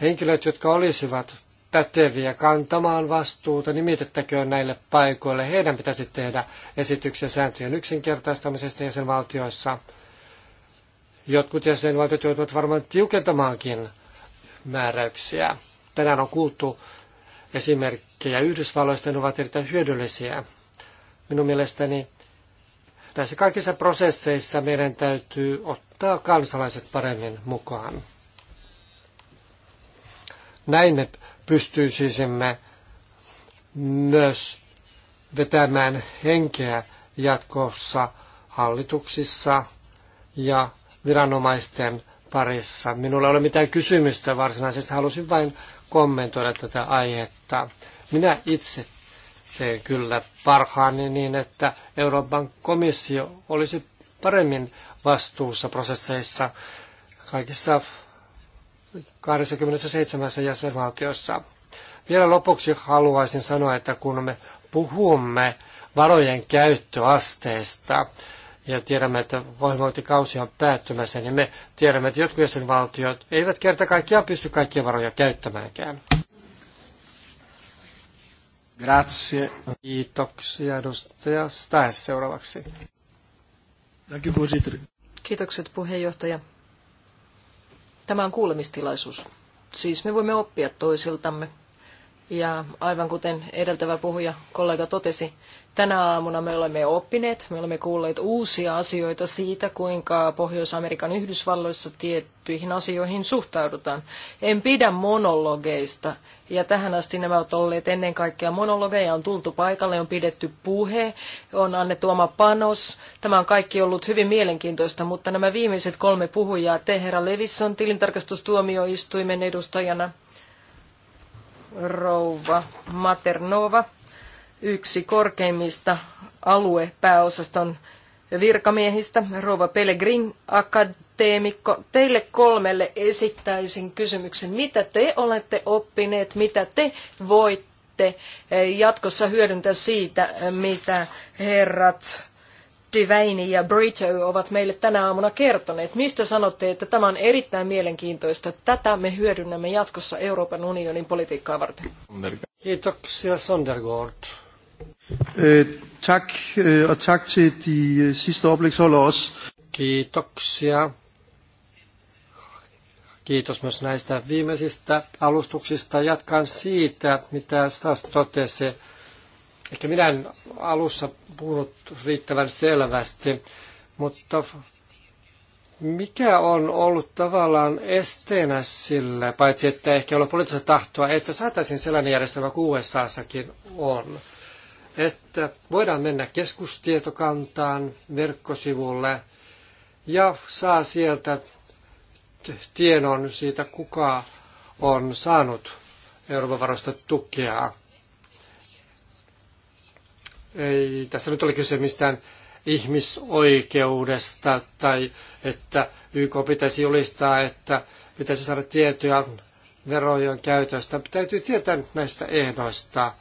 Henkilöt, jotka olisivat päteviä kantamaan vastuuta, nimitettäköön niin näille paikoille. Heidän pitäisi tehdä esityksiä sääntöjen yksinkertaistamisesta jäsenvaltioissa. Jotkut jäsenvaltiot joutuvat varmaan tiukentamaankin määräyksiä. Tänään on kuultu esimerkkejä Yhdysvalloista, ne ovat erittäin hyödyllisiä. Minun mielestäni Näissä kaikissa prosesseissa meidän täytyy ottaa kansalaiset paremmin mukaan. Näin me pystyisimme myös vetämään henkeä jatkossa hallituksissa ja viranomaisten parissa. Minulla ei ole mitään kysymystä varsinaisesti, halusin vain kommentoida tätä aihetta. Minä itse Teen kyllä parhaani niin, että Euroopan komissio olisi paremmin vastuussa prosesseissa kaikissa 27 jäsenvaltiossa. Vielä lopuksi haluaisin sanoa, että kun me puhumme varojen käyttöasteesta ja tiedämme, että ohjelmointikausi on päättymässä, niin me tiedämme, että jotkut jäsenvaltiot eivät kerta kaikkiaan pysty kaikkia varoja käyttämäänkään. Grazie. seuraavaksi. Kiitokset puheenjohtaja. Tämä on kuulemistilaisuus. Siis me voimme oppia toisiltamme. Ja aivan kuten edeltävä puhuja kollega totesi, tänä aamuna me olemme oppineet, me olemme kuulleet uusia asioita siitä, kuinka Pohjois-Amerikan Yhdysvalloissa tiettyihin asioihin suhtaudutaan. En pidä monologeista, ja tähän asti nämä ovat olleet ennen kaikkea monologeja, on tultu paikalle, on pidetty puhe, on annettu oma panos. Tämä on kaikki ollut hyvin mielenkiintoista, mutta nämä viimeiset kolme puhujaa, te herra Levisson tilintarkastustuomioistuimen edustajana, rouva Maternova, yksi korkeimmista aluepääosaston virkamiehistä, Rova Pellegrin, akateemikko. Teille kolmelle esittäisin kysymyksen, mitä te olette oppineet, mitä te voitte eh, jatkossa hyödyntää siitä, eh, mitä herrat Divaini ja Brito ovat meille tänä aamuna kertoneet. Mistä sanotte, että tämä on erittäin mielenkiintoista? Tätä me hyödynnämme jatkossa Euroopan unionin politiikkaa varten. Kiitoksia Sondergaard. Øh, tak, øh, og tak til de øh, sidste oplægsholdere også. Kiitoksia. Kiitos myös näistä viimeisistä alustuksista. Jatkan siitä, mitä Stas totesi. Ehkä minä en alussa puhunut riittävän selvästi, mutta mikä on ollut tavallaan esteenä sillä, paitsi että ehkä ei ole poliittista tahtoa, että saataisiin sellainen järjestelmä kuin USAssakin on – että voidaan mennä keskustietokantaan verkkosivulle ja saa sieltä tiedon siitä, kuka on saanut Euroopan varoista tukea. Ei tässä nyt ole kyse mistään ihmisoikeudesta tai että YK pitäisi julistaa, että pitäisi saada tietoja verojen käytöstä. Täytyy tietää näistä ehdoista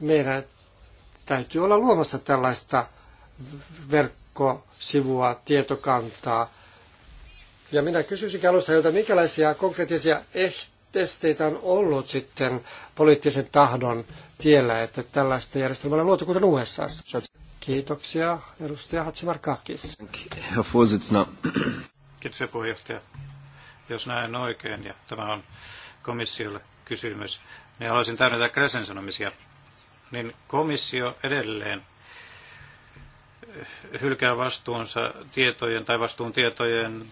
meidän täytyy olla luomassa tällaista verkkosivua, tietokantaa. Ja minä kysyisin alustajilta, minkälaisia konkreettisia esteitä on ollut sitten poliittisen tahdon tiellä, että tällaista järjestelmää on luotu, kuten USA. Kiitoksia, edustaja Hatsimarkakis. Kiitos, puheenjohtaja. Jos näen oikein, ja tämä on komissiolle kysymys, niin haluaisin täydentää Kresen sanomisia, niin komissio edelleen hylkää vastuunsa tietojen tai vastuun tietojen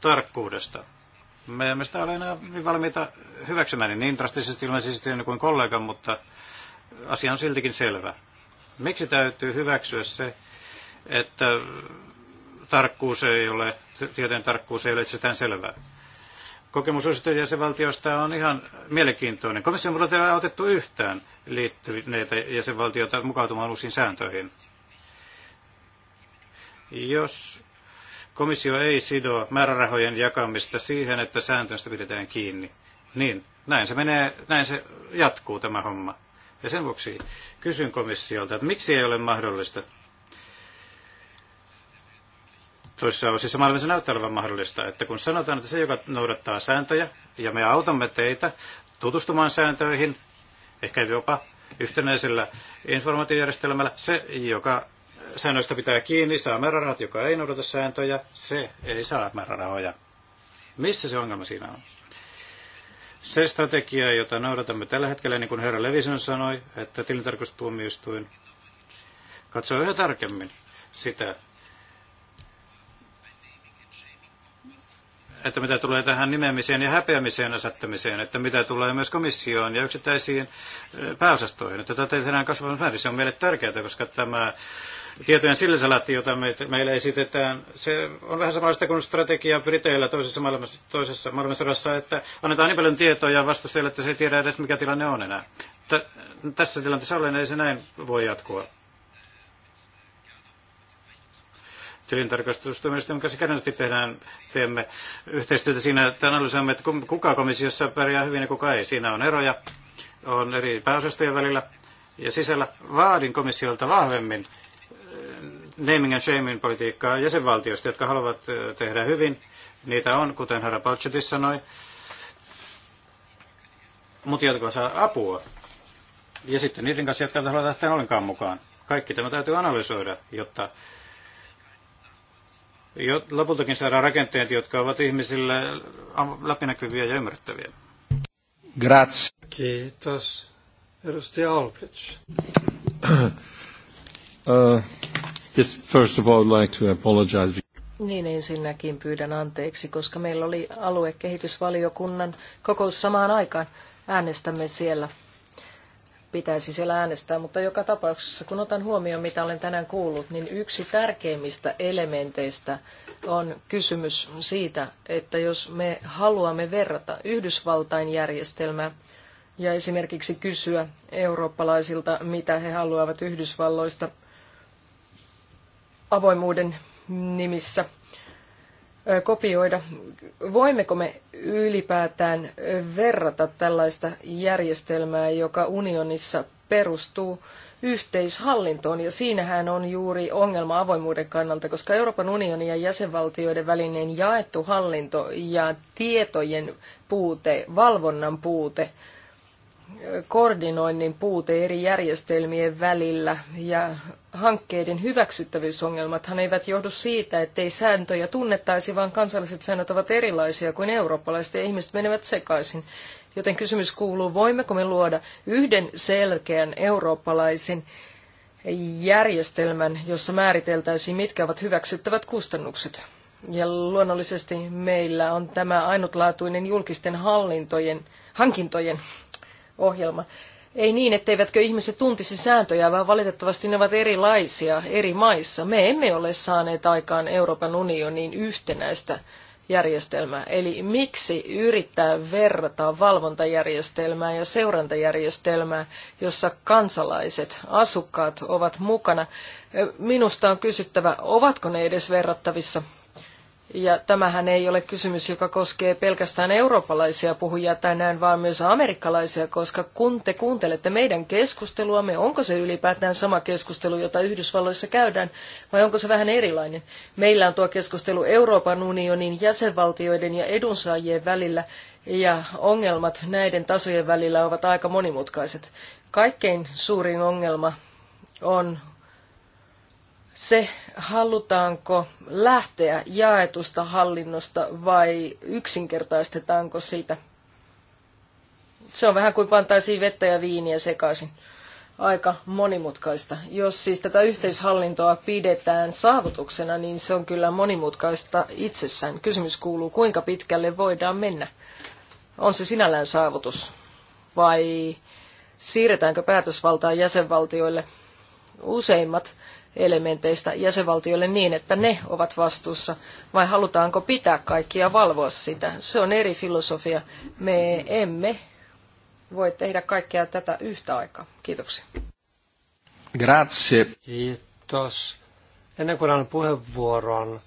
tarkkuudesta. Me emme sitä ole enää niin valmiita hyväksymään niin, niin drastisesti ilmeisesti kuin kollega, mutta asia on siltikin selvä. Miksi täytyy hyväksyä se, että tarkkuus ei ole, tietojen tarkkuus ei ole itsestään selvää? kokemus uusista jäsenvaltioista on ihan mielenkiintoinen. Komissio on ei otettu yhtään liittyneitä jäsenvaltioita mukautumaan uusiin sääntöihin. Jos komissio ei sido määrärahojen jakamista siihen, että sääntöistä pidetään kiinni, niin näin se, menee, näin se jatkuu tämä homma. Ja sen vuoksi kysyn komissiolta, että miksi ei ole mahdollista toisissa osissa maailmassa näyttää olevan mahdollista, että kun sanotaan, että se, joka noudattaa sääntöjä, ja me autamme teitä tutustumaan sääntöihin, ehkä jopa yhtenäisellä informaatiojärjestelmällä, se, joka säännöistä pitää kiinni, saa määrärahat, joka ei noudata sääntöjä, se ei saa määrärahoja. Missä se ongelma siinä on? Se strategia, jota noudatamme tällä hetkellä, niin kuin herra Levisen sanoi, että tilintarkastustuomioistuin katsoo yhä tarkemmin sitä, että mitä tulee tähän nimeämiseen ja häpeämiseen asettamiseen, että mitä tulee myös komissioon ja yksittäisiin pääosastoihin. Että tätä tehdään kasvavan määrin. Se on meille tärkeää, koska tämä tietojen sillisalaatti, jota meille esitetään, se on vähän samanlaista kuin strategia Briteillä toisessa, maailmassa, toisessa maailmansodassa, että annetaan niin paljon tietoja vastustajille, että se ei tiedä edes mikä tilanne on enää. T- tässä tilanteessa ollen ei se näin voi jatkua. tilintarkastustoimiston kanssa kädennysti tehdään, teemme yhteistyötä siinä, että analysoimme, että kuka komissiossa pärjää hyvin ja kuka ei. Siinä on eroja, on eri pääosastojen välillä ja sisällä vaadin komissiolta vahvemmin eh, naming and shaming politiikkaa jäsenvaltioista, jotka haluavat eh, tehdä hyvin. Niitä on, kuten herra Palchetis sanoi, mutta jotka saa apua. Ja sitten niiden kanssa, jotka haluavat lähteä ollenkaan mukaan. Kaikki tämä täytyy analysoida, jotta lopultakin saadaan rakenteet, jotka ovat ihmisille läpinäkyviä ja ymmärrettäviä. Grazie. Kiitos. Edustaja Albrecht. [COUGHS] uh, yes, first of all, I'd like to apologize. Niin ensinnäkin pyydän anteeksi, koska meillä oli aluekehitysvaliokunnan kokous samaan aikaan. Äänestämme siellä pitäisi siellä äänestää, mutta joka tapauksessa, kun otan huomioon, mitä olen tänään kuullut, niin yksi tärkeimmistä elementeistä on kysymys siitä, että jos me haluamme verrata Yhdysvaltain järjestelmää ja esimerkiksi kysyä eurooppalaisilta, mitä he haluavat Yhdysvalloista avoimuuden nimissä – kopioida. Voimmeko me ylipäätään verrata tällaista järjestelmää, joka unionissa perustuu yhteishallintoon, ja siinähän on juuri ongelma avoimuuden kannalta, koska Euroopan unionin ja jäsenvaltioiden välinen jaettu hallinto ja tietojen puute, valvonnan puute koordinoinnin puute eri järjestelmien välillä ja hankkeiden hyväksyttävyysongelmathan eivät johdu siitä, ettei sääntöjä tunnettaisi, vaan kansalliset säännöt ovat erilaisia kuin eurooppalaiset ja ihmiset menevät sekaisin. Joten kysymys kuuluu, voimmeko me luoda yhden selkeän eurooppalaisen järjestelmän, jossa määriteltäisiin, mitkä ovat hyväksyttävät kustannukset. Ja luonnollisesti meillä on tämä ainutlaatuinen julkisten hallintojen, hankintojen ohjelma. Ei niin, etteivätkö ihmiset tuntisi sääntöjä, vaan valitettavasti ne ovat erilaisia eri maissa. Me emme ole saaneet aikaan Euroopan unionin yhtenäistä järjestelmää. Eli miksi yrittää verrata valvontajärjestelmää ja seurantajärjestelmää, jossa kansalaiset, asukkaat ovat mukana? Minusta on kysyttävä, ovatko ne edes verrattavissa? Ja tämähän ei ole kysymys, joka koskee pelkästään eurooppalaisia puhujia tänään, vaan myös amerikkalaisia, koska kun te kuuntelette meidän keskusteluamme, onko se ylipäätään sama keskustelu, jota Yhdysvalloissa käydään, vai onko se vähän erilainen? Meillä on tuo keskustelu Euroopan unionin jäsenvaltioiden ja edunsaajien välillä, ja ongelmat näiden tasojen välillä ovat aika monimutkaiset. Kaikkein suurin ongelma on se, halutaanko lähteä jaetusta hallinnosta vai yksinkertaistetaanko sitä. Se on vähän kuin pantaisiin vettä ja viiniä sekaisin. Aika monimutkaista. Jos siis tätä yhteishallintoa pidetään saavutuksena, niin se on kyllä monimutkaista itsessään. Kysymys kuuluu, kuinka pitkälle voidaan mennä. On se sinällään saavutus vai siirretäänkö päätösvaltaa jäsenvaltioille? Useimmat elementeistä jäsenvaltioille niin, että ne ovat vastuussa, vai halutaanko pitää kaikkia valvoa sitä? Se on eri filosofia. Me emme voi tehdä kaikkea tätä yhtä aikaa. Kiitoksia. Grazie. Kiitos. Ennen kuin annan puheenvuoron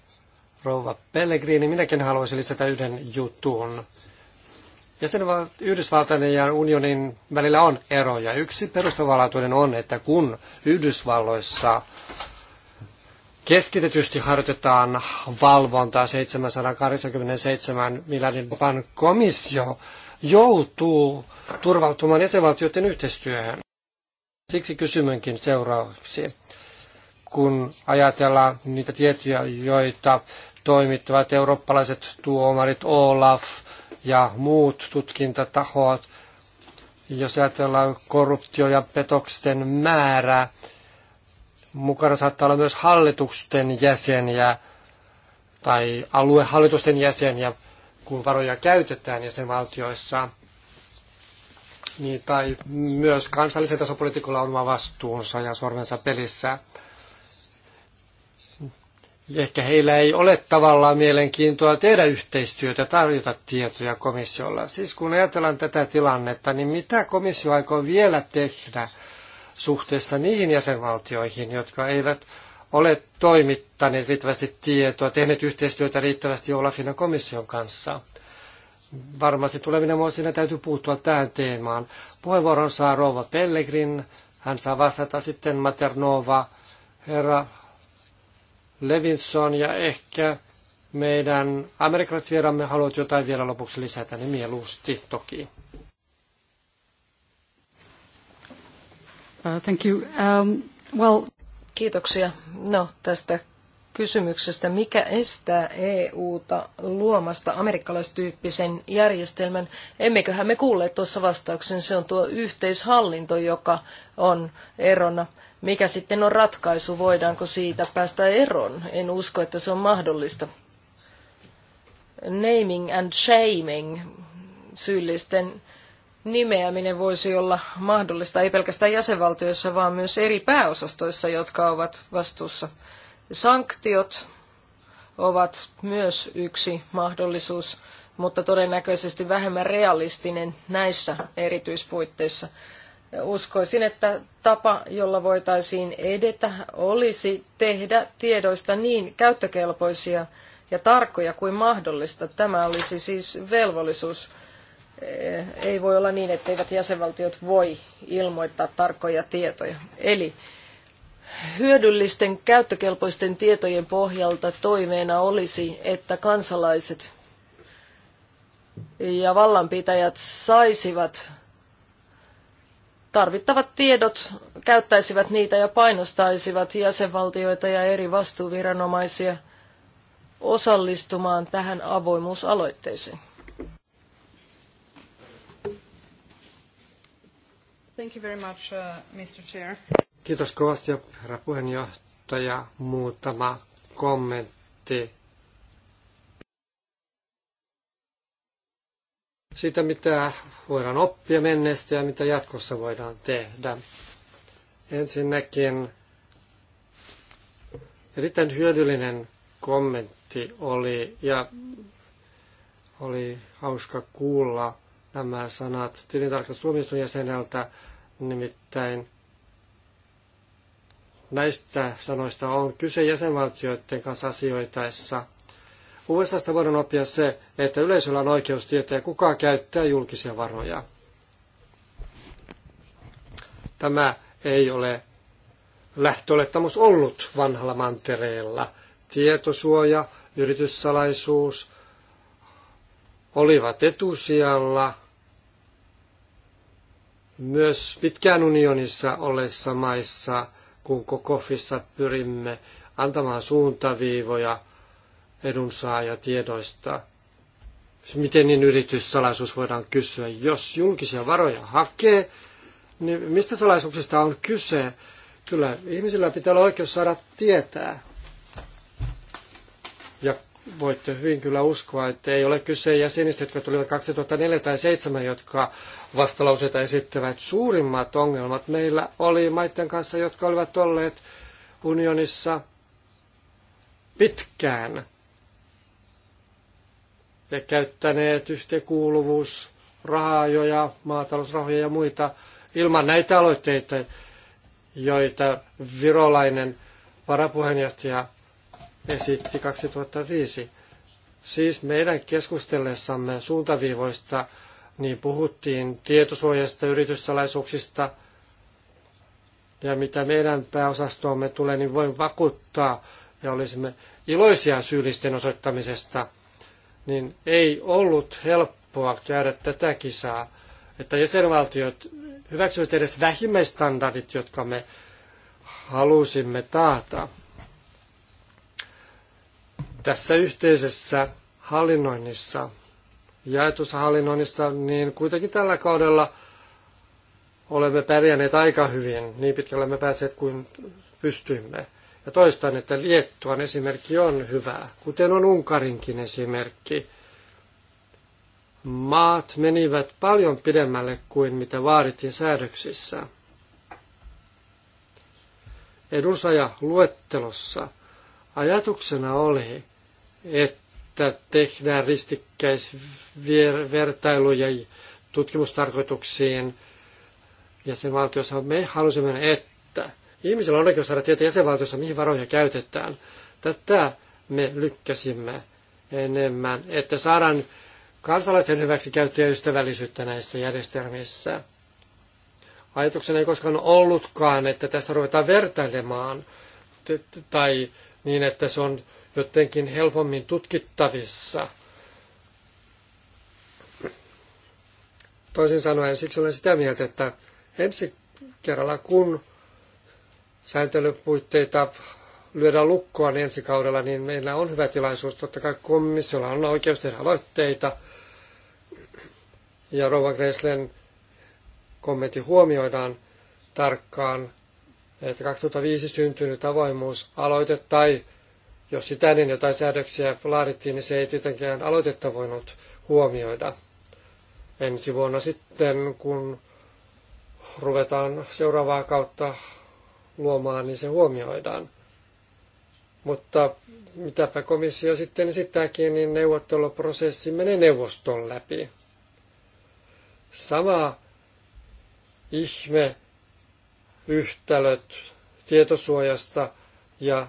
rouva Pellegrini, minäkin haluaisin lisätä yhden jutun. Jäsenval- Yhdysvaltain ja unionin välillä on eroja. Yksi perustavanlaatuinen on, että kun Yhdysvalloissa keskitetysti harjoitetaan valvontaa 787 miljardin pan, komissio joutuu turvautumaan jäsenvaltioiden yhteistyöhön. Siksi kysymynkin seuraavaksi, kun ajatellaan niitä tietoja, joita toimittavat eurooppalaiset tuomarit, Olaf ja muut tutkintatahot, jos ajatellaan korruptio- ja petoksen määrää, mukana saattaa olla myös hallitusten jäseniä tai aluehallitusten jäseniä, kun varoja käytetään jäsenvaltioissa. Niin, tai myös kansallisen tasopolitiikolla on oma vastuunsa ja sormensa pelissä. Ehkä heillä ei ole tavallaan mielenkiintoa tehdä yhteistyötä, tarjota tietoja komissiolla. Siis kun ajatellaan tätä tilannetta, niin mitä komissio aikoo vielä tehdä – suhteessa niihin jäsenvaltioihin, jotka eivät ole toimittaneet riittävästi tietoa, tehneet yhteistyötä riittävästi Olafin ja komission kanssa. Varmasti tulevina vuosina täytyy puuttua tähän teemaan. Puheenvuoron saa Rova Pellegrin, hän saa vastata sitten Maternova, herra Levinson ja ehkä meidän amerikkalaiset vieramme haluat jotain vielä lopuksi lisätä, niin mieluusti toki. Uh, thank you. Um, well... Kiitoksia. No, tästä kysymyksestä, mikä estää EUta luomasta amerikkalaistyyppisen järjestelmän. Emmeköhän me kuulleet tuossa vastauksen, se on tuo yhteishallinto, joka on erona. Mikä sitten on ratkaisu, voidaanko siitä päästä eroon? En usko, että se on mahdollista. Naming and shaming, syyllisten nimeäminen voisi olla mahdollista ei pelkästään jäsenvaltioissa, vaan myös eri pääosastoissa, jotka ovat vastuussa. Sanktiot ovat myös yksi mahdollisuus, mutta todennäköisesti vähemmän realistinen näissä erityispuitteissa. Uskoisin, että tapa, jolla voitaisiin edetä, olisi tehdä tiedoista niin käyttökelpoisia ja tarkkoja kuin mahdollista. Tämä olisi siis velvollisuus Eh, ei voi olla niin, etteivät jäsenvaltiot voi ilmoittaa tarkkoja tietoja. Eli hyödyllisten käyttökelpoisten tietojen pohjalta toimeena olisi, että kansalaiset ja vallanpitäjät saisivat tarvittavat tiedot, käyttäisivät niitä ja painostaisivat jäsenvaltioita ja eri vastuuviranomaisia osallistumaan tähän avoimuusaloitteeseen. Thank you very much, uh, Mr. Chair. Kiitos kovasti, herra puheenjohtaja. Muutama kommentti siitä, mitä voidaan oppia menneestä ja mitä jatkossa voidaan tehdä. Ensinnäkin erittäin hyödyllinen kommentti oli ja oli hauska kuulla nämä sanat tilintarkastustuomioistuin jäseneltä, nimittäin näistä sanoista on kyse jäsenvaltioiden kanssa asioitaessa. USAsta voidaan oppia se, että yleisöllä on oikeus tietää, kuka käyttää julkisia varoja. Tämä ei ole lähtöolettamus ollut vanhalla mantereella. Tietosuoja, yrityssalaisuus olivat etusijalla – myös pitkään unionissa olleissa maissa, kun kokofissa pyrimme antamaan suuntaviivoja edunsaajatiedoista. Miten niin yrityssalaisuus voidaan kysyä? Jos julkisia varoja hakee, niin mistä salaisuuksista on kyse? Kyllä ihmisillä pitää olla oikeus saada tietää, voitte hyvin kyllä uskoa, että ei ole kyse jäsenistä, jotka tulivat 2004 tai 2007, jotka vastalauseita esittävät. Suurimmat ongelmat meillä oli maiden kanssa, jotka olivat olleet unionissa pitkään ja käyttäneet yhteenkuuluvuus, rahajoja, maatalousrahoja ja muita ilman näitä aloitteita, joita virolainen varapuheenjohtaja esitti 2005. Siis meidän keskustellessamme suuntaviivoista niin puhuttiin tietosuojasta, yrityssalaisuuksista ja mitä meidän pääosastoomme tulee, niin voin vakuuttaa ja olisimme iloisia syyllisten osoittamisesta, niin ei ollut helppoa käydä tätä kisaa, että jäsenvaltiot hyväksyvät edes vähimmäistandardit, jotka me halusimme taata tässä yhteisessä hallinnoinnissa, jaetussa hallinnoinnissa, niin kuitenkin tällä kaudella olemme pärjänneet aika hyvin, niin pitkälle me pääset kuin pystymme. Ja toistan, että Liettuan esimerkki on hyvä, kuten on Unkarinkin esimerkki. Maat menivät paljon pidemmälle kuin mitä vaadittiin säädöksissä. Edunsaaja luettelossa ajatuksena oli, että tehdään ristikkäisvertailuja tutkimustarkoituksiin jäsenvaltiossa. Me halusimme, että ihmisillä on oikeus saada tietää jäsenvaltiossa, mihin varoja käytetään. Tätä me lykkäsimme enemmän, että saadaan kansalaisten hyväksi käyttää ystävällisyyttä näissä järjestelmissä. Ajatuksena ei koskaan ollutkaan, että tässä ruvetaan vertailemaan tai niin, että se on jotenkin helpommin tutkittavissa. Toisin sanoen siksi olen sitä mieltä, että ensi kerralla kun sääntelypuitteita lyödään lukkoon niin ensi kaudella, niin meillä on hyvä tilaisuus. Totta kai komissiolla on oikeus tehdä aloitteita. Ja Rova Greslen kommentti huomioidaan tarkkaan, että 2005 syntynyt avoimuusaloite tai jos sitä ennen jotain säädöksiä laadittiin, niin se ei tietenkään aloitetta voinut huomioida. Ensi vuonna sitten, kun ruvetaan seuraavaa kautta luomaan, niin se huomioidaan. Mutta mitäpä komissio sitten esittääkin, niin neuvotteluprosessi menee neuvoston läpi. Sama ihme yhtälöt tietosuojasta ja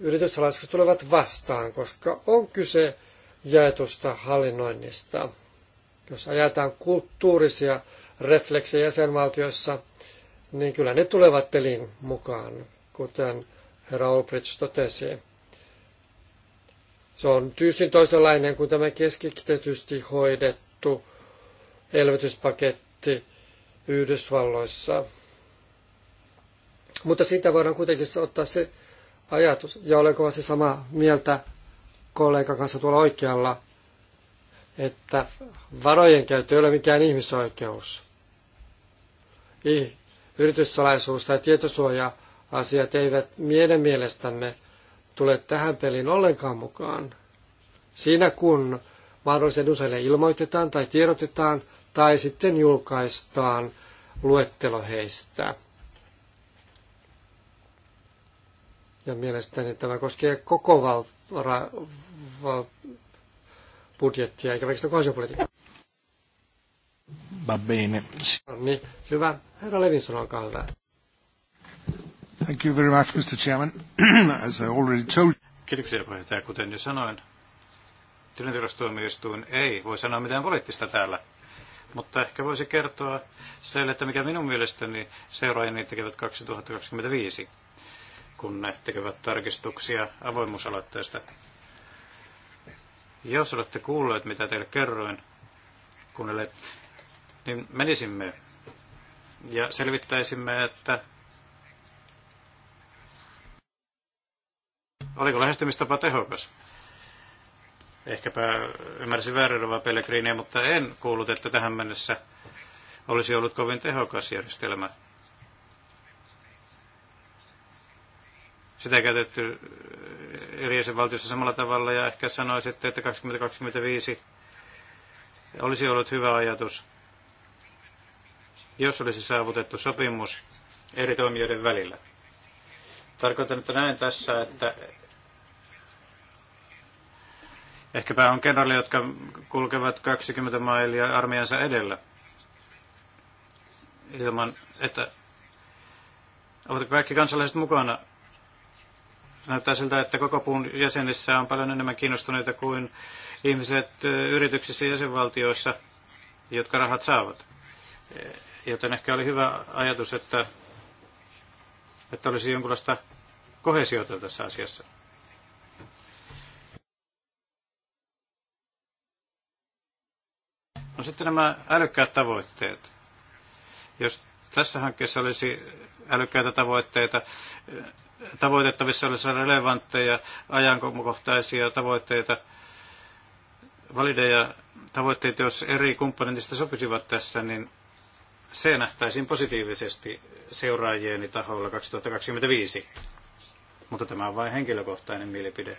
yrityssalaisuudet tulevat vastaan, koska on kyse jaetusta hallinnoinnista. Jos ajetaan kulttuurisia refleksejä jäsenvaltioissa, niin kyllä ne tulevat pelin mukaan, kuten herra Olbrich totesi. Se on tyystin toisenlainen kuin tämä keskitetysti hoidettu elvytyspaketti Yhdysvalloissa. Mutta siitä voidaan kuitenkin ottaa se ajatus, ja olen kovasti samaa mieltä kollega kanssa tuolla oikealla, että varojen käyttö ei ole mikään ihmisoikeus. Yrityssalaisuus tai tietosuoja-asiat eivät meidän mielestämme tule tähän peliin ollenkaan mukaan. Siinä kun mahdollisen usein ilmoitetaan tai tiedotetaan tai sitten julkaistaan luettelo heistä. Ja mielestäni tämä koskee koko val, ra, val, budjettia, eikä vaikka kohdallisuuspolitiikkaa. Babine. Niin, hyvä. Herra Levinson, olkaa hyvä. Thank you very much, Mr. Chairman. [CLEARS THROAT] As I already told... Kiitoksia puheenjohtaja. Kuten jo sanoin, tilintarkastustuomioistuin ei voi sanoa mitään poliittista täällä. Mutta ehkä voisi kertoa sille, että mikä minun mielestäni seuraajani tekevät 2025 kun ne tekevät tarkistuksia avoimuusaloitteesta. Jos olette kuulleet, mitä teille kerroin, kuunnelleet, niin menisimme ja selvittäisimme, että oliko lähestymistapa tehokas. Ehkäpä ymmärsin väärin Rova Pellegrinia, mutta en kuullut, että tähän mennessä olisi ollut kovin tehokas järjestelmä sitä käytetty äh, eri jäsenvaltioissa samalla tavalla ja ehkä sanoisitte, että 2025 olisi ollut hyvä ajatus, jos olisi saavutettu sopimus eri toimijoiden välillä. Tarkoitan, että näen tässä, että ehkäpä on kenraali, jotka kulkevat 20 mailia armeijansa edellä ilman, että ovat kaikki kansalaiset mukana Näyttää siltä, että koko puun jäsenissä on paljon enemmän kiinnostuneita kuin ihmiset yrityksissä ja jäsenvaltioissa, jotka rahat saavat. E, joten ehkä oli hyvä ajatus, että, että olisi jonkinlaista kohesiota tässä asiassa. No sitten nämä älykkäät tavoitteet. Jos tässä hankkeessa olisi älykkäitä tavoitteita. Tavoitettavissa olisi relevantteja, ajankohtaisia tavoitteita, valideja tavoitteita, jos eri komponentista sopisivat tässä, niin se nähtäisiin positiivisesti seuraajieni taholla 2025. Mutta tämä on vain henkilökohtainen mielipide.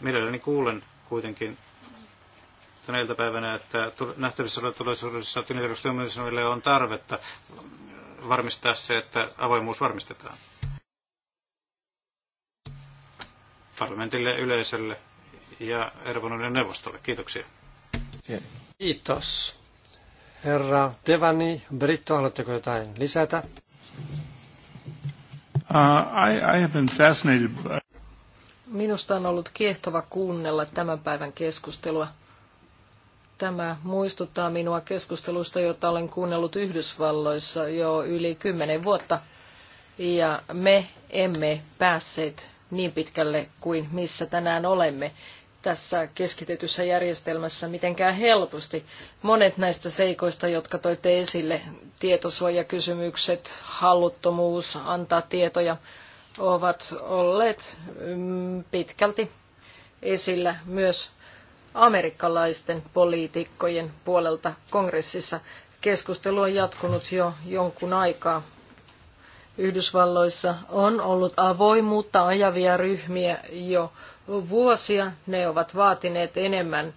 Mielelläni kuulen kuitenkin tänä iltapäivänä, että nähtävissä tulevaisuudessa tilintarkastustuomioistuimille on tarvetta varmistaa se, että avoimuus varmistetaan parlamentille, yleisölle ja Euroopan unionin neuvostolle. Kiitoksia. Kiitos. Herra Devani, Britto, haluatteko jotain lisätä? Uh, I, I have been fascinated by... Minusta on ollut kiehtova kuunnella tämän päivän keskustelua. Tämä muistuttaa minua keskustelusta, jota olen kuunnellut Yhdysvalloissa jo yli kymmenen vuotta. Ja me emme päässeet niin pitkälle kuin missä tänään olemme tässä keskitetyssä järjestelmässä mitenkään helposti. Monet näistä seikoista, jotka toitte esille, tietosuojakysymykset, haluttomuus antaa tietoja, ovat olleet mm, pitkälti esillä myös amerikkalaisten poliitikkojen puolelta kongressissa. Keskustelu on jatkunut jo jonkun aikaa. Yhdysvalloissa on ollut avoimuutta ajavia ryhmiä jo vuosia. Ne ovat vaatineet enemmän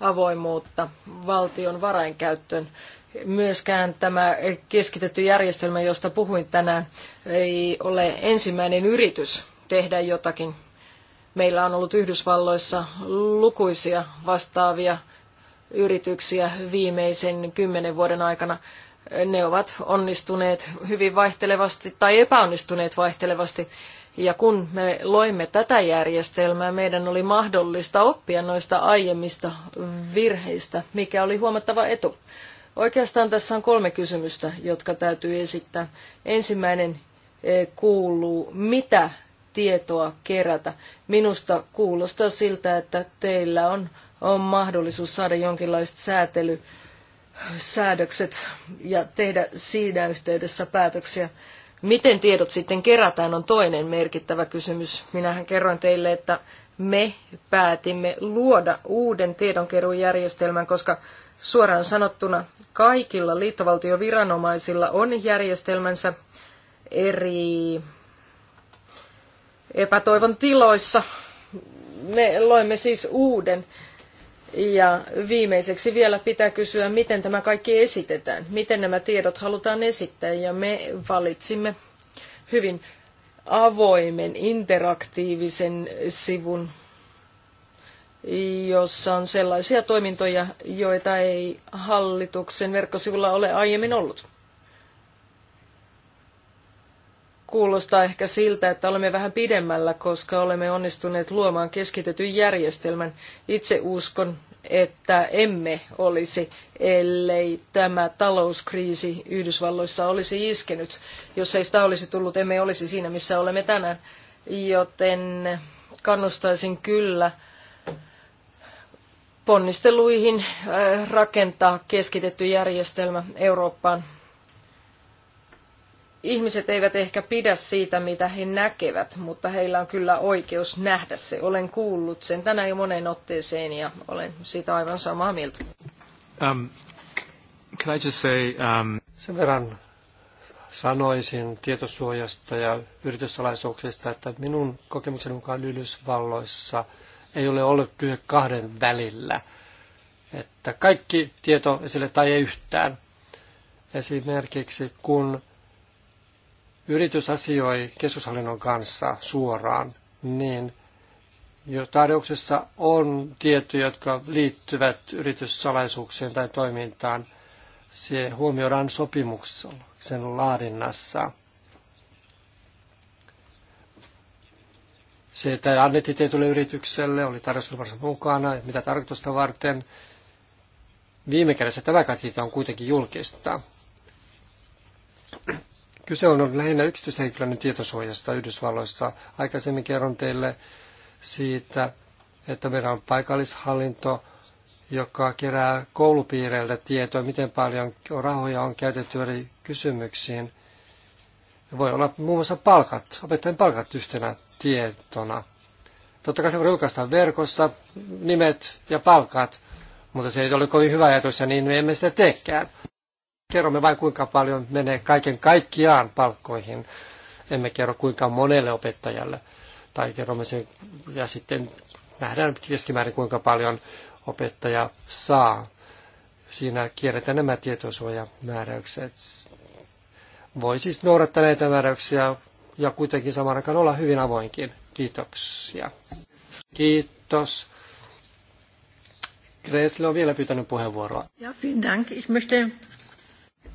avoimuutta valtion varainkäyttöön. Myöskään tämä keskitetty järjestelmä, josta puhuin tänään, ei ole ensimmäinen yritys tehdä jotakin Meillä on ollut Yhdysvalloissa lukuisia vastaavia yrityksiä viimeisen kymmenen vuoden aikana. Ne ovat onnistuneet hyvin vaihtelevasti tai epäonnistuneet vaihtelevasti. Ja kun me loimme tätä järjestelmää, meidän oli mahdollista oppia noista aiemmista virheistä, mikä oli huomattava etu. Oikeastaan tässä on kolme kysymystä, jotka täytyy esittää. Ensimmäinen eh, kuuluu, mitä tietoa kerätä. Minusta kuulostaa siltä, että teillä on, on mahdollisuus saada jonkinlaiset säätelysäädökset ja tehdä siinä yhteydessä päätöksiä. Miten tiedot sitten kerätään on toinen merkittävä kysymys. Minähän kerroin teille, että me päätimme luoda uuden tiedonkeruujärjestelmän, koska suoraan sanottuna kaikilla liittovaltioviranomaisilla on järjestelmänsä eri epätoivon tiloissa. Me loimme siis uuden. Ja viimeiseksi vielä pitää kysyä, miten tämä kaikki esitetään, miten nämä tiedot halutaan esittää. Ja me valitsimme hyvin avoimen, interaktiivisen sivun, jossa on sellaisia toimintoja, joita ei hallituksen verkkosivulla ole aiemmin ollut. kuulostaa ehkä siltä, että olemme vähän pidemmällä, koska olemme onnistuneet luomaan keskitetyn järjestelmän. Itse uskon, että emme olisi, ellei tämä talouskriisi Yhdysvalloissa olisi iskenyt. Jos ei sitä olisi tullut, emme olisi siinä, missä olemme tänään. Joten kannustaisin kyllä ponnisteluihin äh, rakentaa keskitetty järjestelmä Eurooppaan ihmiset eivät ehkä pidä siitä, mitä he näkevät, mutta heillä on kyllä oikeus nähdä se. Olen kuullut sen tänään jo moneen otteeseen ja olen siitä aivan samaa mieltä. Um, can I just say, um... Sen verran sanoisin tietosuojasta ja yrityssalaisuuksista, että minun kokemukseni mukaan Yhdysvalloissa ei ole ollut kyse kahden välillä. Että kaikki tieto esille tai ei yhtään. Esimerkiksi kun yritys asioi keskushallinnon kanssa suoraan, niin jo tarjouksessa on tietoja, jotka liittyvät yrityssalaisuuksien tai toimintaan. Se huomioidaan sopimuksella sen laadinnassa. Se, että annettiin tietylle yritykselle, oli tarjouskilpailussa mukana, mitä tarkoitusta varten. Viime kädessä tämä katita on kuitenkin julkista. Kyse on lähinnä yksityishenkilön tietosuojasta Yhdysvalloissa. Aikaisemmin kerron teille siitä, että meillä on paikallishallinto, joka kerää koulupiireiltä tietoa, miten paljon rahoja on käytetty eri kysymyksiin. Voi olla muun muassa palkat, opettajien palkat yhtenä tietona. Totta kai se voi julkaista verkossa nimet ja palkat, mutta se ei ole kovin hyvä ajatus ja niin me emme sitä teekään kerromme vain kuinka paljon menee kaiken kaikkiaan palkkoihin. Emme kerro kuinka monelle opettajalle. Tai kerromme sen ja sitten nähdään keskimäärin kuinka paljon opettaja saa. Siinä kierretään nämä tietosuojamääräykset. Voi siis noudattaa näitä määräyksiä ja kuitenkin samaan aikaan olla hyvin avoinkin. Kiitoksia. Kiitos. Gressle on vielä pyytänyt puheenvuoroa. Ja, vielen dank. Ich möchte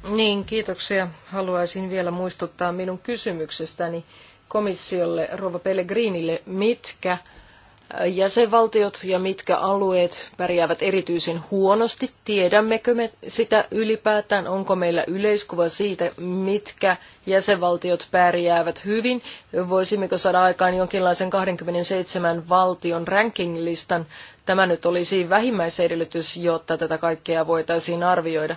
niin, kiitoksia. Haluaisin vielä muistuttaa minun kysymyksestäni komissiolle, Rova Pellegrinille, mitkä jäsenvaltiot ja mitkä alueet pärjäävät erityisen huonosti? Tiedämmekö me sitä ylipäätään? Onko meillä yleiskuva siitä, mitkä jäsenvaltiot pärjäävät hyvin? Voisimmeko saada aikaan jonkinlaisen 27 valtion ranking-listan? Tämä nyt olisi vähimmäisedellytys, jotta tätä kaikkea voitaisiin arvioida.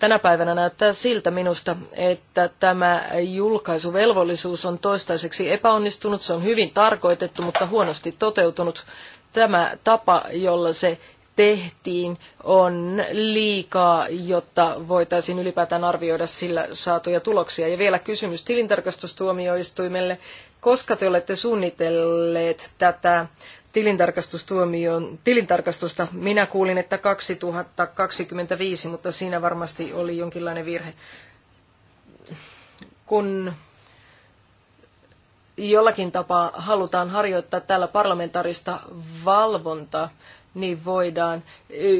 Tänä päivänä näyttää siltä minusta, että tämä julkaisuvelvollisuus on toistaiseksi epäonnistunut. Se on hyvin tarkoitettu, mutta huonosti toteutunut. Tämä tapa, jolla se tehtiin, on liikaa, jotta voitaisiin ylipäätään arvioida sillä saatuja tuloksia. Ja vielä kysymys tilintarkastustuomioistuimelle. Koska te olette suunnitelleet tätä tilintarkastustuomion tilintarkastusta. Minä kuulin, että 2025, mutta siinä varmasti oli jonkinlainen virhe. Kun jollakin tapaa halutaan harjoittaa täällä parlamentaarista valvontaa, niin voidaan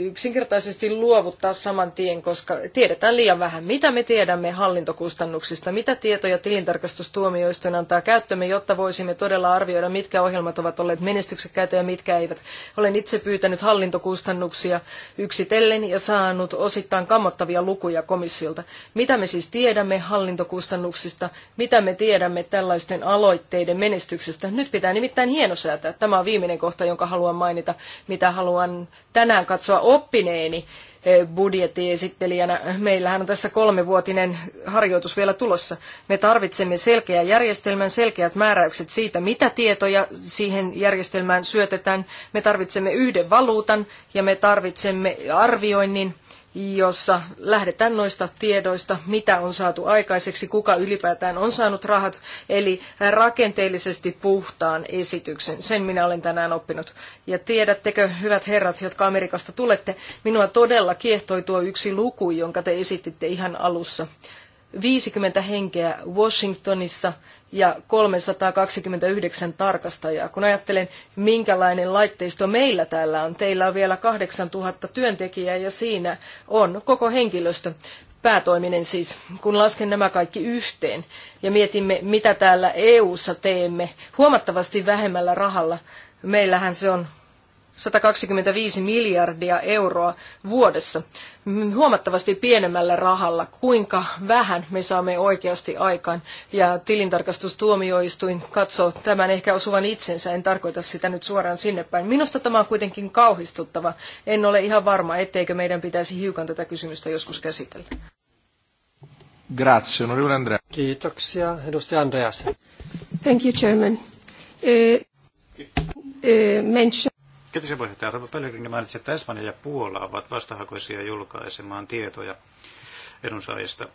yksinkertaisesti luovuttaa saman tien, koska tiedetään liian vähän, mitä me tiedämme hallintokustannuksista, mitä tietoja tilintarkastustuomioistuin antaa käyttömme, jotta voisimme todella arvioida, mitkä ohjelmat ovat olleet menestyksekkäitä ja mitkä eivät. Olen itse pyytänyt hallintokustannuksia yksitellen ja saanut osittain kammottavia lukuja komissiolta. Mitä me siis tiedämme hallintokustannuksista, mitä me tiedämme tällaisten aloitteiden menestyksestä. Nyt pitää nimittäin hienosäätää. Tämä on viimeinen kohta, jonka haluan mainita, mitä haluan tänään katsoa oppineeni eh, budjettiesittelijänä. Meillähän on tässä kolmevuotinen harjoitus vielä tulossa. Me tarvitsemme selkeän järjestelmän, selkeät määräykset siitä, mitä tietoja siihen järjestelmään syötetään. Me tarvitsemme yhden valuutan ja me tarvitsemme arvioinnin jossa lähdetään noista tiedoista, mitä on saatu aikaiseksi, kuka ylipäätään on saanut rahat, eli rakenteellisesti puhtaan esityksen. Sen minä olen tänään oppinut. Ja tiedättekö, hyvät herrat, jotka Amerikasta tulette, minua todella kiehtoi tuo yksi luku, jonka te esititte ihan alussa. 50 henkeä Washingtonissa ja 329 tarkastajaa. Kun ajattelen, minkälainen laitteisto meillä täällä on, teillä on vielä 8000 työntekijää ja siinä on koko henkilöstö. Päätoiminen siis, kun lasken nämä kaikki yhteen ja mietimme, mitä täällä EU-ssa teemme huomattavasti vähemmällä rahalla. Meillähän se on 125 miljardia euroa vuodessa huomattavasti pienemmällä rahalla, kuinka vähän me saamme oikeasti aikaan. Ja tilintarkastustuomioistuin katsoo tämän ehkä osuvan itsensä, en tarkoita sitä nyt suoraan sinne päin. Minusta tämä on kuitenkin kauhistuttava. En ole ihan varma, etteikö meidän pitäisi hiukan tätä kysymystä joskus käsitellä. Grazie, onorevole Andrea. Kiitoksia, edustaja Andreas. Thank you, Chairman. Uh, uh, Kiitos puheenjohtaja Rova Pellegrini mainitsi, että Espanja ja Puola ovat vastahakoisia julkaisemaan tietoja edunsaajista.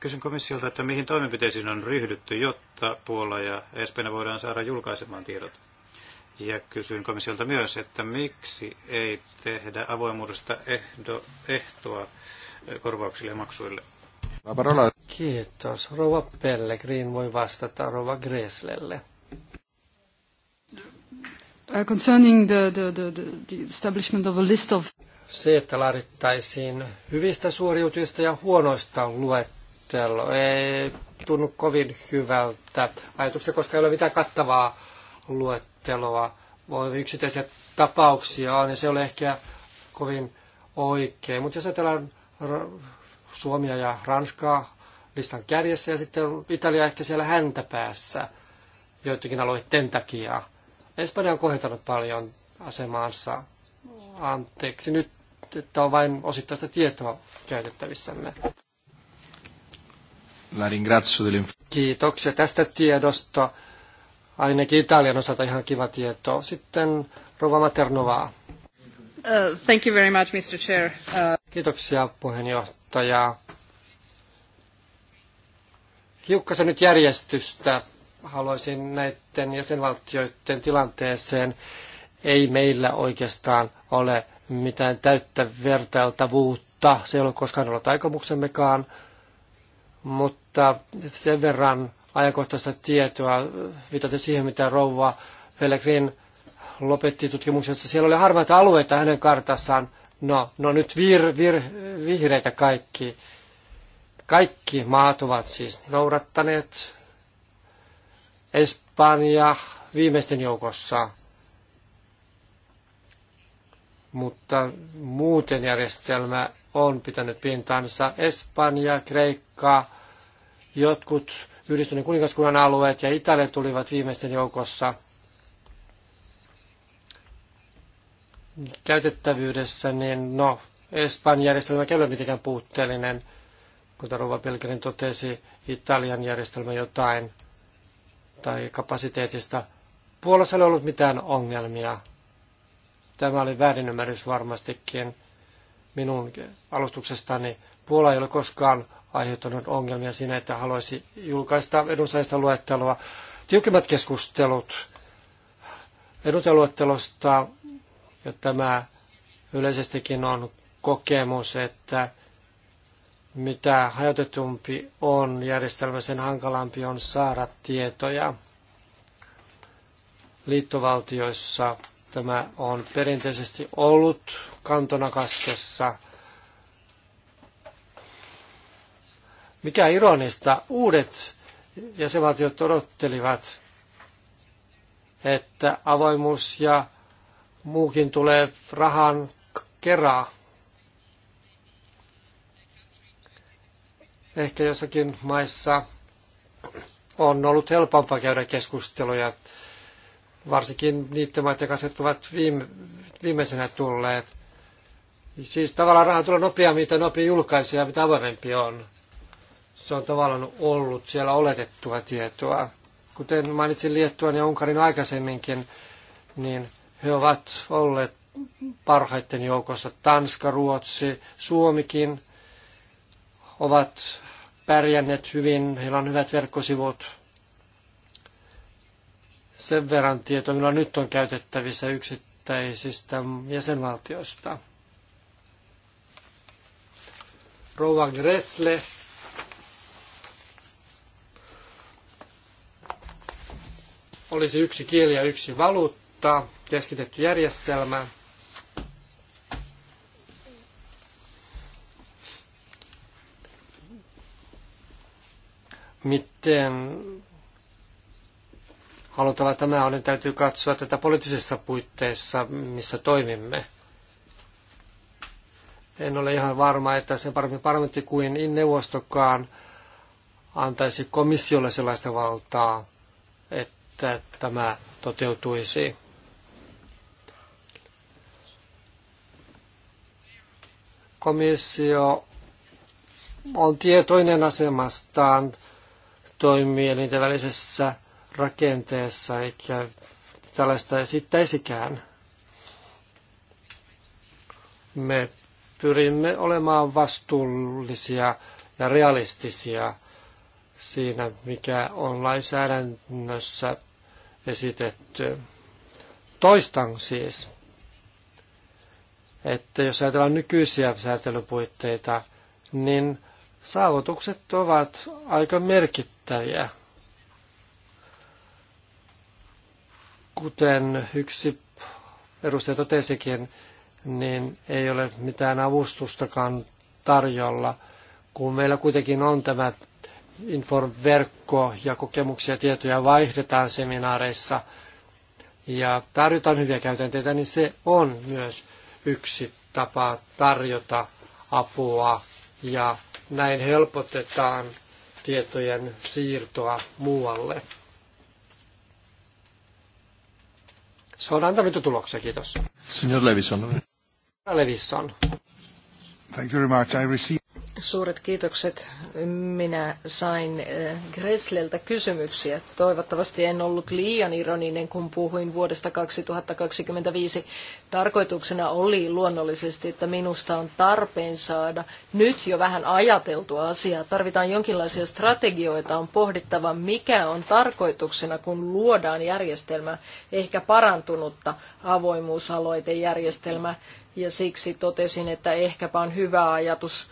Kysyn komissiolta, että mihin toimenpiteisiin on ryhdytty, jotta Puola ja Espanja voidaan saada julkaisemaan tiedot. Ja kysyn komissiolta myös, että miksi ei tehdä avoimuudesta ehdo, ehtoa korvauksille ja maksuille. Kiitos. Rova Pellegrin voi vastata Rova Greslelle. Uh, concerning the, the, the, the establishment of a list of... Se, että laadittaisiin hyvistä suoriutujista ja huonoista luettelo, ei tunnu kovin hyvältä ajatuksena, koska ei ole mitään kattavaa luetteloa. Voi yksittäisiä tapauksia on, niin se ei ole ehkä kovin oikein. Mutta jos ajatellaan Suomia ja Ranskaa listan kärjessä ja sitten Italia ehkä siellä päässä joidenkin aloitteen takia, Espanja on kohentanut paljon asemaansa. Anteeksi nyt, että on vain osittaista tietoa käytettävissämme. Kiitoksia tästä tiedosta. Ainakin Italian osalta ihan kiva tieto. Sitten Rova Maternovaa. Uh, thank you very much, Mr. Chair. Uh... Kiitoksia puheenjohtaja. Hiukkasen nyt järjestystä haluaisin näiden jäsenvaltioiden tilanteeseen. Ei meillä oikeastaan ole mitään täyttä vertailtavuutta. Se ei ole koskaan ollut aikomuksemmekaan, mutta sen verran ajankohtaista tietoa, viitaten siihen, mitä rouva Pellegrin lopetti tutkimuksessa. Siellä oli harvaita alueita hänen kartassaan. No, no nyt vir, vir, vihreitä kaikki. Kaikki maat ovat siis noudattaneet Espanja viimeisten joukossa, mutta muuten järjestelmä on pitänyt pintansa. Espanja, Kreikka, jotkut yhdistyneen kuningaskunnan alueet ja Italia tulivat viimeisten joukossa käytettävyydessä, niin no, Espanjan järjestelmä ei ole mitenkään puutteellinen, kuten Ruva Pelkänen totesi, Italian järjestelmä jotain – tai kapasiteetista. Puolassa ei ollut mitään ongelmia. Tämä oli väärinymmärrys varmastikin minun alustuksestani. Puola ei ole koskaan aiheuttanut ongelmia siinä, että haluaisi julkaista edunsaajista luettelua. Tiukimmat keskustelut edunsaajaluettelosta, ja tämä yleisestikin on kokemus, että mitä hajotetumpi on järjestelmä, sen hankalampi on saada tietoja. Liittovaltioissa tämä on perinteisesti ollut kantona kaskessa. Mikä ironista, uudet jäsenvaltiot odottelivat, että avoimuus ja muukin tulee rahan kerää Ehkä jossakin maissa on ollut helpompaa käydä keskusteluja, varsinkin niiden maiden kanssa, jotka ovat viime, viimeisenä tulleet. Siis tavallaan raha tulee nopeammin, mitä nopea julkaisee ja mitä avoimempi on. Se on tavallaan ollut siellä oletettua tietoa. Kuten mainitsin Liettuan ja Unkarin aikaisemminkin, niin he ovat olleet parhaiten joukossa. Tanska, Ruotsi, Suomikin ovat pärjänneet hyvin, heillä on hyvät verkkosivut. Sen verran tieto, millä nyt on käytettävissä yksittäisistä jäsenvaltioista. Rouva Gressle olisi yksi kieli ja yksi valuutta, keskitetty järjestelmä – miten haluttava tämä on, niin täytyy katsoa tätä poliittisessa puitteissa, missä toimimme. En ole ihan varma, että sen paremmin parlamentti kuin neuvostokaan antaisi komissiolle sellaista valtaa, että tämä toteutuisi. Komissio on tietoinen asemastaan toimielinten välisessä rakenteessa, eikä tällaista esittäisikään. Me pyrimme olemaan vastuullisia ja realistisia siinä, mikä on lainsäädännössä esitetty. Toistan siis, että jos ajatellaan nykyisiä säätelypuitteita, niin Saavutukset ovat aika merkittäviä. Kuten yksi edustaja totesikin, niin ei ole mitään avustustakaan tarjolla, kun meillä kuitenkin on tämä Inform-verkko ja kokemuksia ja tietoja vaihdetaan seminaareissa ja tarjotaan hyviä käytänteitä, niin se on myös yksi tapa tarjota apua ja näin helpotetaan tietojen siirtoa muualle. Se on antanut tuloksia, kiitos. Signor Levison. Levison. Thank you very much. I received... Suuret kiitokset. Minä sain eh, Gresleltä kysymyksiä. Toivottavasti en ollut liian ironinen, kun puhuin vuodesta 2025. Tarkoituksena oli luonnollisesti, että minusta on tarpeen saada nyt jo vähän ajateltua asiaa. Tarvitaan jonkinlaisia strategioita, on pohdittava, mikä on tarkoituksena, kun luodaan järjestelmä, ehkä parantunutta avoimuusaloitejärjestelmää. Ja siksi totesin, että ehkäpä on hyvä ajatus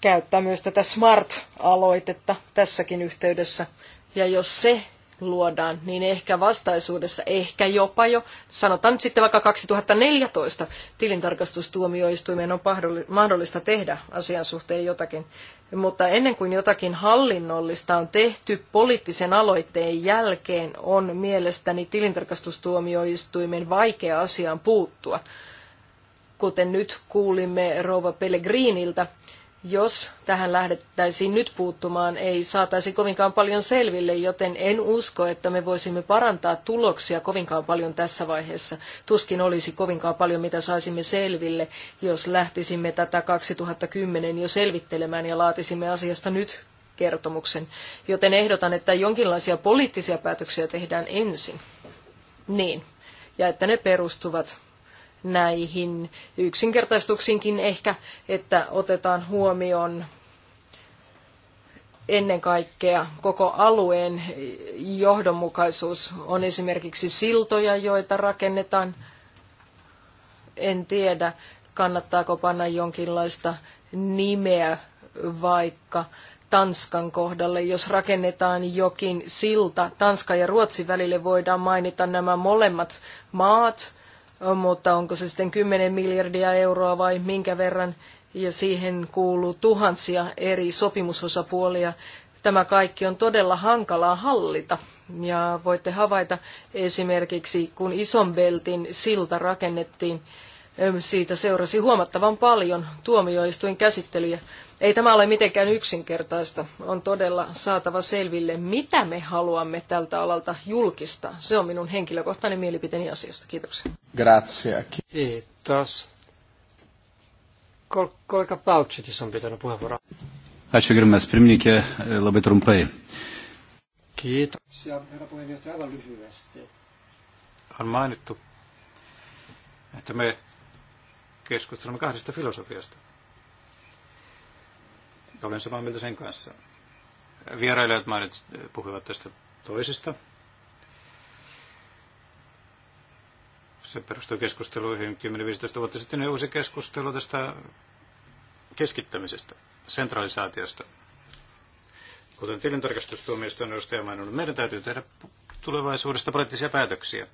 käyttää myös tätä Smart-aloitetta tässäkin yhteydessä. Ja jos se luodaan, niin ehkä vastaisuudessa, ehkä jopa jo, sanotaan nyt sitten vaikka 2014, tilintarkastustuomioistuimen on mahdollista tehdä asian suhteen jotakin. Mutta ennen kuin jotakin hallinnollista on tehty poliittisen aloitteen jälkeen, on mielestäni tilintarkastustuomioistuimen vaikea asiaan puuttua. Kuten nyt kuulimme Rova Pellegriniltä, jos tähän lähdettäisiin nyt puuttumaan, ei saataisi kovinkaan paljon selville, joten en usko, että me voisimme parantaa tuloksia kovinkaan paljon tässä vaiheessa. Tuskin olisi kovinkaan paljon, mitä saisimme selville, jos lähtisimme tätä 2010 jo selvittelemään ja laatisimme asiasta nyt kertomuksen. Joten ehdotan, että jonkinlaisia poliittisia päätöksiä tehdään ensin. Niin, ja että ne perustuvat näihin yksinkertaistuksiinkin ehkä, että otetaan huomioon ennen kaikkea koko alueen johdonmukaisuus. On esimerkiksi siltoja, joita rakennetaan. En tiedä, kannattaako panna jonkinlaista nimeä vaikka Tanskan kohdalle. Jos rakennetaan jokin silta Tanska ja Ruotsi välille, voidaan mainita nämä molemmat maat mutta onko se sitten 10 miljardia euroa vai minkä verran, ja siihen kuuluu tuhansia eri sopimusosapuolia. Tämä kaikki on todella hankalaa hallita. Ja voitte havaita esimerkiksi, kun Ison Beltin silta rakennettiin, siitä seurasi huomattavan paljon tuomioistuin käsittelyjä. Ei tämä ole mitenkään yksinkertaista. On todella saatava selville, mitä me haluamme tältä alalta julkista. Se on minun henkilökohtainen mielipiteeni asiasta. Kiitoksia. Grazie. Kiitos. kollega Palcetis on pitänyt puheenvuoron. Ačiū, gerbiamas pirmininkė, labai trumpai. Kiitoksia, herra puheenjohtaja, aivan lyhyesti. On mainittu, että me keskustelemme kahdesta filosofiasta. Olen samaa mieltä sen kanssa. Vierailijat mainit puhuvat tästä toisesta. Se perustuu keskusteluihin 10-15 vuotta sitten ja uusi keskustelu tästä keskittämisestä, sentralisaatiosta. Kuten tilintarkastustuomioistuin edustaja maininnut, meidän täytyy tehdä tulevaisuudesta poliittisia päätöksiä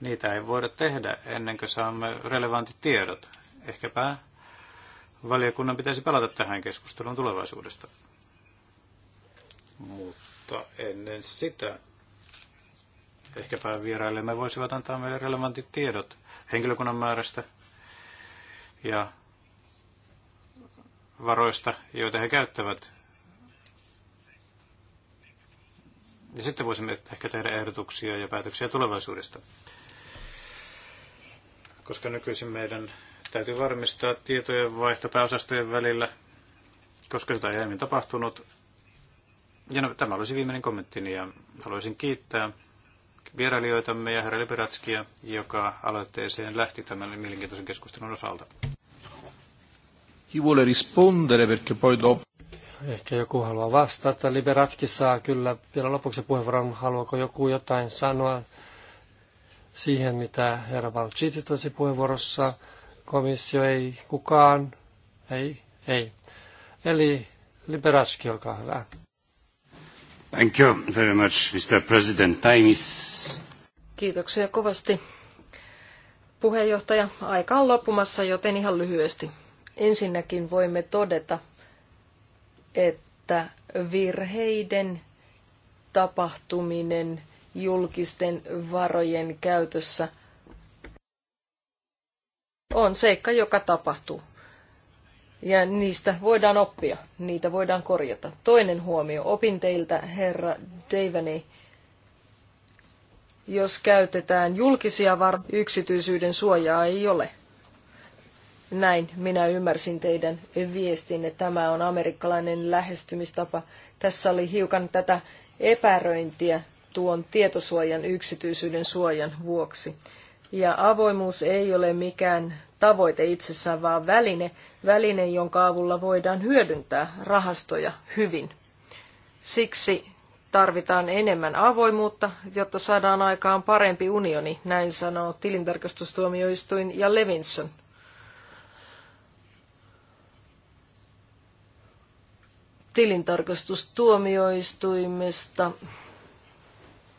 Niitä ei voida tehdä ennen kuin saamme relevantit tiedot. Ehkäpä valiokunnan pitäisi palata tähän keskusteluun tulevaisuudesta. Mutta ennen sitä ehkäpä vierailemme voisivat antaa meille relevantit tiedot henkilökunnan määrästä ja varoista, joita he käyttävät. Ja sitten voisimme ehkä tehdä ehdotuksia ja päätöksiä tulevaisuudesta koska nykyisin meidän täytyy varmistaa tietojen vaihto pääosastojen välillä, koska sitä ei aiemmin tapahtunut. Ja no, tämä olisi viimeinen kommenttini ja haluaisin kiittää vierailijoitamme ja herra Liberatskia, joka aloitteeseen lähti tämän mielenkiintoisen keskustelun osalta. Chi vuole rispondere perché poi dopo... Ehkä joku haluaa vastata. Liberatski saa kyllä vielä lopuksi puheenvuoron. Haluaako joku jotain sanoa? siihen, mitä herra Valchiti tosi puheenvuorossa. Komissio ei kukaan, ei, ei. Eli Liberaski, olkaa hyvä. Thank you very much, Mr. President. Time is... Kiitoksia kovasti. Puheenjohtaja, aika on loppumassa, joten ihan lyhyesti. Ensinnäkin voimme todeta, että virheiden tapahtuminen – julkisten varojen käytössä on seikka, joka tapahtuu. Ja niistä voidaan oppia, niitä voidaan korjata. Toinen huomio, opin teiltä, herra Davani, jos käytetään julkisia var yksityisyyden suojaa ei ole. Näin minä ymmärsin teidän viestin, että Tämä on amerikkalainen lähestymistapa. Tässä oli hiukan tätä epäröintiä tuon tietosuojan yksityisyyden suojan vuoksi. Ja avoimuus ei ole mikään tavoite itsessään, vaan väline, väline, jonka avulla voidaan hyödyntää rahastoja hyvin. Siksi tarvitaan enemmän avoimuutta, jotta saadaan aikaan parempi unioni, näin sanoo tilintarkastustuomioistuin ja Levinson. Tilintarkastustuomioistuimesta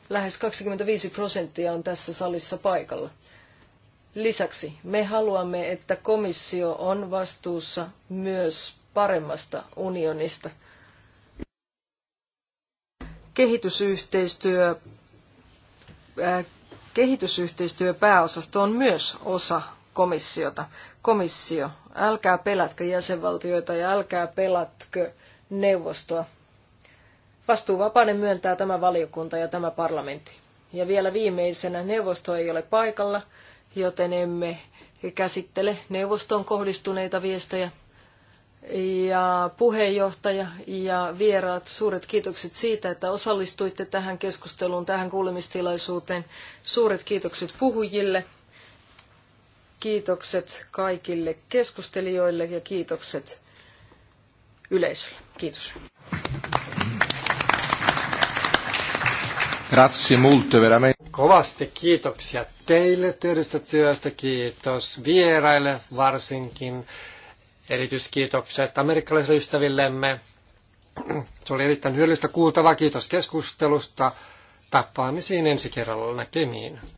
lähes 25 prosenttia on tässä salissa paikalla. Lisäksi me haluamme, että komissio on vastuussa myös paremmasta unionista. Kehitysyhteistyö, äh, kehitysyhteistyöpääosasto on myös osa komissiota. Komissio, älkää pelätkö jäsenvaltioita ja älkää pelätkö neuvostoa. Vastuuvapainen myöntää tämä valiokunta ja tämä parlamentti. Ja vielä viimeisenä neuvosto ei ole paikalla, joten emme käsittele neuvostoon kohdistuneita viestejä. Ja puheenjohtaja ja vieraat, suuret kiitokset siitä, että osallistuitte tähän keskusteluun, tähän kuulemistilaisuuteen. Suuret kiitokset puhujille, kiitokset kaikille keskustelijoille ja kiitokset yleisölle. Kiitos. Grazie molto, veramente. Kovasti kiitoksia teille tehdystä työstä, kiitos vieraille varsinkin. Erityiskiitokset amerikkalaisille ystävillemme. Se oli erittäin hyödyllistä kuultavaa. Kiitos keskustelusta. Tapaamisiin ensi kerralla näkemiin.